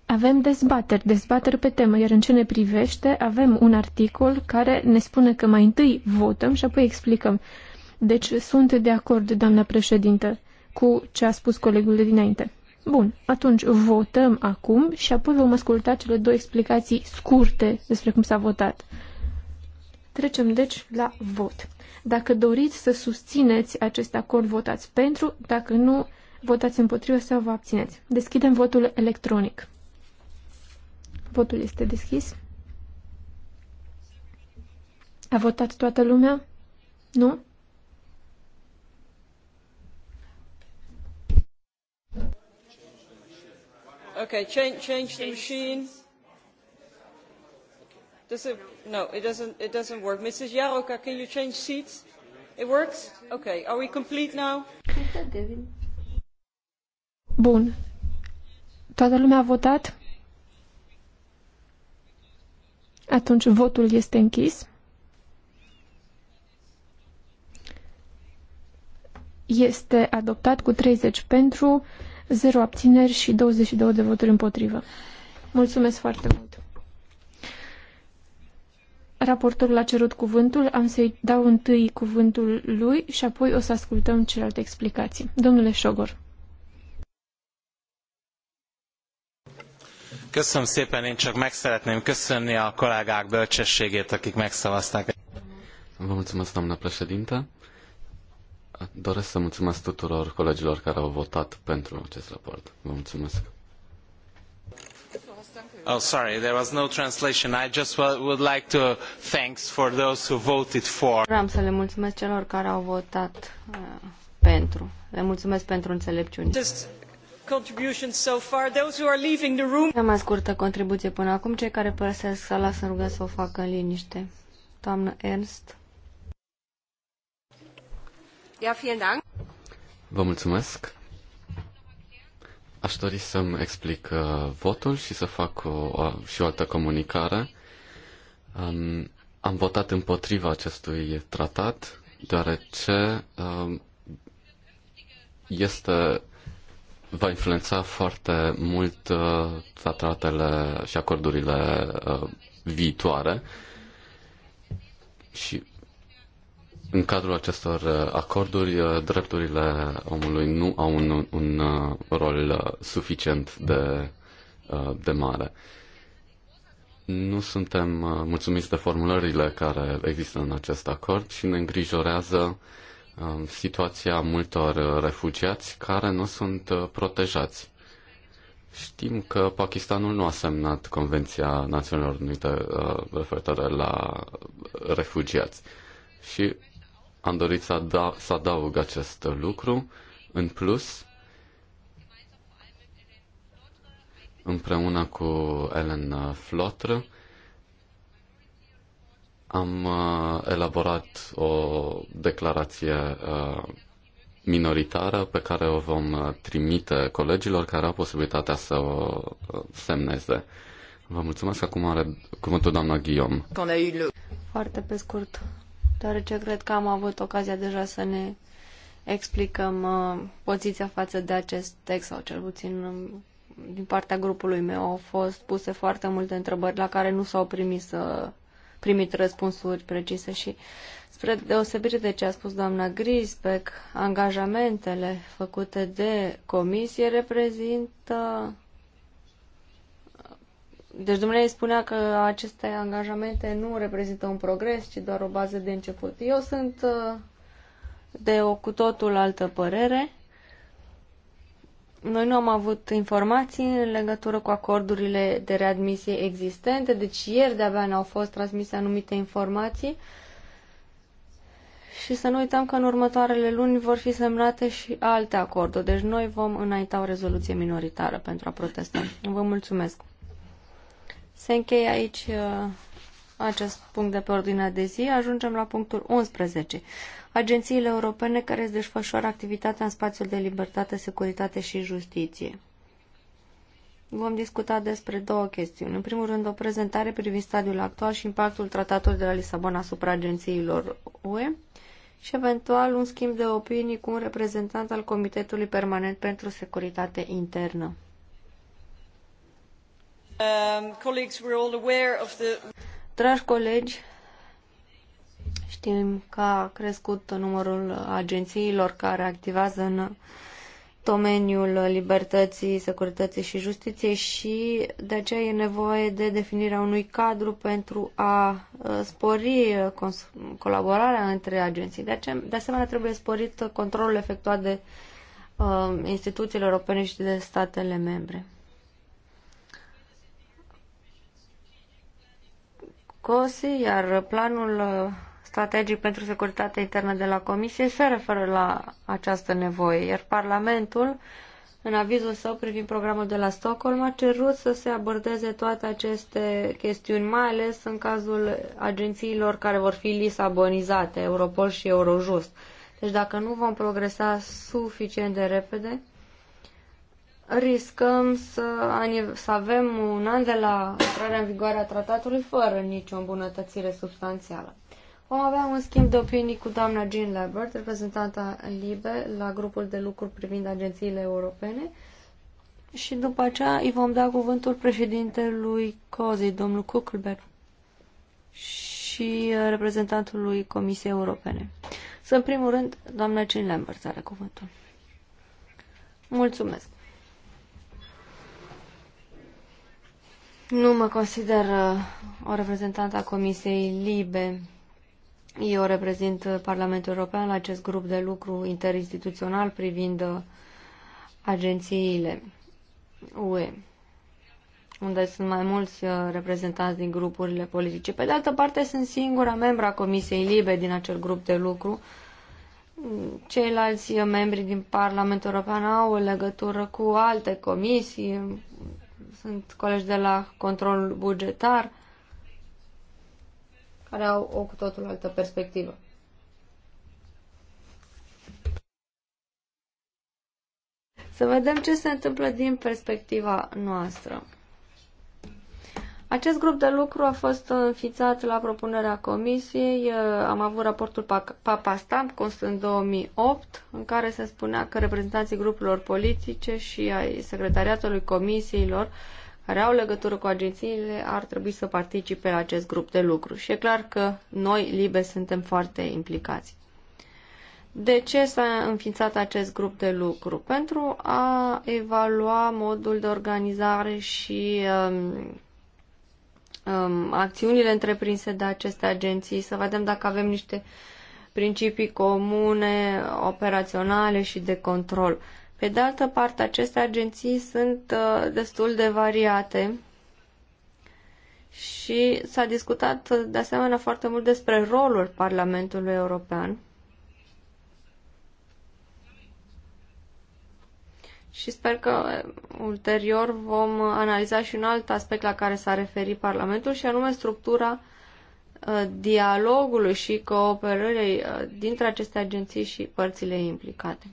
avem dezbateri, dezbateri pe temă, iar în ce ne privește avem un articol care ne spune că mai întâi votăm și apoi explicăm. Deci sunt de acord, doamna președintă, cu ce a spus colegul de dinainte. Bun, atunci votăm acum și apoi vom asculta cele două explicații scurte despre cum s-a votat. Trecem deci la vot. Dacă doriți să susțineți acest acord, votați pentru, dacă nu, votați împotrivă sau vă abțineți. Deschidem votul electronic. Votul este deschis. A votat toată lumea? Nu? Okay, change, change the machine. Does it, no, it doesn't, it doesn't work. Mrs. Jaroka, can you change seats? It works? Okay, are we complete now? Bun. Toată lumea a votat? Atunci votul este închis. Este adoptat cu 30 pentru, 0 abțineri și 22 de voturi împotrivă. Mulțumesc foarte mult! Raportorul a cerut cuvântul, am să-i dau întâi cuvântul lui și apoi o să ascultăm celelalte explicații. Domnule Șogor. Köszönöm szépen, én csak meg szeretném köszönni a kollégák bölcsességét, akik megszavazták. Vă mulțumesc, doamna președinte. Doresc să mulțumesc tuturor colegilor care au votat pentru acest raport. Vă mulțumesc. Oh, sorry, there was no translation. I just would like to thanks for those who voted for. Vreau să le mulțumesc celor care au votat uh, pentru. Le mulțumesc pentru înțelepciune. Just contributions so far. Those who are leaving the room. Cea mai scurtă contribuție până acum, cei care părăsesc sala sunt rugați să o facă în liniște. Doamnă Ernst. Ja, vielen Dank. Vă mulțumesc. Aș dori să-mi explic uh, votul și să fac o, o, și o altă comunicare. Um, am votat împotriva acestui tratat, deoarece um, este va influența foarte mult uh, tratatele și acordurile uh, viitoare și în cadrul acestor uh, acorduri, drepturile omului nu au un, un rol suficient de, de mare. Nu suntem mulțumiți de formulările care există în acest acord și ne îngrijorează uh, Um, situația multor uh, refugiați care nu sunt uh, protejați. Știm că Pakistanul nu a semnat Convenția Națiunilor Unite uh, referitoare la refugiați. Și am dorit să, ada- să adaug acest lucru. În plus, împreună cu Ellen Flotră, am uh, elaborat o declarație uh, minoritară pe care o vom uh, trimite colegilor care au posibilitatea să o semneze. Vă mulțumesc. Acum are cuvântul doamna Guillaume. Foarte pe scurt, deoarece cred că am avut ocazia deja să ne explicăm uh, poziția față de acest text, sau cel puțin um, din partea grupului meu au fost puse foarte multe întrebări la care nu s-au primit să primit răspunsuri precise și spre deosebire de ce a spus doamna Grisbeck, angajamentele făcute de comisie reprezintă deci dumneavoastră spunea că aceste angajamente nu reprezintă un progres, ci doar o bază de început. Eu sunt uh, de o cu totul altă părere. Noi nu am avut informații în legătură cu acordurile de readmisie existente, deci ieri de-abia ne-au fost transmise anumite informații și să nu uităm că în următoarele luni vor fi semnate și alte acorduri, deci noi vom înainta o rezoluție minoritară pentru a protesta. Vă mulțumesc. Se încheie aici uh, acest punct de pe ordinea de zi. Ajungem la punctul 11 agențiile europene care își desfășoară activitatea în spațiul de libertate, securitate și justiție. Vom discuta despre două chestiuni. În primul rând, o prezentare privind stadiul actual și impactul tratatului de la Lisabona asupra agențiilor UE și eventual un schimb de opinii cu un reprezentant al Comitetului Permanent pentru Securitate Internă. Um, colleagues, we're all aware of the... Dragi colegi, Știm că a crescut numărul agențiilor care activează în domeniul libertății, securității și justiției și de aceea e nevoie de definirea unui cadru pentru a uh, spori colaborarea între agenții. De, aceea, de asemenea, trebuie sporit controlul efectuat de uh, instituțiile europene și de statele membre. COSI, iar planul uh, strategic pentru securitatea internă de la Comisie se referă la această nevoie, iar Parlamentul, în avizul său privind programul de la Stockholm, a cerut să se abordeze toate aceste chestiuni, mai ales în cazul agențiilor care vor fi lisabonizate, Europol și Eurojust. Deci dacă nu vom progresa suficient de repede, riscăm să, să avem un an de la intrarea în vigoare a tratatului fără nicio îmbunătățire substanțială. Vom avea un schimb de opinii cu doamna Jean Lambert, reprezentanta LIBE la grupul de lucru privind agențiile europene și după aceea îi vom da cuvântul președintelui COZI, domnul Kuckelberg și uh, reprezentantului Comisiei Europene. Să, în primul rând, doamna Jean Lambert are cuvântul. Mulțumesc. Nu mă consider uh, o reprezentantă a Comisiei Libe eu reprezint Parlamentul European la acest grup de lucru interinstituțional privind uh, agențiile UE, unde sunt mai mulți uh, reprezentanți din grupurile politice. Pe de altă parte, sunt singura membra Comisiei Libe din acel grup de lucru. Ceilalți uh, membri din Parlamentul European au legătură cu alte comisii, sunt colegi de la control bugetar, care au o cu totul altă perspectivă. Să vedem ce se întâmplă din perspectiva noastră. Acest grup de lucru a fost înființat la propunerea comisiei. Uh, am avut raportul Papa Stamp, constant în 2008, în care se spunea că reprezentanții grupurilor politice și ai secretariatului comisiilor uh, care au legătură cu agențiile ar trebui să participe la acest grup de lucru. Și e clar că noi, LIBE, suntem foarte implicați. De ce s-a înființat acest grup de lucru? Pentru a evalua modul de organizare și um, um, acțiunile întreprinse de aceste agenții, să vedem dacă avem niște principii comune, operaționale și de control. Pe de altă parte, aceste agenții sunt uh, destul de variate și s-a discutat uh, de asemenea foarte mult despre rolul Parlamentului European. Și sper că uh, ulterior vom analiza și un alt aspect la care s-a referit Parlamentul și anume structura dialogului și cooperării dintre aceste agenții și părțile implicate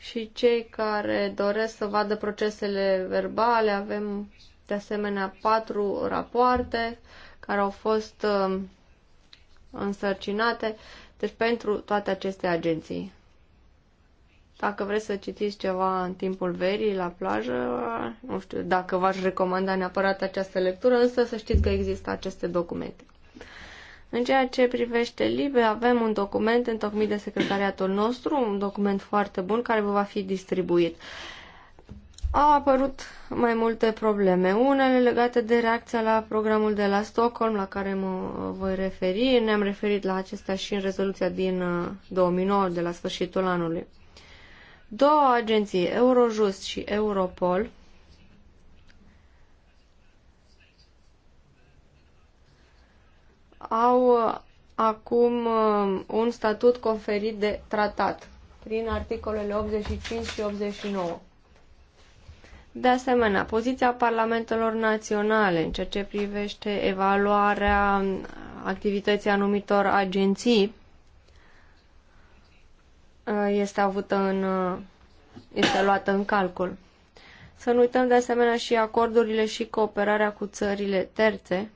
și cei care doresc să vadă procesele verbale. Avem de asemenea patru rapoarte care au fost uh, însărcinate, deci pentru toate aceste agenții. Dacă vreți să citiți ceva în timpul verii la plajă, nu știu dacă v-aș recomanda neapărat această lectură, însă să știți că există aceste documente. În ceea ce privește LIBE, avem un document întocmit de secretariatul nostru, un document foarte bun care vă va fi distribuit. Au apărut mai multe probleme, unele legate de reacția la programul de la Stockholm, la care mă voi referi. Ne-am referit la acestea și în rezoluția din 2009, uh, de la sfârșitul anului. Două agenții, Eurojust și Europol, au uh, acum uh, un statut conferit de tratat prin articolele 85 și 89. De asemenea, poziția parlamentelor naționale în ceea ce privește evaluarea activității anumitor agenții uh, este avută în, este luată în calcul. Să nu uităm de asemenea și acordurile și cooperarea cu țările terțe,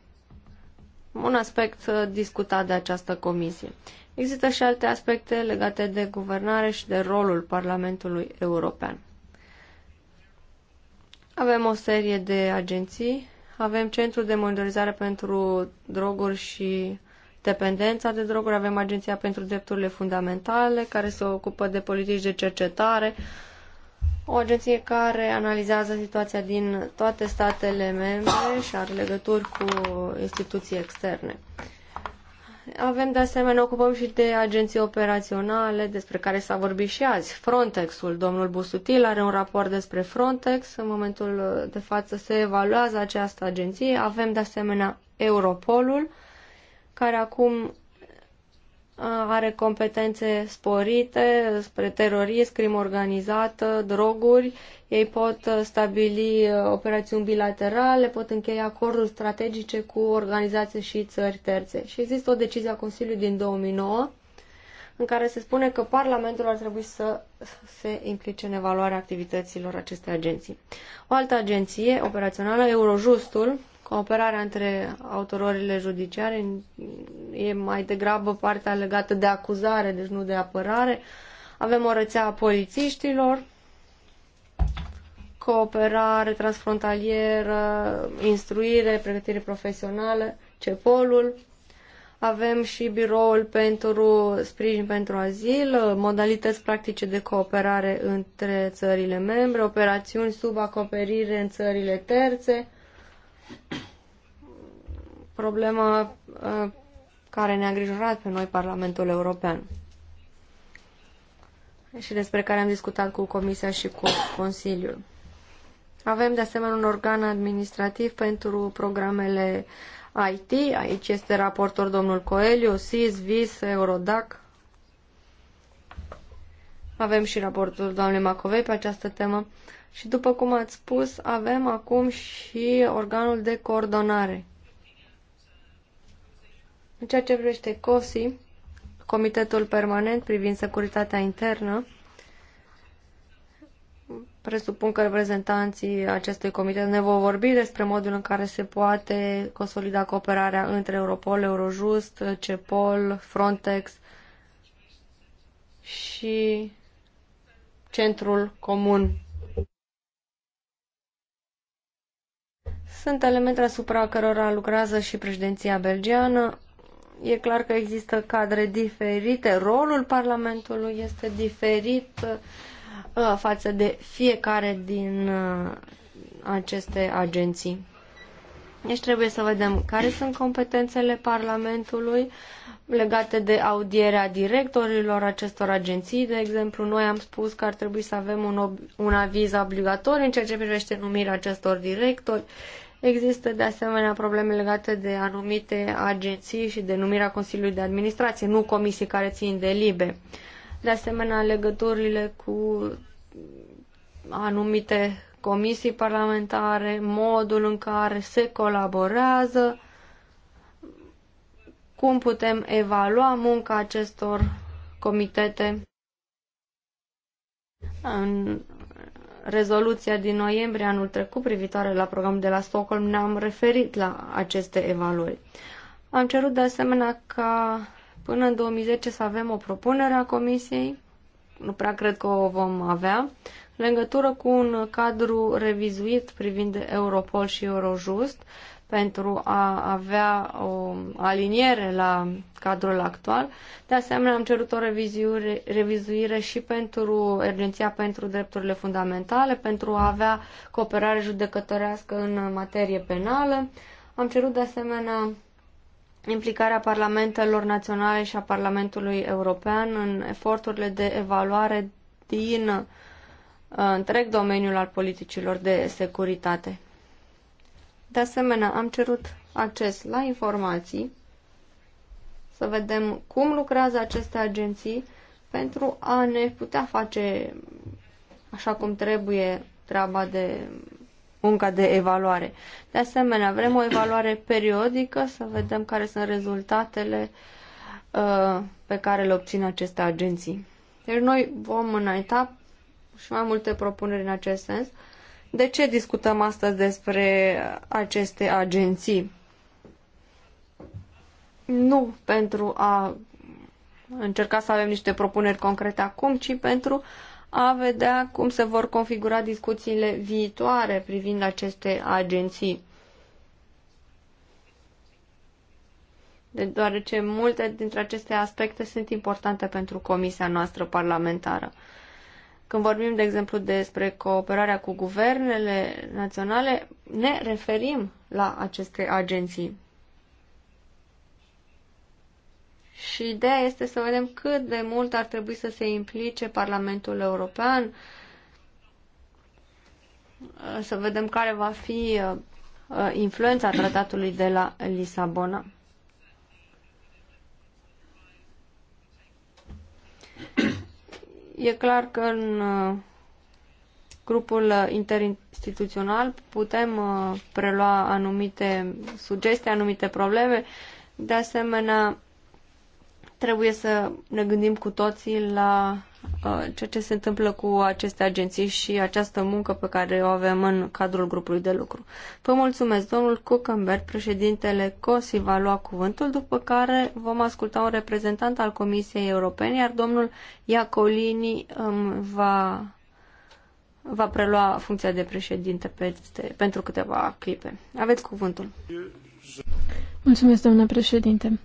un aspect uh, discutat de această comisie. Există și alte aspecte legate de guvernare și de rolul Parlamentului European. Avem o serie de agenții, avem Centrul de Monitorizare pentru Droguri și Dependența de Droguri, avem Agenția pentru Drepturile Fundamentale, care se ocupă de politici de cercetare, o agenție care analizează situația din toate statele membre și are legături cu instituții externe. Avem de asemenea, ocupăm și de agenții operaționale despre care s-a vorbit și azi. Frontexul, domnul Busutil are un raport despre Frontex, în momentul de față se evaluează această agenție. Avem de asemenea Europolul, care acum are competențe sporite spre terorism, crimă organizată, droguri. Ei pot uh, stabili uh, operațiuni bilaterale, pot încheia acorduri strategice cu organizații și țări terțe. Și există o decizie a Consiliului din 2009 în care se spune că Parlamentul ar trebui să se implice în evaluarea activităților acestei agenții. O altă agenție operațională, Eurojustul, Cooperarea între autororile judiciare e mai degrabă partea legată de acuzare, deci nu de apărare. Avem o rețea a polițiștilor, cooperare transfrontalieră, instruire, pregătire profesională, CEPOL-ul. Avem și biroul pentru sprijin pentru azil, modalități practice de cooperare între țările membre, operațiuni sub acoperire în țările terțe, problemă ă, care ne-a îngrijorat pe noi Parlamentul European și despre care am discutat cu Comisia și cu Consiliul. Avem de asemenea un organ administrativ pentru programele IT, aici este raportor domnul Coelho, SIS, VIS, Eurodac. Avem și raportul doamnei Macovei pe această temă. Și după cum ați spus, avem acum și organul de coordonare. În ceea ce privește COSI, Comitetul Permanent privind securitatea internă, presupun că reprezentanții acestui comitet ne vor vorbi despre modul în care se poate consolida cooperarea între Europol, Eurojust, CEPOL, Frontex și Centrul Comun Sunt elemente asupra cărora lucrează și președinția belgiană. E clar că există cadre diferite, rolul Parlamentului este diferit uh, față de fiecare din uh, aceste agenții. Deci trebuie să vedem care sunt competențele Parlamentului legate de audierea directorilor acestor agenții. De exemplu, noi am spus că ar trebui să avem un, un aviz obligatoriu în ceea ce privește numirea acestor directori Există de asemenea probleme legate de anumite agenții și de numirea Consiliului de Administrație, nu comisii care țin de libe. De asemenea, legăturile cu anumite comisii parlamentare, modul în care se colaborează, cum putem evalua munca acestor comitete în rezoluția din noiembrie anul trecut privitoare la programul de la Stockholm ne-am referit la aceste evaluări. Am cerut de asemenea ca până în 2010 să avem o propunere a Comisiei, nu prea cred că o vom avea, în legătură cu un cadru revizuit privind Europol și Eurojust, uh, pentru a avea o aliniere la cadrul actual. De asemenea, am cerut o revizuire, revizuire și pentru Agenția pentru Drepturile Fundamentale, pentru a avea cooperare judecătorească în materie penală. Am cerut de asemenea implicarea parlamentelor naționale și a Parlamentului European în eforturile de evaluare din uh, întreg domeniul al politicilor de securitate. De asemenea, am cerut acces la informații, să vedem cum lucrează aceste agenții pentru a ne putea face așa cum trebuie treaba de munca de evaluare. De asemenea, vrem o evaluare periodică să vedem care sunt rezultatele uh, pe care le obțin aceste agenții. Deci noi vom înainta și mai multe propuneri în acest sens. Uh, de ce discutăm astăzi despre aceste agenții? Nu pentru a încerca să avem niște propuneri concrete acum, ci pentru a vedea cum se vor configura discuțiile viitoare privind aceste agenții. deoarece multe dintre aceste aspecte sunt importante pentru comisia noastră parlamentară. Când vorbim, de exemplu, despre cooperarea cu guvernele naționale, ne referim la aceste agenții. Și ideea este să vedem cât de mult ar trebui să se implice Parlamentul European, să vedem care va fi uh, influența tratatului de la Lisabona. E clar că în uh, grupul interinstituțional putem uh, prelua anumite sugestii, anumite probleme. De asemenea, trebuie să ne gândim cu toții la Uh, ceea ce se întâmplă cu aceste agenții și această muncă pe care o avem în cadrul grupului de lucru. Vă mulțumesc, domnul Cucămber, președintele COSI va lua cuvântul, după care vom asculta un reprezentant al Comisiei Europene, iar domnul Iacolini um, va, va prelua funcția de președinte peste, pentru câteva clipe. Aveți cuvântul. Mulțumesc, domnule președinte.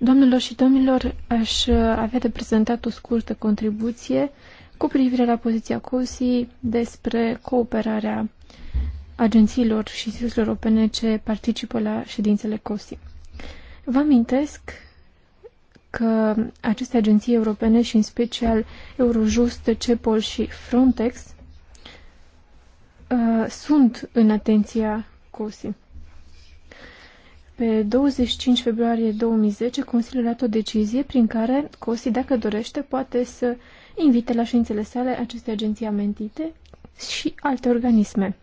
Domnilor și domnilor, aș avea de prezentat o scurtă contribuție cu privire la poziția COSI despre cooperarea agențiilor și instituțiilor europene ce participă la ședințele COSI. Vă amintesc că aceste agenții europene și în special Eurojust, CEPOL și Frontex uh, sunt în atenția COSI. Pe 25 februarie 2010, Consiliul a luat o decizie prin care COSI, dacă dorește, poate să invite la ședințele sale aceste agenții amintite și alte organisme.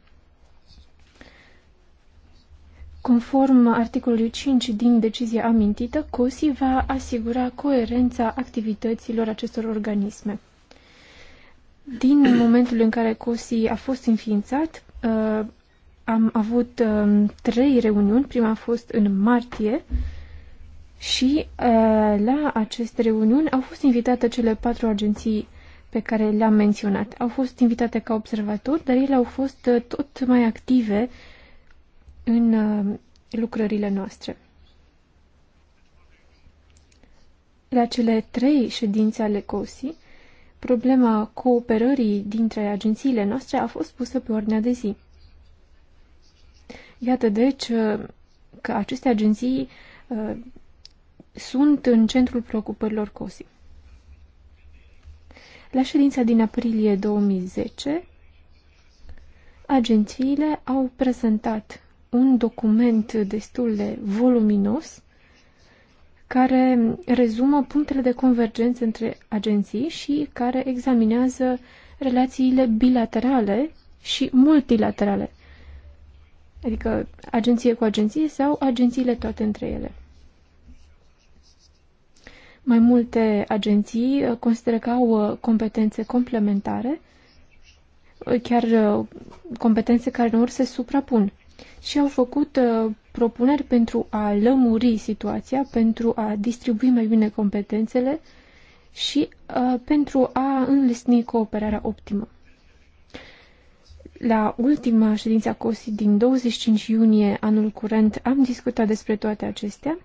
Conform articolului 5 din decizia amintită, COSI va asigura coerența activităților acestor organisme. Din momentul în care COSI a fost înființat, uh, am avut um, trei reuniuni, prima a fost în martie și uh, la aceste reuniuni au fost invitate cele patru agenții pe care le-am menționat. Au fost invitate ca observatori, dar ele au fost uh, tot mai active în uh, lucrările noastre. La cele trei ședințe ale COSI, problema cooperării dintre agențiile noastre a fost pusă pe ordinea de zi. Iată deci uh, că aceste agenții uh, sunt în centrul preocupărilor COSI. La ședința din aprilie 2010, agențiile au prezentat un document destul de voluminos care rezumă punctele de convergență între agenții și care examinează relațiile bilaterale și multilaterale adică agenție cu agenție sau agențiile toate între ele. Mai multe agenții uh, consideră că au uh, competențe complementare, uh, chiar competențe care nu se suprapun și au făcut propuneri pentru a lămuri situația, pentru a distribui mai bine competențele și pentru a înlesni cooperarea optimă. La ultima ședință a COSI din 25 iunie anul curent am discutat despre toate acestea,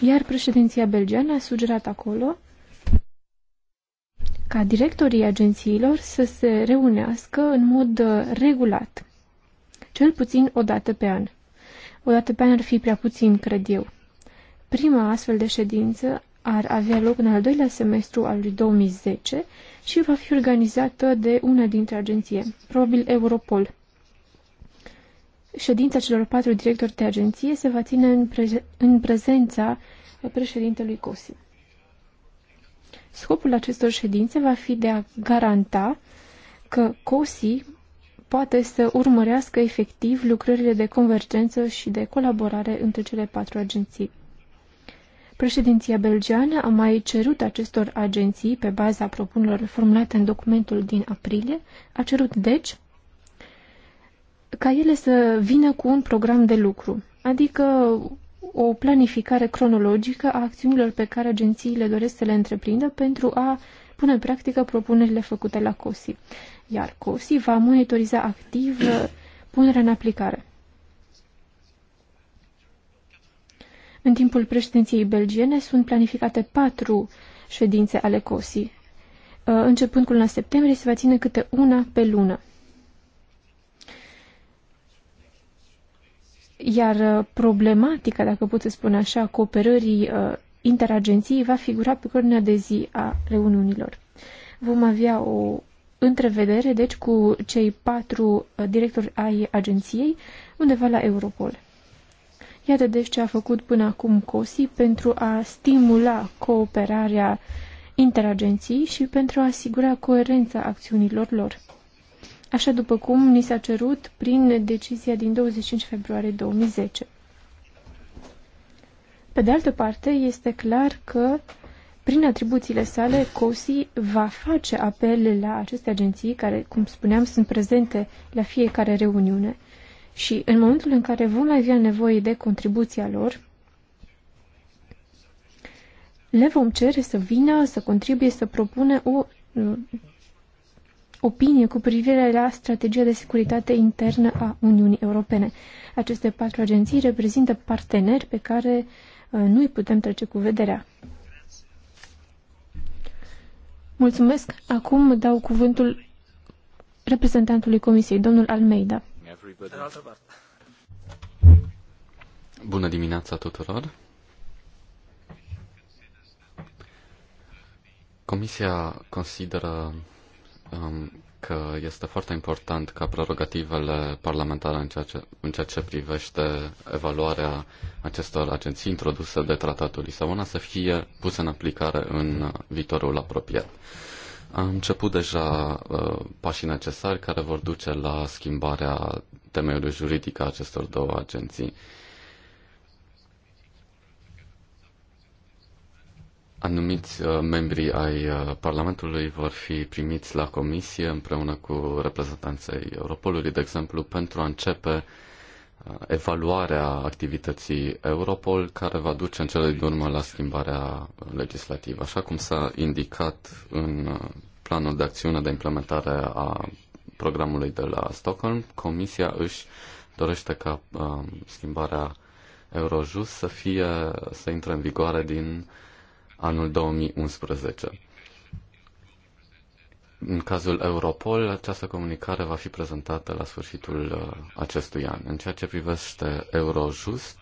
iar președinția belgeană a sugerat acolo ca directorii agențiilor să se reunească în mod uh, regulat, cel puțin o dată pe an. O dată pe an ar fi prea puțin, cred eu. Prima astfel de ședință ar avea loc în al doilea semestru al lui 2010 și va fi organizată de una dintre agenție, probabil Europol. Ședința celor patru directori de agenție se va ține în, pre- în prezența președintelui COSI. Scopul acestor ședințe va fi de a garanta că COSI poate să urmărească efectiv lucrările de convergență și de colaborare între cele patru agenții. Președinția belgeană a mai cerut acestor agenții, pe baza propunerilor formulate în documentul din aprilie, a cerut, deci, ca ele să vină cu un program de lucru, adică o planificare cronologică a acțiunilor pe care agențiile doresc să le întreprindă pentru a pune în practică propunerile făcute la COSI. Iar COSI va monitoriza activ uh, punerea în aplicare. În timpul președinției belgiene sunt planificate patru ședințe ale COSI. Uh, începând cu luna septembrie, se va ține câte una pe lună. Iar uh, problematica, dacă pot să spun așa, cooperării uh, interagenției va figura pe ordinea de zi a reuniunilor. Vom avea o întrevedere, deci, cu cei patru directori ai agenției undeva la Europol. Iată deci ce a făcut până acum COSI pentru a stimula cooperarea interagenții și pentru a asigura coerența acțiunilor lor. Așa după cum ni s-a cerut prin decizia din 25 februarie 2010. Pe de altă parte, este clar că prin atribuțiile sale, COSI va face apel la aceste agenții care, cum spuneam, sunt prezente la fiecare reuniune și în momentul în care vom avea nevoie de contribuția lor, le vom cere să vină, să contribuie, să propune o mm, opinie cu privire la strategia de securitate internă a Uniunii Europene. Aceste patru agenții reprezintă parteneri pe care uh, nu îi putem trece cu vederea. Mulțumesc. Acum dau cuvântul reprezentantului Comisiei, domnul Almeida everybody. Bună dimineața tuturor. Comisia consideră um, că este foarte important ca prerogativele parlamentare în ceea ce, în ceea ce privește evaluarea acestor agenții introduse de Tratatul Lisabona să fie puse în aplicare în viitorul apropiat. Uh, am început deja uh, pașii necesari care vor duce la schimbarea temeiului juridic a acestor două agenții. Anumiți membrii uh, membri ai uh, Parlamentului vor fi primiți la comisie împreună cu reprezentanții Europolului, de exemplu, pentru a începe evaluarea activității Europol, care va duce în cele din urmă la schimbarea legislativă. Așa cum s-a indicat în planul de acțiune de implementare a programului de la Stockholm, Comisia își dorește ca um, schimbarea Eurojust să fie să intre în vigoare din anul 2011. În cazul Europol, această comunicare va fi prezentată la sfârșitul uh, acestui an. În ceea ce privește Eurojust,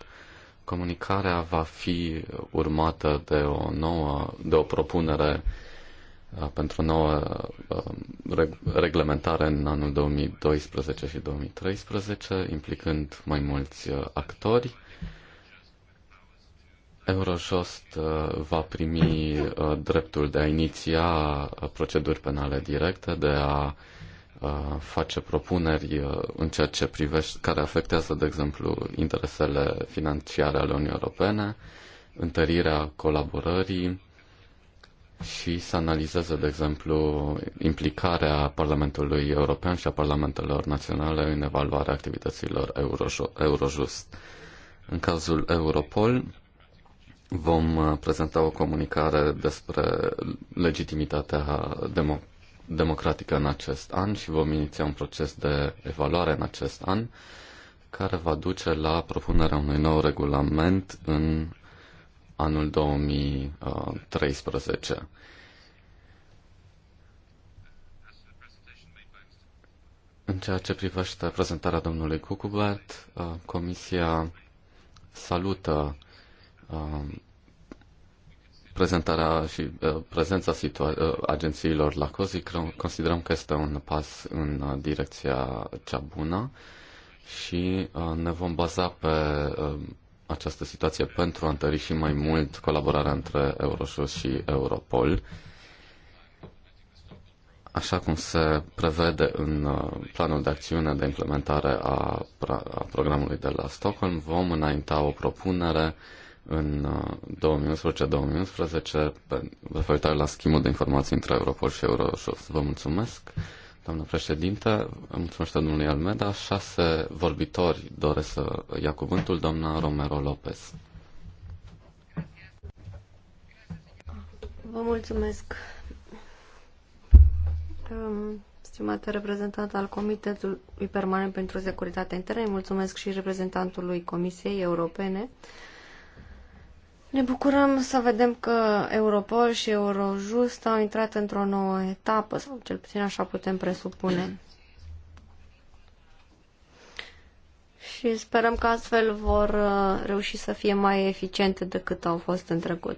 comunicarea va fi urmată de o nouă, de o propunere uh, pentru o nouă uh, reglementare în anul 2012 și 2013, implicând mai mulți actori Eurojust uh, va primi uh, dreptul de a iniția uh, proceduri penale directe, de a face propuneri în ceea ce privește, care afectează, de exemplu, interesele financiare ale Uniunii Europene, întărirea colaborării și să analizeze, de exemplu, implicarea Parlamentului European și a Parlamentelor Naționale în evaluarea activităților Eurojust. În cazul Europol, vom uh, prezenta o comunicare despre legitimitatea democratică democratică în acest an și vom iniția un proces de evaluare în acest an care va duce la propunerea unui nou regulament în anul 2013. În ceea ce privește prezentarea domnului Cucubert, uh, Comisia salută Um, prezentarea și uh, prezența uh, agențiilor la COSI considerăm că este un pas în uh, direcția cea bună și ne vom baza pe această situație pentru a întări și mai mult colaborarea între Eurojust și Europol, așa cum se prevede în planul de acțiune de implementare a, programului de la Stockholm, vom înainta o propunere uh, în 2011-2011 uh, referitor la schimbul de informații între Europol și Eurojust. Vă mulțumesc, doamnă președinte, mulțumesc domnului Almeda. Șase vorbitori doresc să ia cuvântul, doamna Romero Lopez. Vă mulțumesc, um, Stimată reprezentantă al Comitetului Permanent pentru Securitatea Internă, mulțumesc și reprezentantului Comisiei Europene. Ne bucurăm să vedem că Europol și Eurojust au intrat într-o nouă etapă, sau cel puțin așa putem presupune. Și sperăm că astfel vor uh, reuși să fie mai eficiente decât au fost în trecut.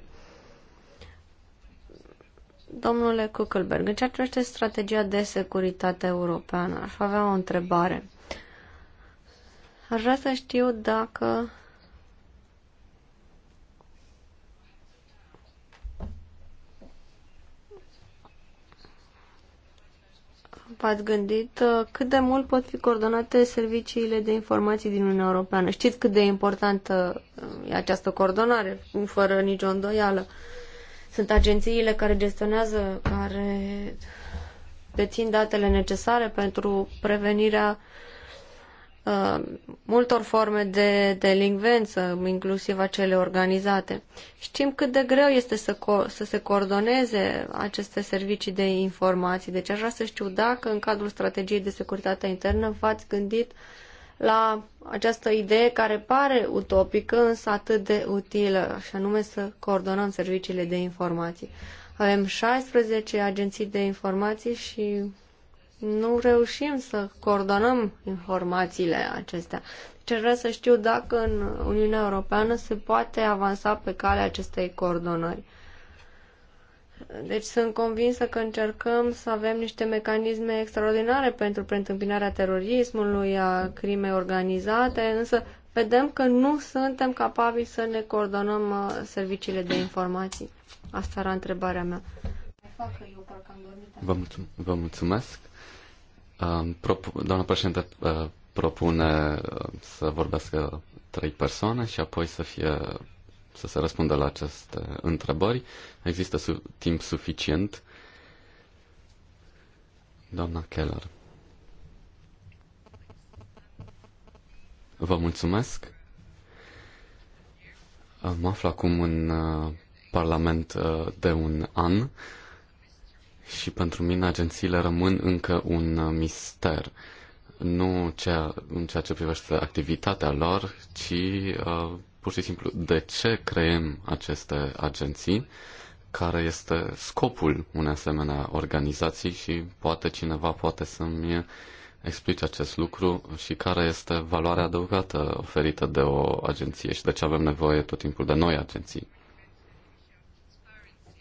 Domnule Kuckelberg, în ceea ce este strategia de securitate europeană, aș avea o întrebare. Aș vrea să știu dacă v-ați gândit uh, cât de mult pot fi coordonate serviciile de informații din Uniunea Europeană? Știți cât de importantă uh, e această coordonare, fără nicio îndoială. Sunt agențiile care gestionează, care dețin datele necesare pentru prevenirea uh, Uh, multor forme de delinvență, inclusiv acele organizate. Știm cât de greu este să, co- să se coordoneze aceste servicii de informații, deci aș vrea să știu dacă în cadrul strategiei de securitate internă v-ați gândit la această idee care pare utopică, însă atât de utilă, și anume să coordonăm serviciile de informații. Avem 16 agenții de informații și nu reușim să coordonăm informațiile acestea. Deci vreau să știu dacă în Uniunea Europeană se poate avansa pe calea acestei coordonări. Deci sunt convinsă că încercăm să avem niște mecanisme extraordinare pentru preîntâmpinarea terorismului, a crimei organizate, însă vedem că nu suntem capabili să ne coordonăm uh, serviciile de informații. Asta era întrebarea mea. Vă, mulțum- vă mulțumesc. Doamna președinte uh, propune uh, să vorbească trei persoane și apoi să fie să se răspundă la aceste întrebări. Există su- timp suficient. Doamna Keller. Vă mulțumesc. Mă aflu acum în uh, Parlament de un an și pentru mine agențiile rămân încă un uh, mister. Nu cea, în ceea ce privește activitatea lor, ci uh, pur și simplu de ce creăm aceste agenții, care este scopul unei asemenea organizații și poate cineva poate să-mi explice acest lucru și care este valoarea adăugată oferită de o agenție și de ce avem nevoie tot timpul de noi agenții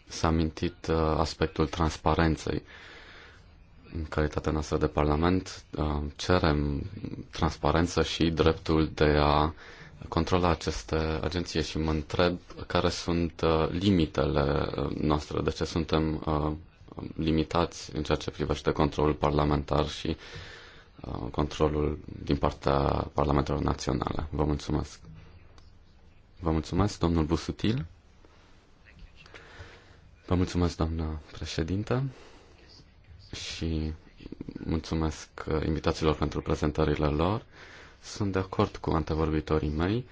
s-a mintit uh, aspectul transparenței. În calitatea noastră de Parlament uh, cerem transparență și dreptul de a controla aceste agenții și mă întreb care sunt uh, limitele noastre, de ce suntem limitați în ceea ce privește controlul parlamentar și controlul din partea Parlamentelor Naționale. Vă mulțumesc. Vă mulțumesc, domnul Busutil. Vă mulțumesc, doamnă președintă, și mulțumesc uh, invitațiilor pentru prezentările lor. Sunt de acord cu antevorbitorii mei.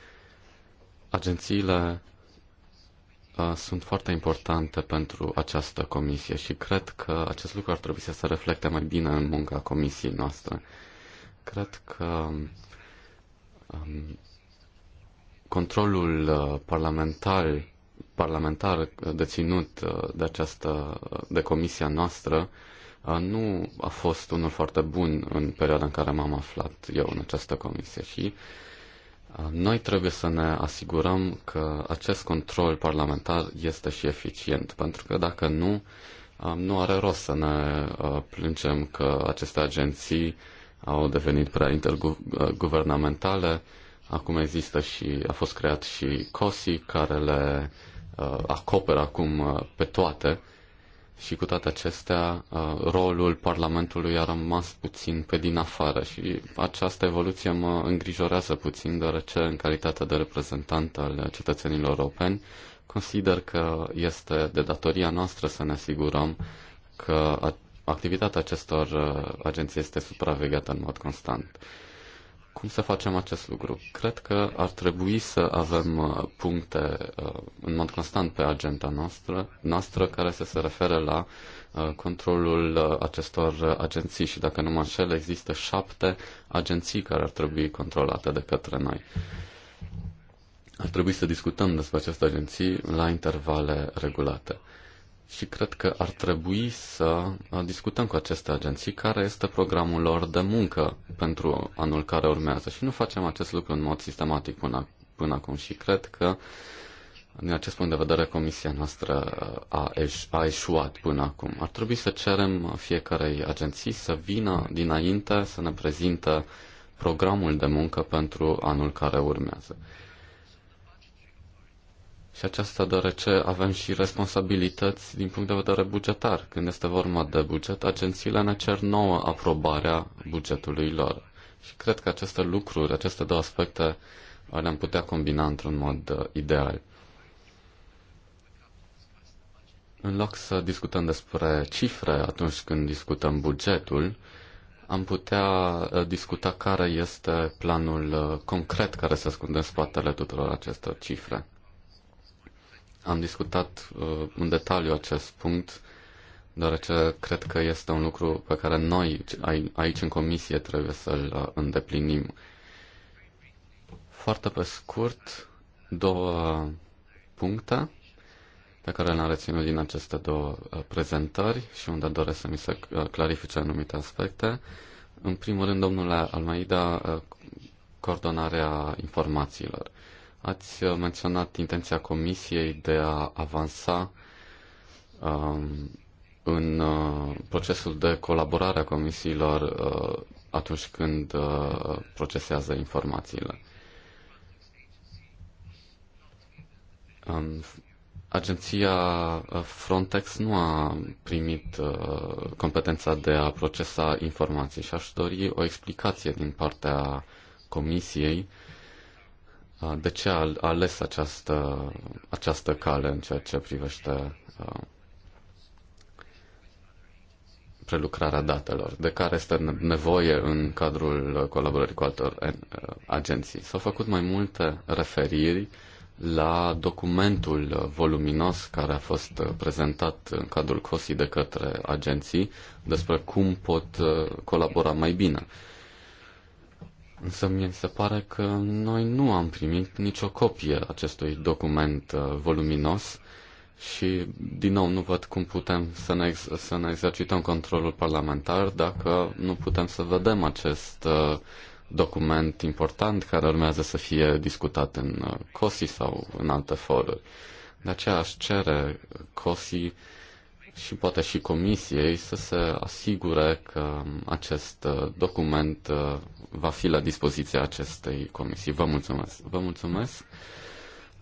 Agențiile uh, sunt foarte importante pentru această comisie și cred că acest lucru ar trebui să se reflecte mai bine în munca comisiei noastre. Cred că um, controlul uh, parlamentar parlamentar uh, deținut uh, de această, uh, de comisia noastră, nu a fost unul foarte bun în perioada în care m-am aflat eu în această comisie și noi trebuie să ne asigurăm că acest control parlamentar este și eficient, pentru că dacă nu, nu are rost să ne plângem că aceste agenții au devenit prea interguvernamentale. Acum există și a fost creat și COSI care le Uh, acoperă acum uh, pe toate și cu toate acestea uh, rolul Parlamentului a rămas puțin pe din afară și această evoluție mă îngrijorează puțin deoarece în calitate de reprezentant al cetățenilor europeni consider că este de datoria noastră să ne asigurăm că activitatea acestor agenții este supravegheată în mod constant. Cum să facem acest lucru? Cred că ar trebui să avem uh, puncte uh, în mod constant pe agenda noastră, noastră care să se refere la uh, controlul acestor agenții și dacă nu mă înșel, există șapte agenții care ar trebui controlate de către noi. Ar trebui să discutăm despre aceste agenții la intervale regulate și cred că ar trebui să uh, discutăm cu aceste agenții care este programul lor de muncă pentru anul care urmează și nu facem acest lucru în mod sistematic până, până acum și cred că din acest punct de vedere, comisia noastră uh, a, eș- a eșuat până acum. Ar trebui să cerem fiecarei agenții să vină dinainte să ne prezinte programul de muncă pentru anul care urmează. Și aceasta deoarece avem și responsabilități din punct de vedere bugetar. Când este vorba de buget, agențiile ne cer nouă aprobarea bugetului lor. Și cred că aceste lucruri, aceste două aspecte, le-am putea combina într-un mod uh, ideal. În loc să discutăm despre cifre atunci când discutăm bugetul, am putea uh, discuta care este planul uh, concret care se ascunde în spatele tuturor acestor cifre. Am discutat uh, în detaliu acest punct, deoarece cred că este un lucru pe care noi aici în comisie trebuie să-l uh, îndeplinim. Foarte pe scurt, două puncte pe care le-am reținut din aceste două uh, prezentări și unde doresc să mi se uh, clarifice anumite aspecte. În primul rând, domnule Almaida, coordonarea informațiilor. Ați uh, menționat intenția Comisiei de a avansa um, în uh, procesul de colaborare a comisiilor uh, atunci când uh, procesează informațiile. Um, agenția uh, Frontex nu a primit uh, competența de a procesa informații și aș dori o explicație din partea comisiei uh, de ce a ales această, această cale în ceea ce privește prelucrarea datelor, de care este nevoie în cadrul colaborării cu altor agenții. S-au făcut mai multe referiri la documentul voluminos care a fost prezentat în cadrul COSI de către agenții despre cum pot colabora mai bine. Însă mi se pare că noi nu am primit nicio copie acestui document uh, voluminos și, din nou, nu văd cum putem să ne, să ne exercităm controlul parlamentar dacă nu putem să vedem acest uh, document important care urmează să fie discutat în uh, COSI sau în alte foruri. De aceea aș cere COSI și poate și Comisiei să se asigure că acest document va fi la dispoziția acestei comisii. Vă mulțumesc! Vă mulțumesc!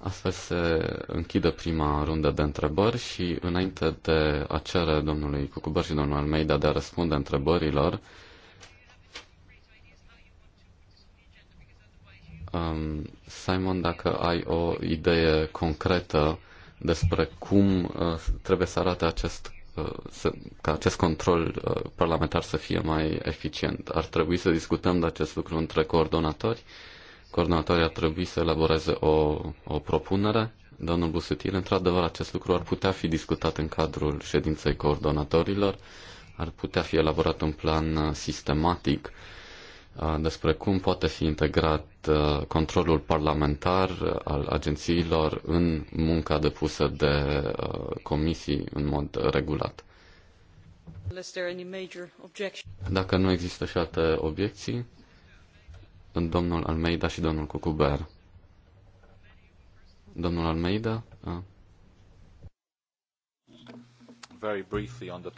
Astfel se închide prima rundă de întrebări și înainte de a cere domnului Cucubăr și domnul Almeida de a răspunde întrebărilor, um, Simon, dacă ai o idee concretă despre cum uh, trebuie să arate acest Uh, să, ca acest control uh, parlamentar să fie mai eficient. Ar trebui să discutăm de acest lucru între coordonatori. Coordonatorii ar trebui să elaboreze o, o propunere. Domnul Busutil, într-adevăr, acest lucru ar putea fi discutat în cadrul ședinței coordonatorilor, ar putea fi elaborat un plan uh, sistematic uh, despre cum poate fi integrat controlul parlamentar al agențiilor în munca depusă de comisii în mod regulat. Dacă nu există și alte obiecții, domnul Almeida și domnul Cucuber. Domnul Almeida? Very briefly on the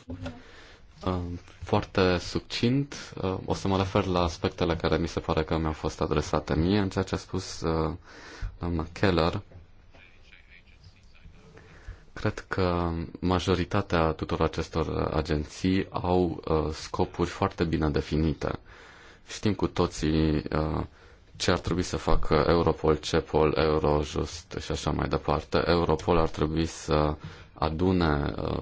Uh, foarte succint. Uh, o să mă refer la aspectele care mi se pare că mi-au fost adresate mie în ceea ce a spus uh, doamna Keller. Cred că majoritatea tuturor acestor agenții au scopuri foarte bine definite. Știm cu toții ce ar trebui să facă Europol, CEPOL, Eurojust și așa mai departe. Europol ar trebui să adune uh,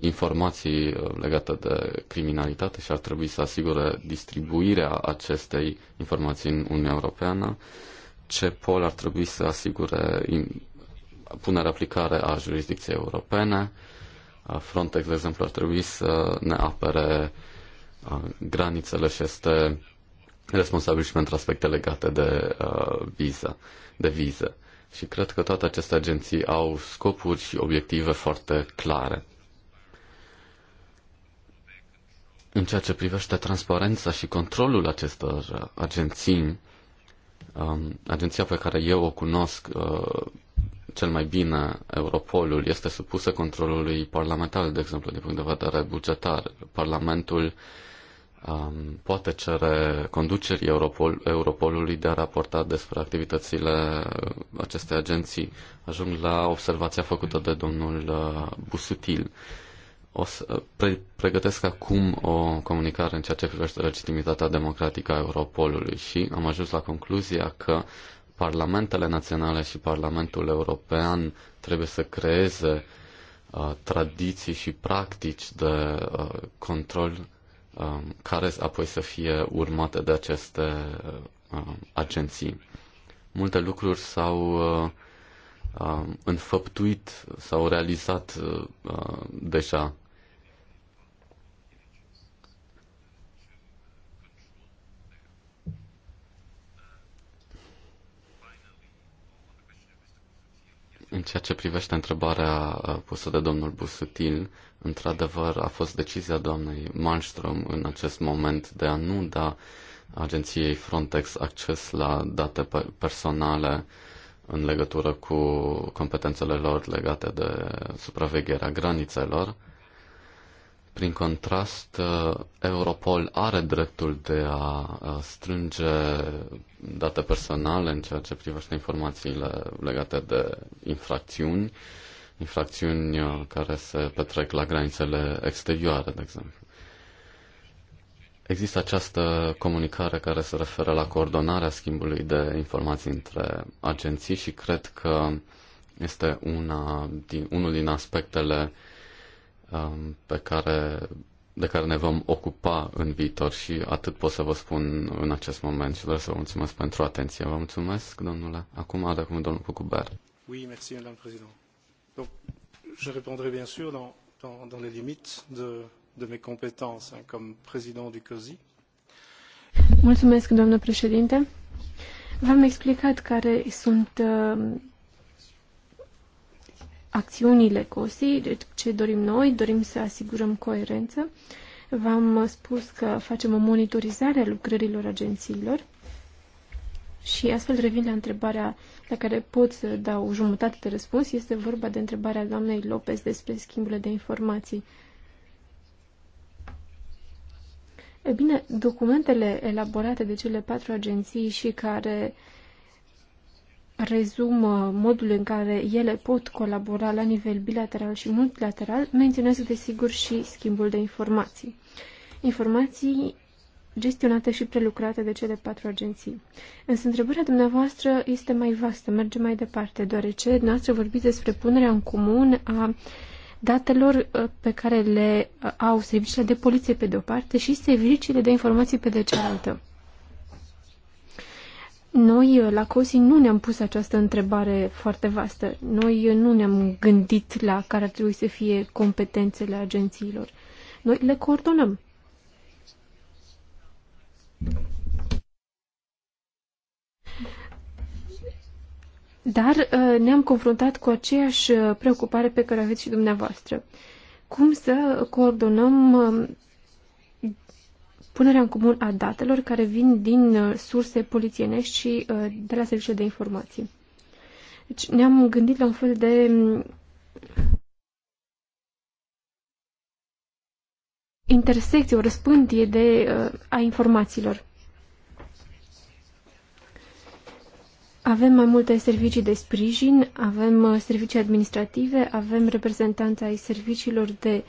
informații uh, legate de criminalitate și ar trebui să asigure distribuirea acestei informații în Uniunea Europeană. CEPOL ar trebui să asigure punerea aplicare a jurisdicției europene. Uh, Frontex, de exemplu, ar trebui să ne apere granițele și este responsabil și pentru aspecte legate de uh, viză, de vize. Și cred că toate aceste agenții au scopuri și obiective foarte clare. În ceea ce privește transparența și controlul acestor uh, agenții, um, agenția pe care eu o cunosc uh, cel mai bine, Europolul, este supusă controlului parlamentar, de exemplu, din punct de vedere bugetar. Parlamentul uh, um, poate cere conducerii Europol, Europolului de a raporta despre activitățile acestei agenții. Ajung la observația făcută de domnul uh, Busutil. O să uh, pre- pregătesc acum o comunicare în ceea ce privește legitimitatea democratică a Europolului și am ajuns la concluzia că parlamentele naționale și Parlamentul European trebuie să creeze uh, tradiții și practici de uh, control Um, care apoi să fie urmate de aceste uh, um, agenții. Multe lucruri s-au uh, um, înfăptuit, s-au realizat uh, deja. În ceea ce privește întrebarea pusă de domnul Busutil Într-adevăr, a fost decizia doamnei Malmström în acest moment de a nu da agenției Frontex acces la date personale în legătură cu competențele lor legate de supravegherea granițelor. Prin contrast, uh, Europol are dreptul de a strânge date personale în ceea ce privește informațiile legate de infracțiuni infracțiuni uh, care se petrec la granițele exterioare, de exemplu. Există această comunicare care se referă la coordonarea schimbului de informații între agenții și cred că este una din, unul din aspectele um, pe care, de care ne vom ocupa în viitor și atât pot să vă spun în acest moment și vreau să vă mulțumesc pentru atenție. Vă mulțumesc, domnule. Acum are acum domnul Cucuber. Oui, merci, Donc, je répondrai bien sûr dans, les limites de, mes compétences comme président du COSI. Mulțumesc, doamnă președinte. V-am explicat care sunt uh, acțiunile COSI, deci ce dorim noi, dorim să asigurăm coerență. V-am spus că facem o monitorizare a lucrărilor agențiilor și astfel revin la întrebarea uh, la care pot să dau jumătate de răspuns. Este vorba de întrebarea doamnei Lopez despre schimbul de informații. E bine, documentele elaborate de cele patru agenții și care rezumă modul în care ele pot colabora la nivel bilateral și multilateral menționează desigur și schimbul de informații. Informații gestionate și prelucrate de cele patru agenții. Însă întrebarea dumneavoastră este mai vastă, merge mai departe, deoarece dumneavoastră vorbiți despre punerea în comun a datelor uh, pe care le uh, au serviciile de poliție pe de o parte și serviciile de informații pe de cealaltă. Noi uh, la COSI nu ne-am pus această întrebare foarte vastă. Noi nu ne-am gândit la care ar trebui să fie competențele agențiilor. Noi le coordonăm. Dar uh, ne-am confruntat cu aceeași uh, preocupare pe care aveți și dumneavoastră. Cum să coordonăm um, punerea în comun a datelor care vin din uh, surse polițienești și de la serviciul de informații. Deci ne-am gândit la un fel de um, intersecție, o răspândie de, uh, a informațiilor. Avem mai multe servicii de sprijin, avem uh, servicii administrative, avem reprezentanța ai serviciilor de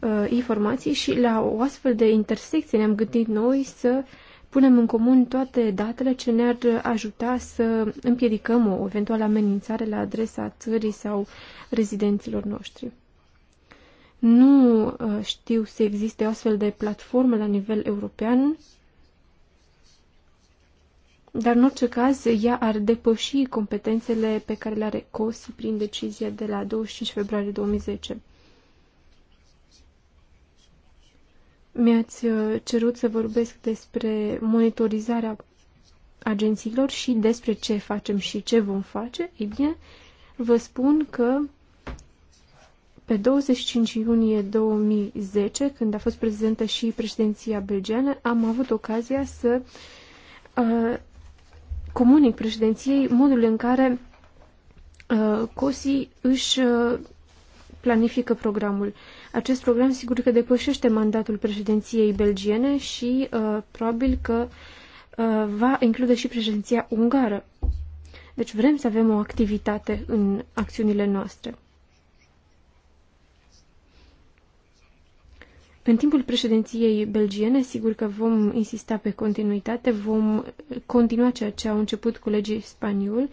uh, informații și la o astfel de intersecție ne-am gândit noi să punem în comun toate datele ce ne-ar ajuta să împiedicăm o eventuală amenințare la adresa țării sau rezidenților noștri. Nu uh, știu să existe astfel de platformă la nivel european, dar în orice caz ea ar depăși competențele pe care le are COSI prin decizia de la 25 februarie 2010. Mi-ați uh, cerut să vorbesc despre monitorizarea agențiilor și despre ce facem și ce vom face. Ei bine, vă spun că pe 25 iunie 2010, când a fost prezentă și președinția belgeană, am avut ocazia să uh, comunic președinției modul în care uh, COSI își uh, planifică programul. Acest program sigur că depășește mandatul președinției belgiene și uh, probabil că uh, va include și președinția ungară. Deci vrem să avem o activitate în acțiunile noastre. În timpul președinției belgiene, sigur că vom insista pe continuitate, vom continua ceea ce au început colegii spaniol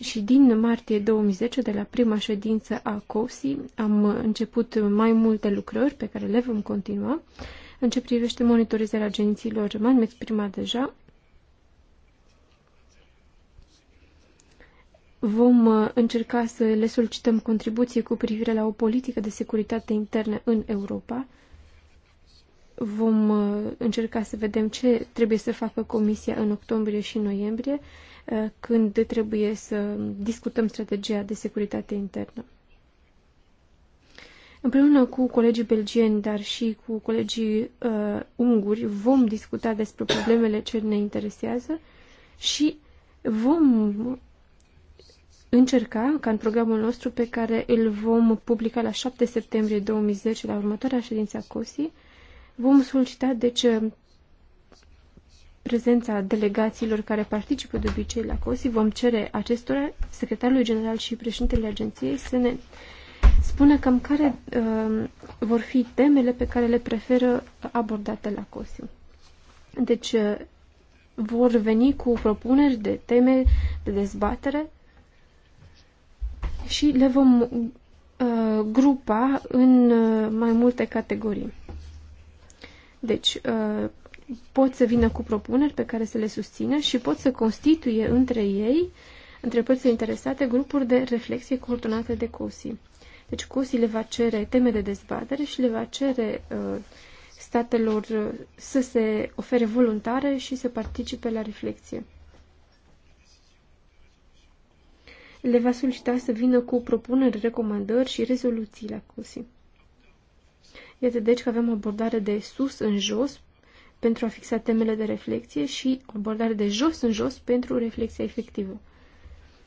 și din martie 2010, de la prima ședință a COSI, am început mai multe lucrări pe care le vom continua. În ce privește monitorizarea agențiilor, m-am exprimat deja. Vom uh, încerca să le solicităm contribuții cu privire la o politică de securitate internă în Europa Vom uh, încerca să vedem ce trebuie să facă Comisia în octombrie și noiembrie, uh, când trebuie să discutăm strategia de securitate internă. Împreună cu colegii belgieni, dar și cu colegii uh, unguri, vom discuta despre problemele ce ne interesează și vom încerca, ca în programul nostru pe care îl vom publica la 7 septembrie 2010, la următoarea ședință a COSI, Vom solicita, deci, prezența delegațiilor care participă de obicei la COSI. Vom cere acestora, secretarului general și președintele agenției, să ne spună cam care uh, vor fi temele pe care le preferă abordate la COSI. Deci, uh, vor veni cu propuneri de teme de dezbatere și le vom uh, grupa în uh, mai multe categorii. Deci, uh, pot să vină cu propuneri pe care să le susțină și pot să constituie între ei, între părțile interesate, grupuri de reflexie coordonate de COSI. Deci COSI le va cere teme de dezbatere și le va cere uh, statelor uh, să se ofere voluntare și să participe la reflexie. Le va solicita să vină cu propuneri, recomandări și rezoluții la COSI. Iată deci că avem o abordare de sus în jos pentru a fixa temele de reflexie și o abordare de jos în jos pentru reflexia efectivă.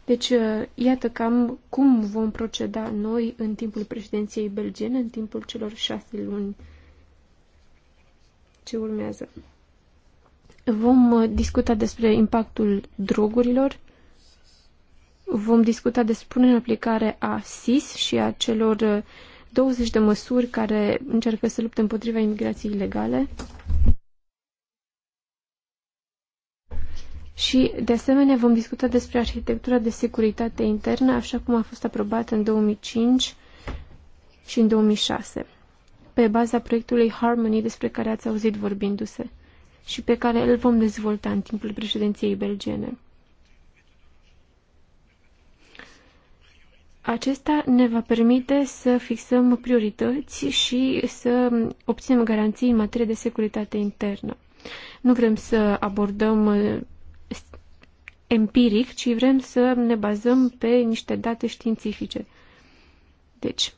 Deci, uh, iată cam cum vom proceda noi în timpul președinției belgiene, în timpul celor șase luni ce urmează. Vom uh, discuta despre impactul drogurilor, vom discuta despre punerea în aplicare a SIS și a celor uh, 20 de măsuri care încearcă să lupte împotriva imigrației ilegale. Și, de asemenea, vom discuta despre arhitectura de securitate internă, așa cum a fost aprobată în 2005 și în 2006, pe baza proiectului Harmony despre care ați auzit vorbindu-se și pe care îl vom dezvolta în timpul președinției belgiene. Acesta ne va permite să fixăm priorități și să obținem garanții în materie de securitate internă. Nu vrem să abordăm eh, empiric, ci vrem să ne bazăm pe niște date științifice. Deci,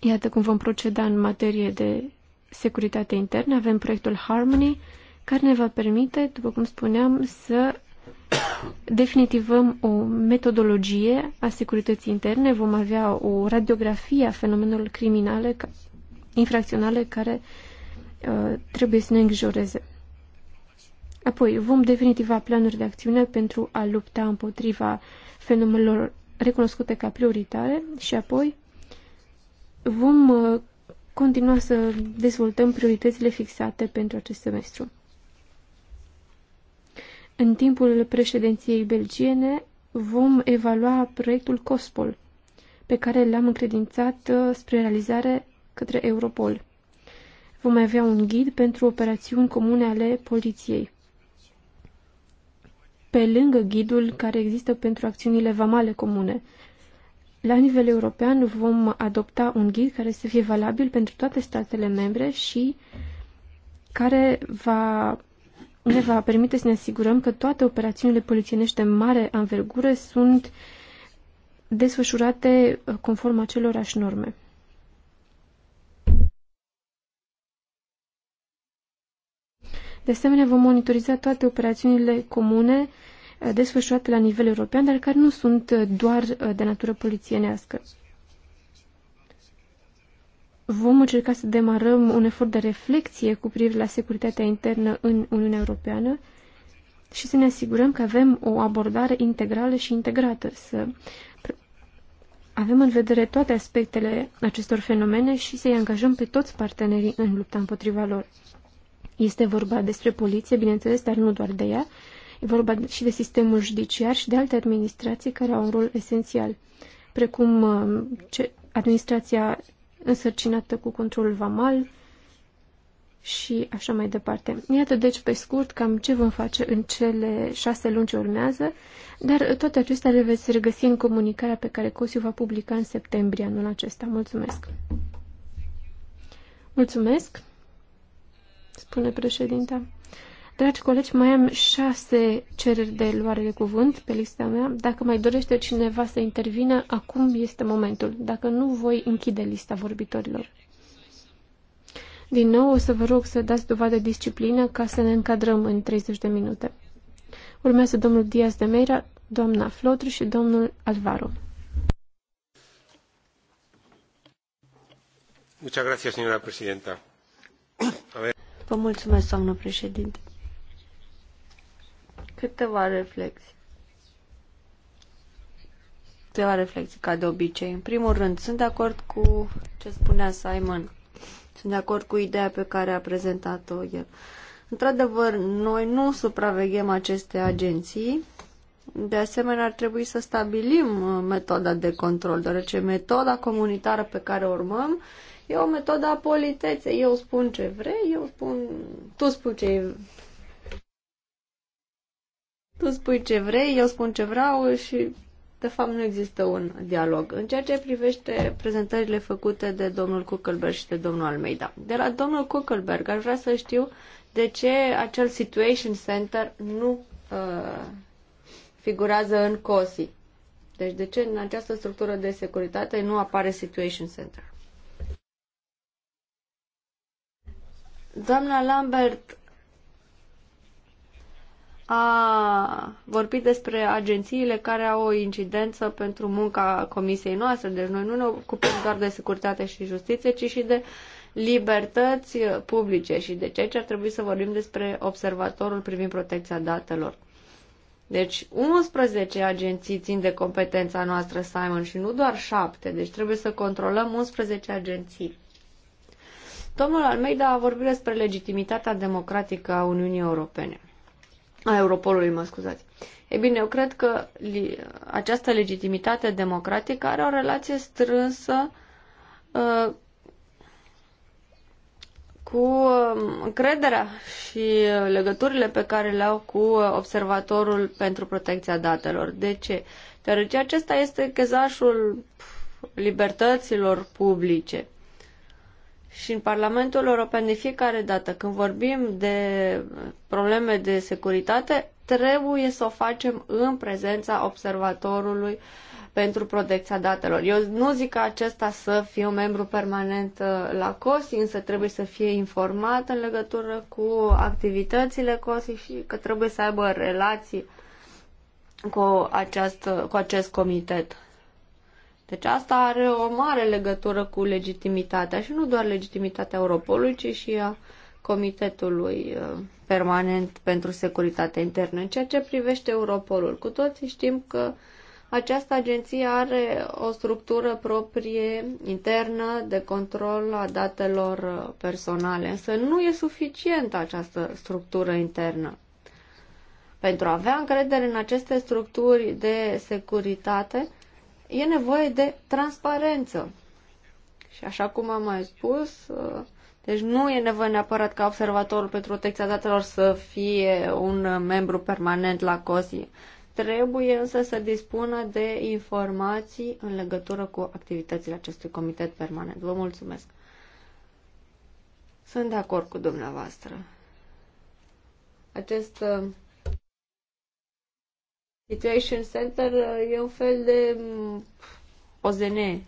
iată cum vom proceda în materie de securitate internă. Avem proiectul Harmony, care ne va permite, după cum spuneam, să definitivăm o metodologie a securității interne, vom avea o radiografie a fenomenelor criminale, infracționale, care uh, trebuie să ne îngrijoreze. Apoi, vom definitiva planuri de acțiune pentru a lupta împotriva fenomenelor recunoscute ca prioritare și apoi vom uh, continua să dezvoltăm prioritățile fixate pentru acest semestru. În timpul președinției belgiene vom evalua proiectul COSPOL, pe care l-am încredințat uh, spre realizare către Europol. Vom avea un ghid pentru operațiuni comune ale poliției. Pe lângă ghidul care există pentru acțiunile vamale comune, la nivel european vom adopta un ghid care să fie valabil pentru toate statele membre și care va ne va permite să ne asigurăm că toate operațiunile polițienești de mare anvergură sunt desfășurate uh, conform acelorași norme. De asemenea, vom monitoriza toate operațiunile comune uh, desfășurate la nivel european, dar care nu sunt uh, doar de natură polițienească vom încerca să demarăm un efort de reflexie cu privire la securitatea internă în Uniunea Europeană și să ne asigurăm că avem o abordare integrală și integrată, să avem în vedere toate aspectele acestor fenomene și să-i angajăm pe toți partenerii în lupta împotriva lor. Este vorba despre poliție, bineînțeles, dar nu doar de ea. E vorba și de sistemul judiciar și de alte administrații care au un rol esențial, precum uh, administrația însărcinată cu controlul vamal și așa mai departe. Iată deci pe scurt cam ce vom face în cele șase luni ce urmează, dar toate acestea le veți regăsi în comunicarea pe care COSIU va publica în septembrie anul acesta. Mulțumesc! Mulțumesc, spune președinta. Dragi colegi, mai am șase cereri de luare de cuvânt pe lista mea. Dacă mai dorește cineva să intervină, acum este momentul. Dacă nu, voi închide lista vorbitorilor. Din nou, o să vă rog să dați dovadă disciplină ca să ne încadrăm în 30 de minute. Urmează domnul Diaz de Meira, doamna Flotru și domnul Alvaro. Muchas gracias, señora presidenta. A ver. Vă mulțumesc, doamnă președinte câteva reflexii. Câteva reflexii, ca de obicei. În primul rând, sunt de acord cu ce spunea Simon. Sunt de acord cu ideea pe care a prezentat-o el. Într-adevăr, noi nu supraveghem aceste agenții. De asemenea, ar trebui să stabilim uh, metoda de control, deoarece metoda comunitară pe care o urmăm E o metodă a politeței. Eu spun ce vrei, eu spun, tu spui ce tu spui ce vrei, eu spun ce vreau și de fapt nu există un dialog. În ceea ce privește prezentările făcute de domnul Kuckelberg și de domnul Almeida. De la domnul Kuckelberg aș vrea să știu de ce acel Situation Center nu uh, figurează în COSI. Deci de ce în această structură de securitate nu apare Situation Center? Doamna Lambert a vorbit despre agențiile care au o incidență pentru munca comisiei noastre. Deci noi nu ne ocupăm doar de securitate și justiție, ci și de libertăți publice și de ceea ce ar trebui să vorbim despre observatorul privind protecția datelor. Deci 11 agenții țin de competența noastră, Simon, și nu doar 7. Deci trebuie să controlăm 11 agenții. Domnul Almeida a vorbit despre legitimitatea democratică a Uniunii Europene a Europolului, mă scuzați. E bine, eu cred că li, această legitimitate democratică are o relație strânsă uh, cu um, încrederea și legăturile pe care le au cu observatorul pentru protecția datelor. De ce? Deoarece acesta este chezașul libertăților publice. Și în Parlamentul European, de fiecare dată când vorbim de probleme de securitate, trebuie să o facem în prezența observatorului pentru protecția datelor. Eu nu zic ca acesta să fie un membru permanent uh, la COSI, însă trebuie să fie informat în legătură cu activitățile COSI și că trebuie să aibă relații cu, această, cu acest comitet. Deci asta are o mare legătură cu legitimitatea și nu doar legitimitatea Europolului, ci și a Comitetului uh, Permanent pentru Securitatea Internă. În ceea ce privește Europolul, cu toții știm că această agenție are o structură proprie, internă, de control a datelor uh, personale, însă nu e suficientă această structură internă. Pentru a avea încredere în aceste structuri de securitate, e nevoie de transparență. Și așa cum am mai spus, uh, deci nu e nevoie neapărat ca observatorul pentru protecția datelor să fie un membru permanent la COSI. Trebuie însă să dispună de informații în legătură cu activitățile acestui comitet permanent. Vă mulțumesc. Sunt de acord cu dumneavoastră. Acest uh, Situation Center e un fel de mm, OZN, e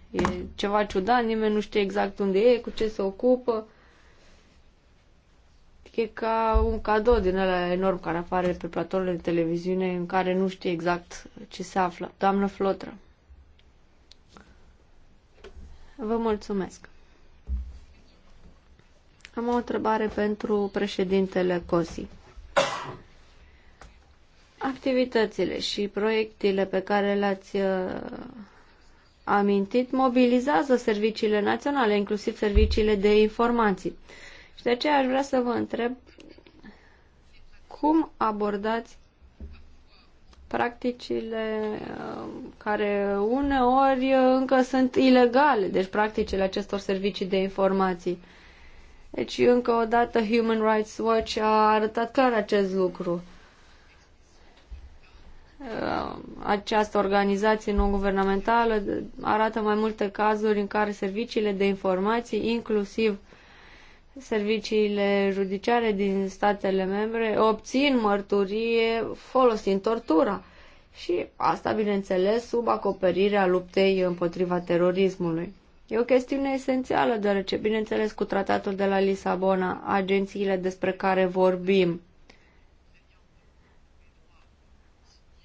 ceva ciudat, nimeni nu știe exact unde e, cu ce se ocupă. E ca un cadou din ăla enorm care apare pe platourile de televiziune în care nu știe exact ce se află. Doamnă Flotră, vă mulțumesc. Am o întrebare pentru președintele COSI. Activitățile și proiectele pe care le-ați uh, amintit mobilizează serviciile naționale, inclusiv serviciile de informații. Și de aceea aș vrea să vă întreb cum abordați practicile uh, care uneori uh, încă sunt ilegale, deci practicile acestor servicii de informații. Deci, încă o dată, Human Rights Watch a arătat clar acest lucru. Uh, această organizație non-guvernamentală arată mai multe cazuri în care serviciile de informații, inclusiv serviciile judiciare din statele membre, obțin mărturie folosind tortura. Și asta, bineînțeles, sub acoperirea luptei împotriva terorismului. E o chestiune esențială, deoarece, bineînțeles, cu tratatul de la Lisabona, agențiile despre care vorbim,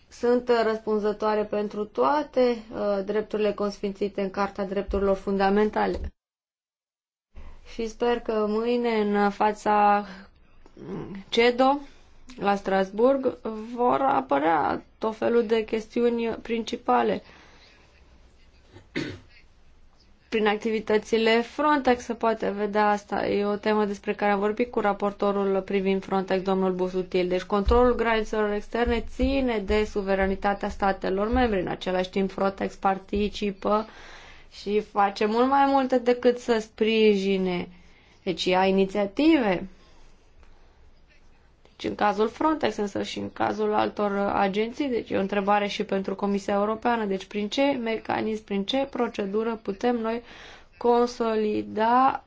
sunt uh, răspunzătoare pentru toate uh, drepturile consfințite în Carta Drepturilor Fundamentale. Și sper că mâine, în fața CEDO, la Strasburg, vor apărea tot felul de chestiuni principale prin activitățile Frontex se poate vedea asta. E o temă despre care am vorbit cu raportorul privind Frontex, domnul Busutil. Deci controlul granițelor externe ține de suveranitatea statelor membre. În același timp Frontex participă și face mult mai multe decât să sprijine. Deci ia inițiative și deci, în cazul Frontex, însă și în cazul altor uh, agenții. Deci e o întrebare și pentru Comisia Europeană. Deci prin ce mecanism, prin ce procedură putem noi consolida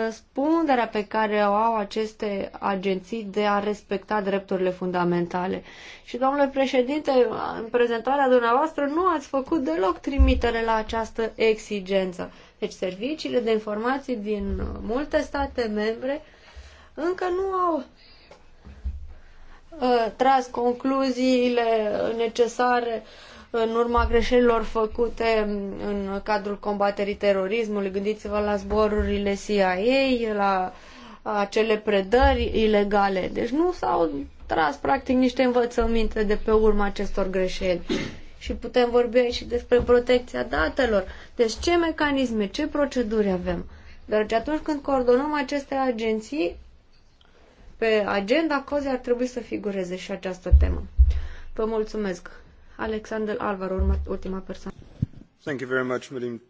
răspunderea pe care o au aceste agenții de a respecta drepturile fundamentale. Și, domnule președinte, în prezentarea dumneavoastră nu ați făcut deloc trimitere la această exigență. Deci serviciile de informații din multe state membre încă nu au Uh, tras concluziile necesare în urma greșelilor făcute în cadrul combaterii terorismului. Gândiți-vă la zborurile CIA, la acele predări ilegale. Deci nu s-au tras practic niște învățăminte de pe urma acestor greșeli. Și putem vorbi și despre protecția datelor. Deci ce mecanisme, ce proceduri avem? Dar atunci când coordonăm aceste agenții, pe agenda COZE ar trebui să figureze și această temă. Vă mulțumesc. Alexander Alvaro, ultima persoană. Thank you very much, Madam.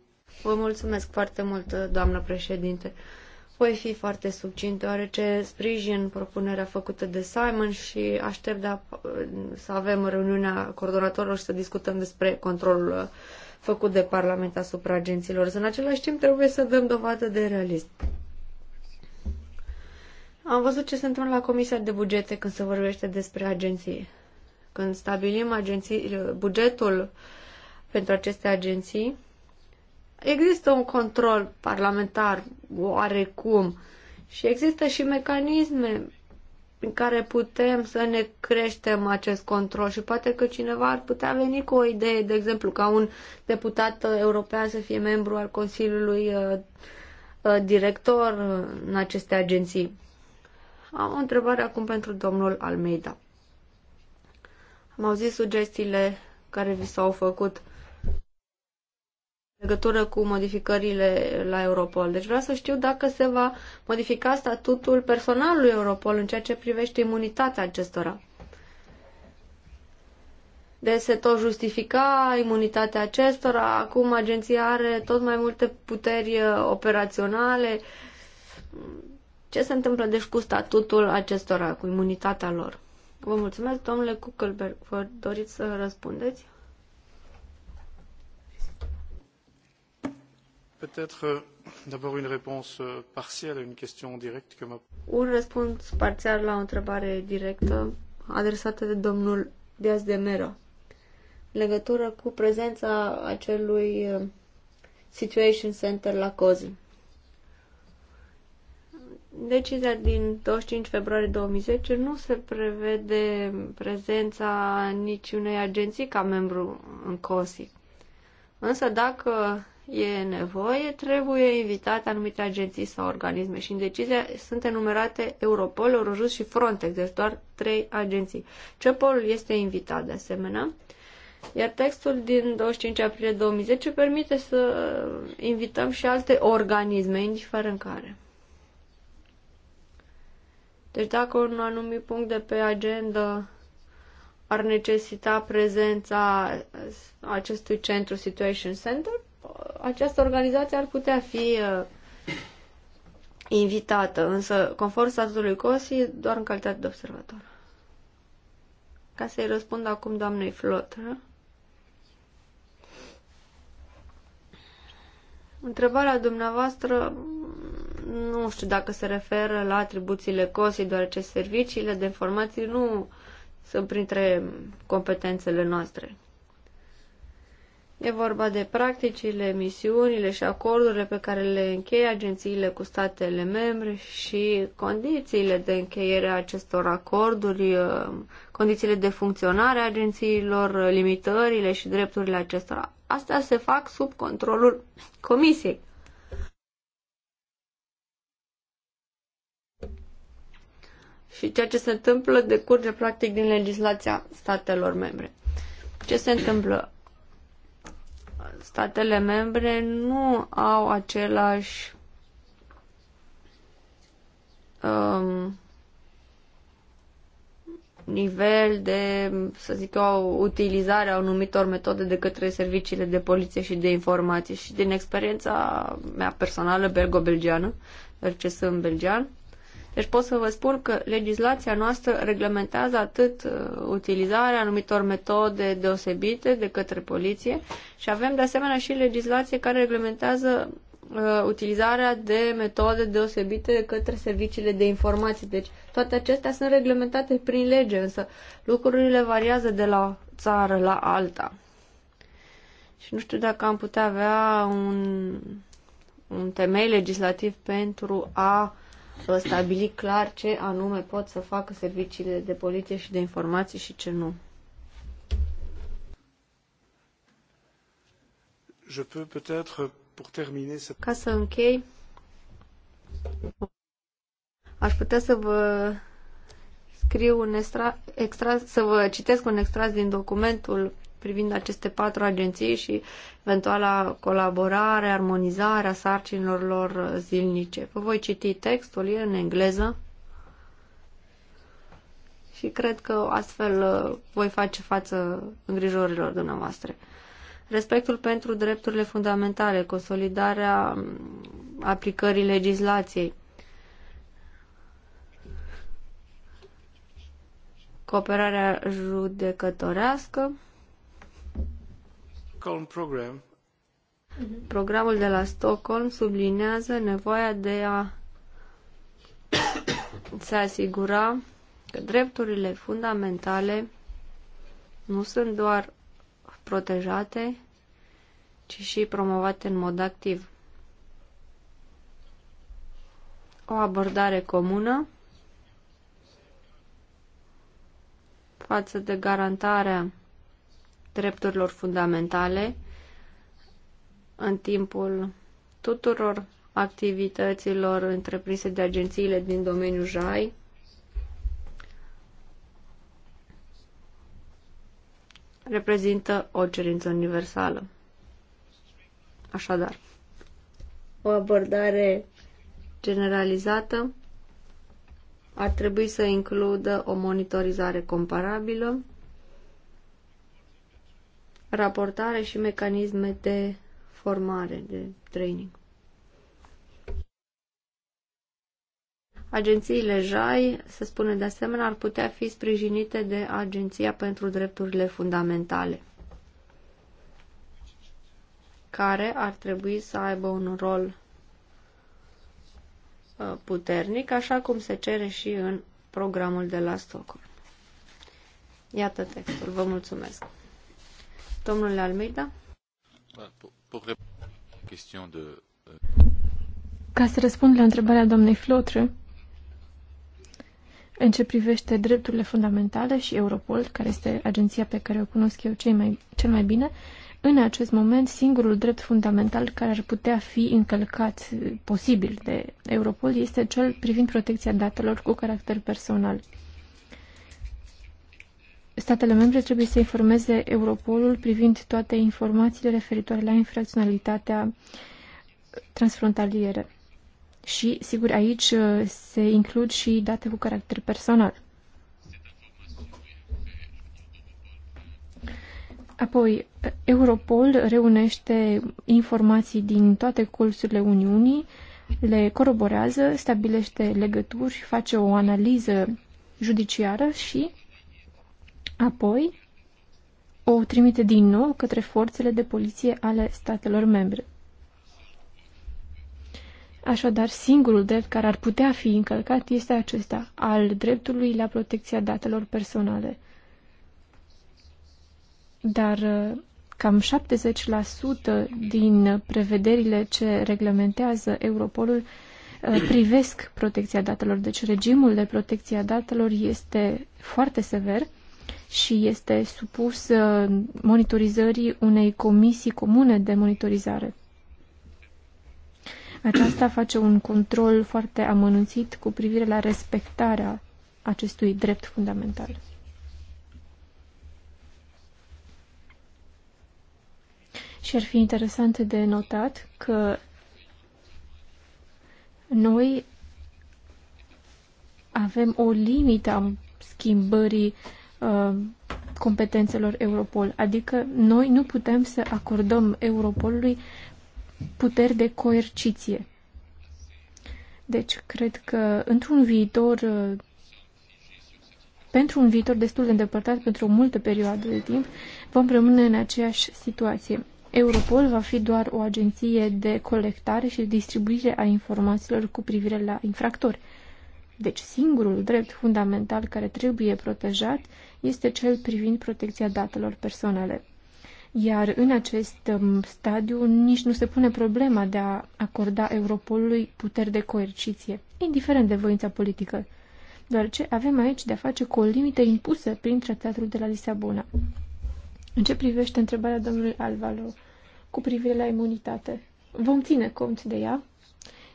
Vă mulțumesc foarte mult, doamnă președinte. Voi fi foarte succint, deoarece sprijin propunerea făcută de Simon și aștept de a, să avem reuniunea coordonatorilor și să discutăm despre controlul făcut de Parlament asupra agenților. În același timp, trebuie să dăm dovadă de realism. Am văzut ce se întâmplă la Comisia de Bugete când se vorbește despre agenții. Când stabilim agenții, bugetul pentru aceste agenții, există un control parlamentar oarecum și există și mecanisme prin care putem să ne creștem acest control și poate că cineva ar putea veni cu o idee, de exemplu, ca un deputat european să fie membru al Consiliului uh, uh, director în aceste agenții. Am o întrebare acum pentru domnul Almeida. Am auzit sugestiile care vi s-au făcut legătură cu modificările la Europol. Deci vreau să știu dacă se va modifica statutul personalului Europol în ceea ce privește imunitatea acestora. De deci se tot justifica imunitatea acestora, acum agenția are tot mai multe puteri uh, operaționale, ce se întâmplă deci cu statutul acestora, cu imunitatea lor? Vă mulțumesc, domnule Kuckelberg. Vă doriți să răspundeți? Peut-être euh, d'abord une réponse euh, partielle à une question directe que m'a... Un răspuns parțial la o întrebare directă adresată de domnul Diaz de Mera în legătură cu prezența acelui uh, Situation Center la COZI. Decizia din 25 februarie 2010 nu se prevede prezența niciunei agenții ca membru în COSI. Însă dacă e nevoie, trebuie invitate anumite agenții sau organisme și în decizia sunt enumerate Europol, Eurojust și Frontex, deci doar trei agenții. CEPOL este invitat de asemenea, iar textul din 25 aprilie 2010 permite să invităm și alte organisme, indiferent care. Deci dacă un anumit punct de pe agenda ar necesita prezența acestui centru Situation Center, această organizație ar putea fi uh, invitată, însă, conform statului COSI, doar în calitate de observator. Ca să-i răspund acum doamnei Flotră. Întrebarea dumneavoastră nu știu dacă se referă la atribuțiile COSI, deoarece serviciile de informații nu sunt printre competențele noastre. E vorba de practicile, misiunile și acordurile pe care le încheie agențiile cu statele membre și condițiile de încheiere a acestor acorduri, uh, condițiile de funcționare a agențiilor, uh, limitările și drepturile acestora. Astea se fac sub controlul Comisiei. Și ceea ce se întâmplă decurge practic din legislația statelor membre. Ce se întâmplă? Statele membre nu au același um, nivel de, să zic eu, utilizare a anumitor metode de către serviciile de poliție și de informație. Și din experiența mea personală belgo-belgiană, deci sunt belgian, deci pot să vă spun că legislația noastră reglementează atât uh, utilizarea anumitor metode deosebite de către poliție și avem de asemenea și legislație care reglementează uh, utilizarea de metode deosebite de către serviciile de informații. Deci toate acestea sunt reglementate prin lege, însă lucrurile variază de la țară la alta. Și nu știu dacă am putea avea un, un temei legislativ pentru a stabili clar ce anume pot să facă serviciile de poliție și de informații și ce nu. Je peux peut-être pour terminer cette... Ca să închei, aș putea să vă scriu un extra, extra, să vă citesc un extras din documentul privind aceste patru agenții și eventuala colaborare, armonizare, a sarcinilor lor zilnice. Vă voi citi textul, e în engleză și cred că astfel uh, voi face față îngrijorilor dumneavoastră. Respectul pentru drepturile fundamentale, consolidarea um, aplicării legislației, cooperarea judecătorească, Stockholm Program Programul de la Stockholm sublinează nevoia de a se asigura că drepturile fundamentale nu sunt doar protejate, ci și promovate în mod activ. O abordare comună față de garantarea drepturilor fundamentale în timpul tuturor activităților întreprinse de agențiile din domeniul JAI. reprezintă o cerință universală. Așadar, o abordare generalizată ar trebui să includă o monitorizare comparabilă, raportare și mecanisme de formare, de training. Agențiile JAI, se spune de asemenea, ar putea fi sprijinite de Agenția pentru Drepturile Fundamentale, care ar trebui să aibă un rol uh, puternic, așa cum se cere și în programul de la Stockholm. Iată textul. Vă mulțumesc! Domnule Almeida? Ca să răspund la întrebarea doamnei Flotre, în ce privește drepturile fundamentale și Europol, care este agenția pe care o cunosc eu cel mai, cel mai bine, în acest moment singurul drept fundamental care ar putea fi încălcat posibil de Europol este cel privind protecția datelor cu caracter personal statele membre trebuie să informeze Europolul privind toate informațiile referitoare la infracționalitatea transfrontalieră. Și, sigur, aici uh, se includ și date cu caracter personal. Apoi, Europol reunește informații din toate colțurile Uniunii, le coroborează, stabilește legături, face o analiză judiciară și Apoi, o trimite din nou către forțele de poliție ale statelor membre. Așadar, singurul drept care ar putea fi încălcat este acesta, al dreptului la protecția datelor personale. Dar uh, cam 70% din prevederile ce reglementează Europolul uh, privesc protecția datelor, deci regimul de protecție a datelor este foarte sever și este supus uh, monitorizării unei comisii comune de monitorizare. Aceasta face un control foarte amănunțit cu privire la respectarea acestui drept fundamental. Și ar fi interesant de notat că noi avem o limită a schimbării uh, Uh, competențelor Europol. Adică noi nu putem să acordăm Europolului puteri de coerciție. Deci, cred că într-un viitor, uh, pentru un viitor destul de îndepărtat, pentru o multă perioadă de timp, vom rămâne în aceeași situație. Europol va fi doar o agenție de colectare și distribuire a informațiilor cu privire la infractori. Deci singurul drept fundamental care trebuie protejat este cel privind protecția datelor personale. Iar în acest um, stadiu nici nu se pune problema de a acorda Europolului puteri de coerciție, indiferent de voința politică, deoarece avem aici de a face cu o limită impusă prin tratatul de la Lisabona. În ce privește întrebarea domnului Alvalo cu privire la imunitate, vom ține cont de ea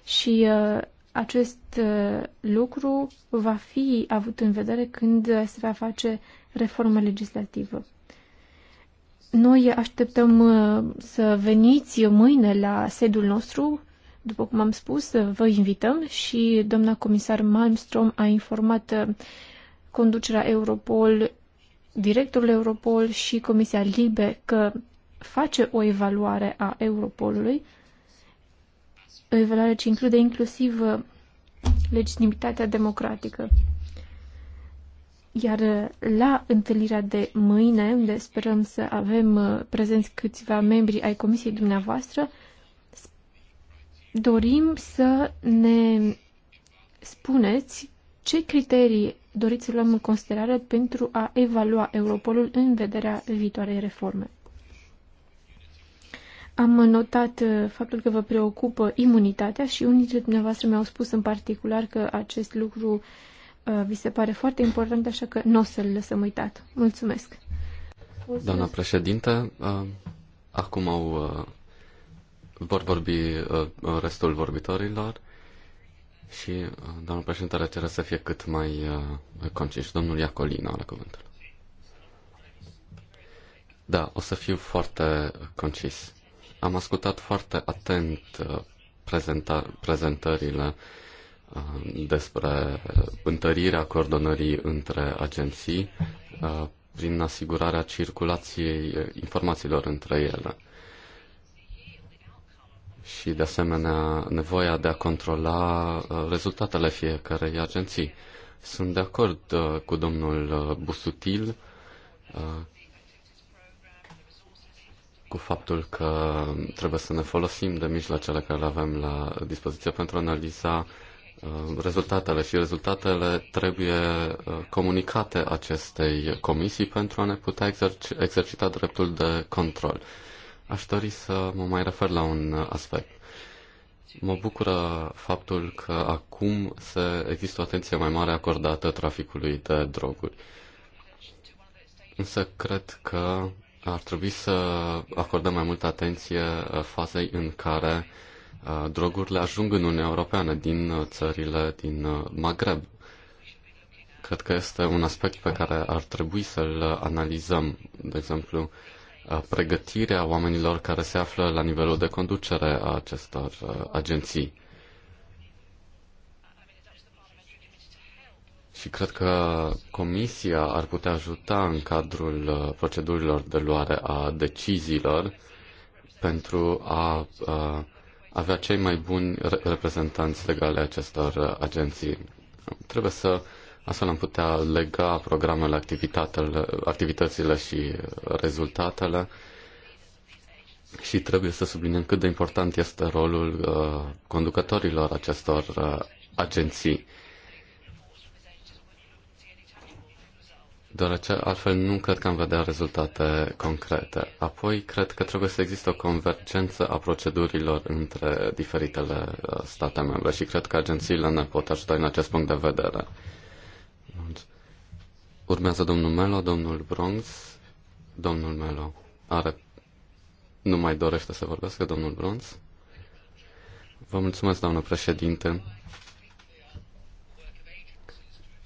și uh, acest uh, lucru va fi avut în vedere când se va face reformă legislativă. Noi așteptăm uh, să veniți mâine la sediul nostru. După cum am spus, vă invităm și doamna comisar Malmström a informat uh, conducerea Europol, directorul Europol și Comisia Libe că face o evaluare a Europolului evaluare ce include inclusiv uh, legitimitatea democratică. Iar uh, la întâlnirea de mâine, unde sperăm să avem uh, prezenți câțiva membri ai comisiei dumneavoastră, dorim să ne spuneți ce criterii doriți să luăm în considerare pentru a evalua Europolul în vederea viitoarei reforme. Am notat uh, faptul că vă preocupă imunitatea și unii dintre dumneavoastră mi-au spus în particular că acest lucru uh, vi se pare foarte important, așa că nu o să-l lăsăm uitat. Mulțumesc! Mulțumesc. Doamna președintă, uh, acum au, vor vorbi restul vorbitorilor și doamna președintă le să fie cât mai conciși. Domnul Iacolina are cuvântul. Da, o să fiu foarte concis. Am ascultat foarte atent uh, prezenta- prezentările uh, despre întărirea coordonării între agenții uh, prin asigurarea circulației informațiilor între ele și, de asemenea, nevoia de a controla rezultatele fiecarei agenții. Sunt de acord cu domnul Busutil cu faptul că trebuie să ne folosim de mijloacele care le avem la dispoziție pentru a analiza uh, rezultatele și rezultatele trebuie uh, comunicate acestei comisii pentru a ne putea exerc- exercita dreptul de control. Aș dori să mă mai refer la un aspect. Mă bucură faptul că acum se există o atenție mai mare acordată traficului de droguri. Însă cred că ar trebui să acordăm mai multă atenție uh, fazei în care uh, drogurile ajung în Uniunea Europeană din uh, țările din Maghreb. Cred că este un aspect pe care ar trebui să-l analizăm. De exemplu, pregătirea oamenilor care se află la nivelul de conducere a acestor agenții. și cred că Comisia ar putea ajuta în cadrul uh, procedurilor de luare a deciziilor pentru a, a uh, avea cei mai buni reprezentanți legale acestor uh, agenții. Trebuie să astfel am putea lega programele, activitățile și rezultatele și trebuie să subliniem cât de important este rolul conducătorilor acestor agenții deoarece altfel nu cred că am vedea rezultate concrete. Apoi, cred că trebuie să există o convergență a procedurilor între diferitele uh, state membre și cred că agențiile ne pot ajuta în acest punct de vedere. Urmează domnul Melo, domnul Bronx. Domnul Melo are... nu mai dorește să vorbească, domnul Bronx? Vă mulțumesc, doamnă președinte.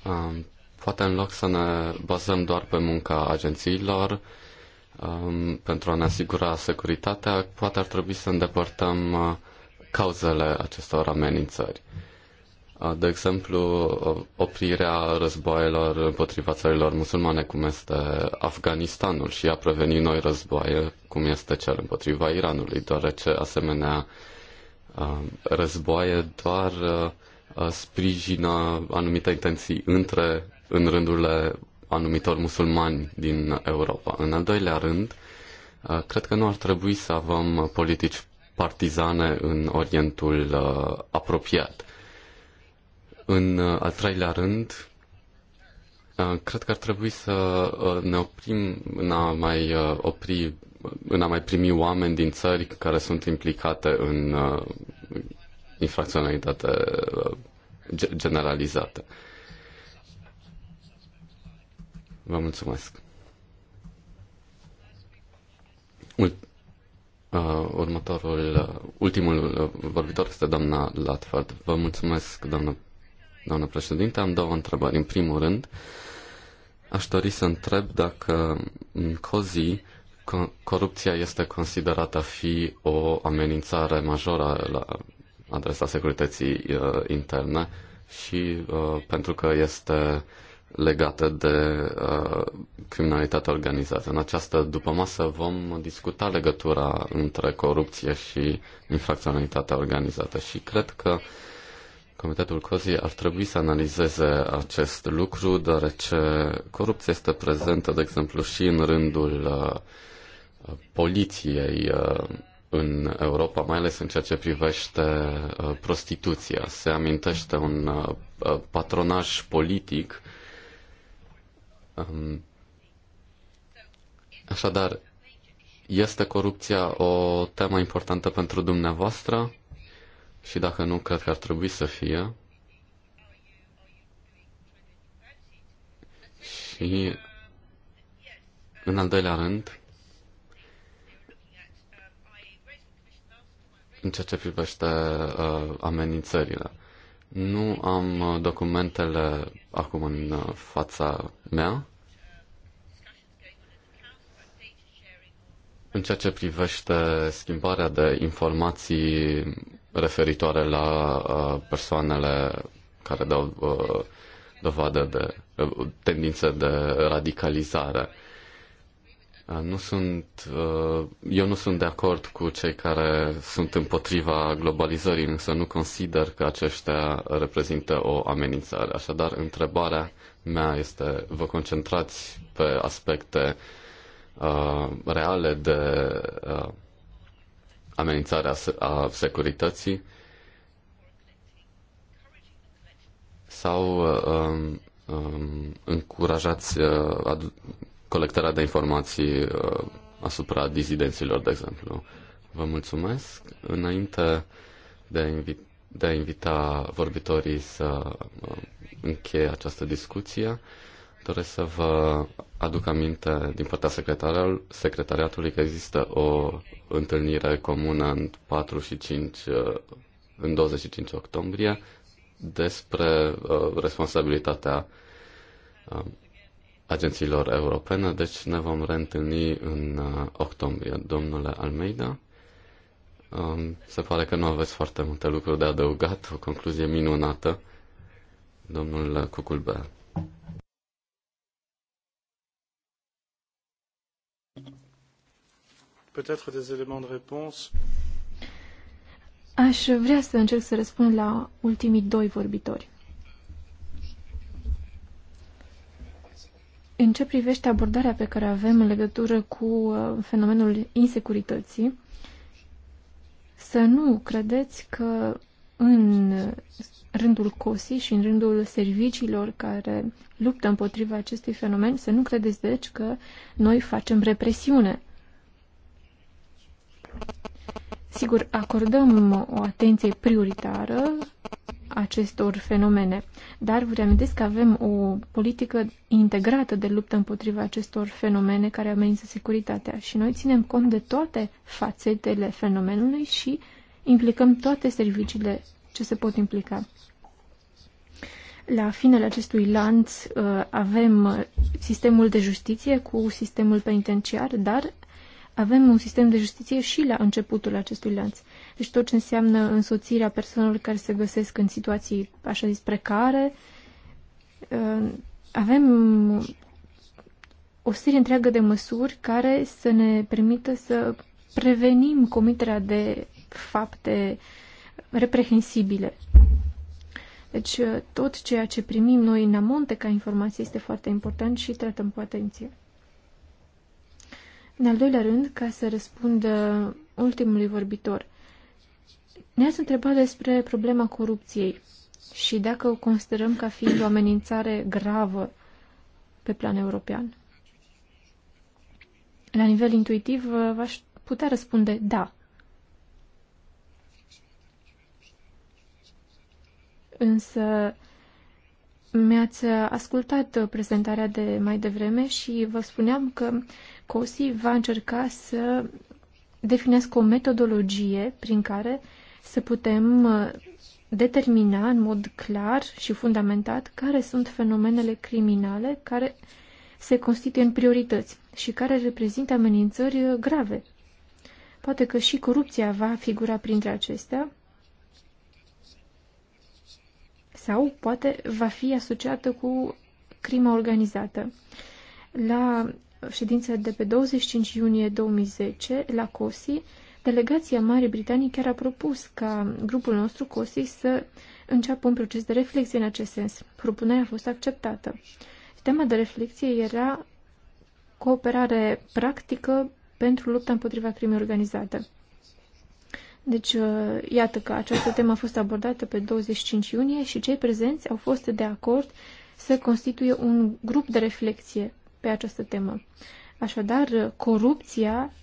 Um, Poate în loc să ne bazăm doar pe munca agențiilor um, pentru a ne asigura securitatea, poate ar trebui să îndepărtăm uh, cauzele acestor amenințări. Uh, de exemplu, uh, oprirea războaielor împotriva țărilor musulmane, cum este Afganistanul, și a preveni noi războaie, cum este cel împotriva Iranului, deoarece asemenea războaie doar sprijină anumite intenții între în rândurile anumitor musulmani din Europa. În al doilea rând, uh, cred că nu ar trebui să avem politici partizane în Orientul uh, apropiat. În uh, al treilea rând, cred că ar trebui să ne oprim în a mai opri în a mai primi oameni din țări care sunt implicate în infracționalitate generalizată. Vă mulțumesc. Ult- uh, următorul, uh, ultimul uh, vorbitor este doamna Latford. Vă mulțumesc, doamna, doamna președinte. Am două întrebări. În primul rând, aș dori să întreb dacă în COZI corupția este considerată a fi o amenințare majoră la adresa securității uh, interne și uh, pentru că este legate de uh, criminalitatea organizată. În această masă vom discuta legătura între corupție și infracționalitatea organizată și cred că Comitetul COZI ar trebui să analizeze acest lucru, deoarece corupția este prezentă, de exemplu, și în rândul uh, poliției uh, în Europa, mai ales în ceea ce privește uh, prostituția. Se amintește un uh, uh, patronaj politic Um, așadar, este corupția o temă importantă pentru dumneavoastră? Și dacă nu, cred că ar trebui să fie. Și, în al doilea rând, în ceea ce privește uh, amenințările, nu am uh, documentele acum în uh, fața mea, În ceea ce privește schimbarea de informații referitoare la uh, persoanele care dau uh, dovadă de uh, tendințe de radicalizare, nu sunt, eu nu sunt de acord cu cei care sunt împotriva globalizării, însă nu consider că aceștia reprezintă o amenințare. Așadar, întrebarea mea este, vă concentrați pe aspecte uh, Uh, reale de uh, amenințare a, securității sau uh, um, um, încurajați uh, colectarea de informații uh, asupra dizidenților, de exemplu. Vă mulțumesc. Înainte de a, invi- de a invita vorbitorii să uh, încheie această discuție, Doresc să vă aduc aminte din partea secretariatului că există o întâlnire comună în 4 și 5, uh, în 25 octombrie despre uh, responsabilitatea uh, agențiilor europene, deci ne vom reîntâlni în octombrie. Domnule Almeida, um, se pare că nu aveți foarte multe lucruri de adăugat, o concluzie minunată. Domnul Cuculbea. peut-être des éléments de réponse. Aș vrea să încerc să răspund la ultimii doi vorbitori. În ce privește abordarea pe care avem în legătură cu uh, fenomenul insecurității, să nu credeți că în rândul COSI și în rândul serviciilor care luptă împotriva acestui fenomen, să nu credeți deci că noi facem represiune. Sigur, acordăm o atenție prioritară acestor fenomene, dar vă reamintesc că avem o politică integrată de luptă împotriva acestor fenomene care amenință securitatea și noi ținem cont de toate fațetele fenomenului și implicăm toate serviciile ce se pot implica. La finele acestui lanț uh, avem uh, sistemul de justiție cu sistemul penitenciar, dar avem un sistem de justiție și la începutul acestui lanț. Deci tot ce înseamnă însoțirea persoanelor care se găsesc în situații, așa zis, precare, uh, avem o serie întreagă de măsuri care să ne permită să prevenim comiterea de fapte reprehensibile. Deci uh, tot ceea ce primim noi în amonte ca informație este foarte important și tratăm cu atenție. În al doilea rând, ca să răspund uh, ultimului vorbitor, ne-ați întrebat despre problema corupției și dacă o considerăm ca fiind o amenințare gravă pe plan european. La nivel intuitiv, uh, v-aș putea răspunde da. Însă, mi-ați ascultat prezentarea de mai devreme și vă spuneam că COSI va încerca să definească o metodologie prin care să putem uh, determina în mod clar și fundamentat care sunt fenomenele criminale care se constituie în priorități și care reprezintă amenințări uh, grave. Poate că și corupția va figura printre acestea sau poate va fi asociată cu crima organizată. La ședința de pe 25 iunie 2010 la COSI, delegația Marii Britanii chiar a propus ca grupul nostru COSI să înceapă un proces de reflexie în acest sens. Propunerea a fost acceptată. Tema de reflexie era cooperare practică pentru lupta împotriva crimei organizate. Deci, uh, iată că această temă a fost abordată pe 25 iunie și cei prezenți au fost de acord să constituie un grup de reflexie pe această temă. Așadar, corupția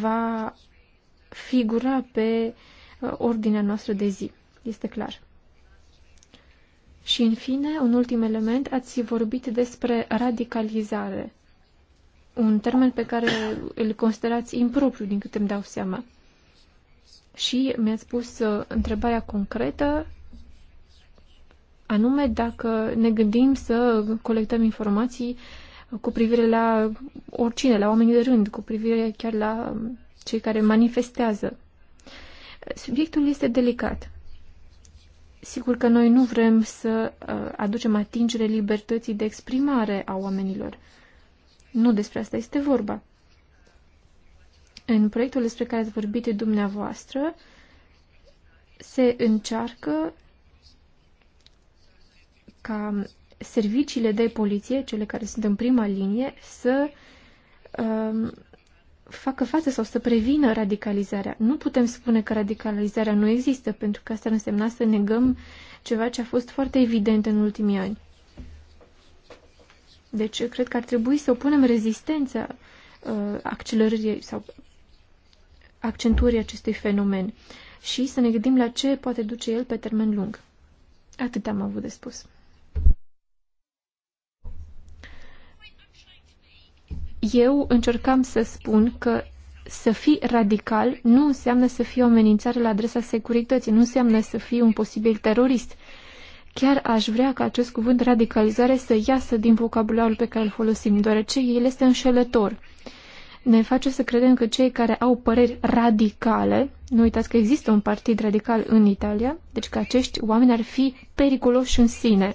va figura pe uh, ordinea noastră de zi. Este clar. Și, în fine, un ultim element, ați vorbit despre radicalizare. Un termen pe care îl considerați impropriu, din câte îmi dau seama. Și mi-ați pus uh, întrebarea concretă, anume dacă ne gândim să colectăm informații uh, cu privire la oricine, la oamenii de rând, cu privire chiar la cei care manifestează. Subiectul este delicat. Sigur că noi nu vrem să uh, aducem atingere libertății de exprimare a oamenilor. Nu despre asta este vorba. În proiectul despre care ați vorbit dumneavoastră, se încearcă ca serviciile de poliție, cele care sunt în prima linie, să um, facă față sau să prevină radicalizarea. Nu putem spune că radicalizarea nu există, pentru că asta însemna să negăm ceva ce a fost foarte evident în ultimii ani. Deci, cred că ar trebui să opunem rezistența uh, accelerării sau accentuării acestui fenomen și să ne gândim la ce poate duce el pe termen lung. Atât am avut de spus. Eu încercam să spun că să fii radical nu înseamnă să fii o amenințare la adresa securității, nu înseamnă să fii un posibil terorist. Chiar aș vrea ca acest cuvânt radicalizare să iasă din vocabularul pe care îl folosim, deoarece el este înșelător. Ne face să credem că cei care au păreri radicale, nu uitați că există un partid radical în Italia, deci că acești oameni ar fi periculoși în sine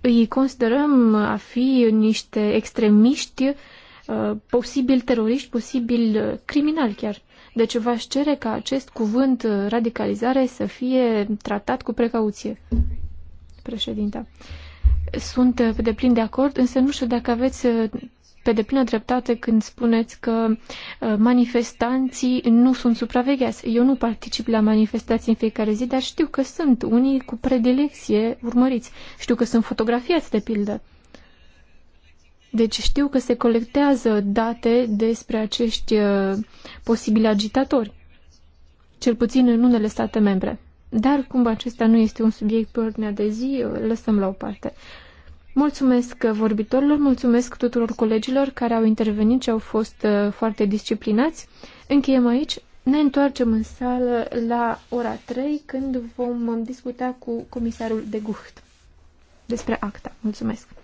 îi considerăm a fi niște extremiști, uh, posibil teroriști, posibil uh, criminali chiar. Deci v-aș cere ca acest cuvânt uh, radicalizare să fie tratat cu precauție, președinta. Sunt pe de deplin de acord, însă nu știu dacă aveți pe deplină dreptate când spuneți că uh, manifestanții nu sunt supravegheați. Eu nu particip la manifestații în fiecare zi, dar știu că sunt unii cu predilecție urmăriți. Știu că sunt fotografiați, de pildă. Deci știu că se colectează date despre acești uh, posibili agitatori, cel puțin în unele state membre. Dar, cum acesta nu este un subiect pe ordinea de zi, uh, lăsăm la o parte. Mulțumesc vorbitorilor, mulțumesc tuturor colegilor care au intervenit și au fost uh, foarte disciplinați. Încheiem aici. Ne întoarcem în sală la ora 3 când vom discuta cu comisarul de Gucht despre acta. Mulțumesc!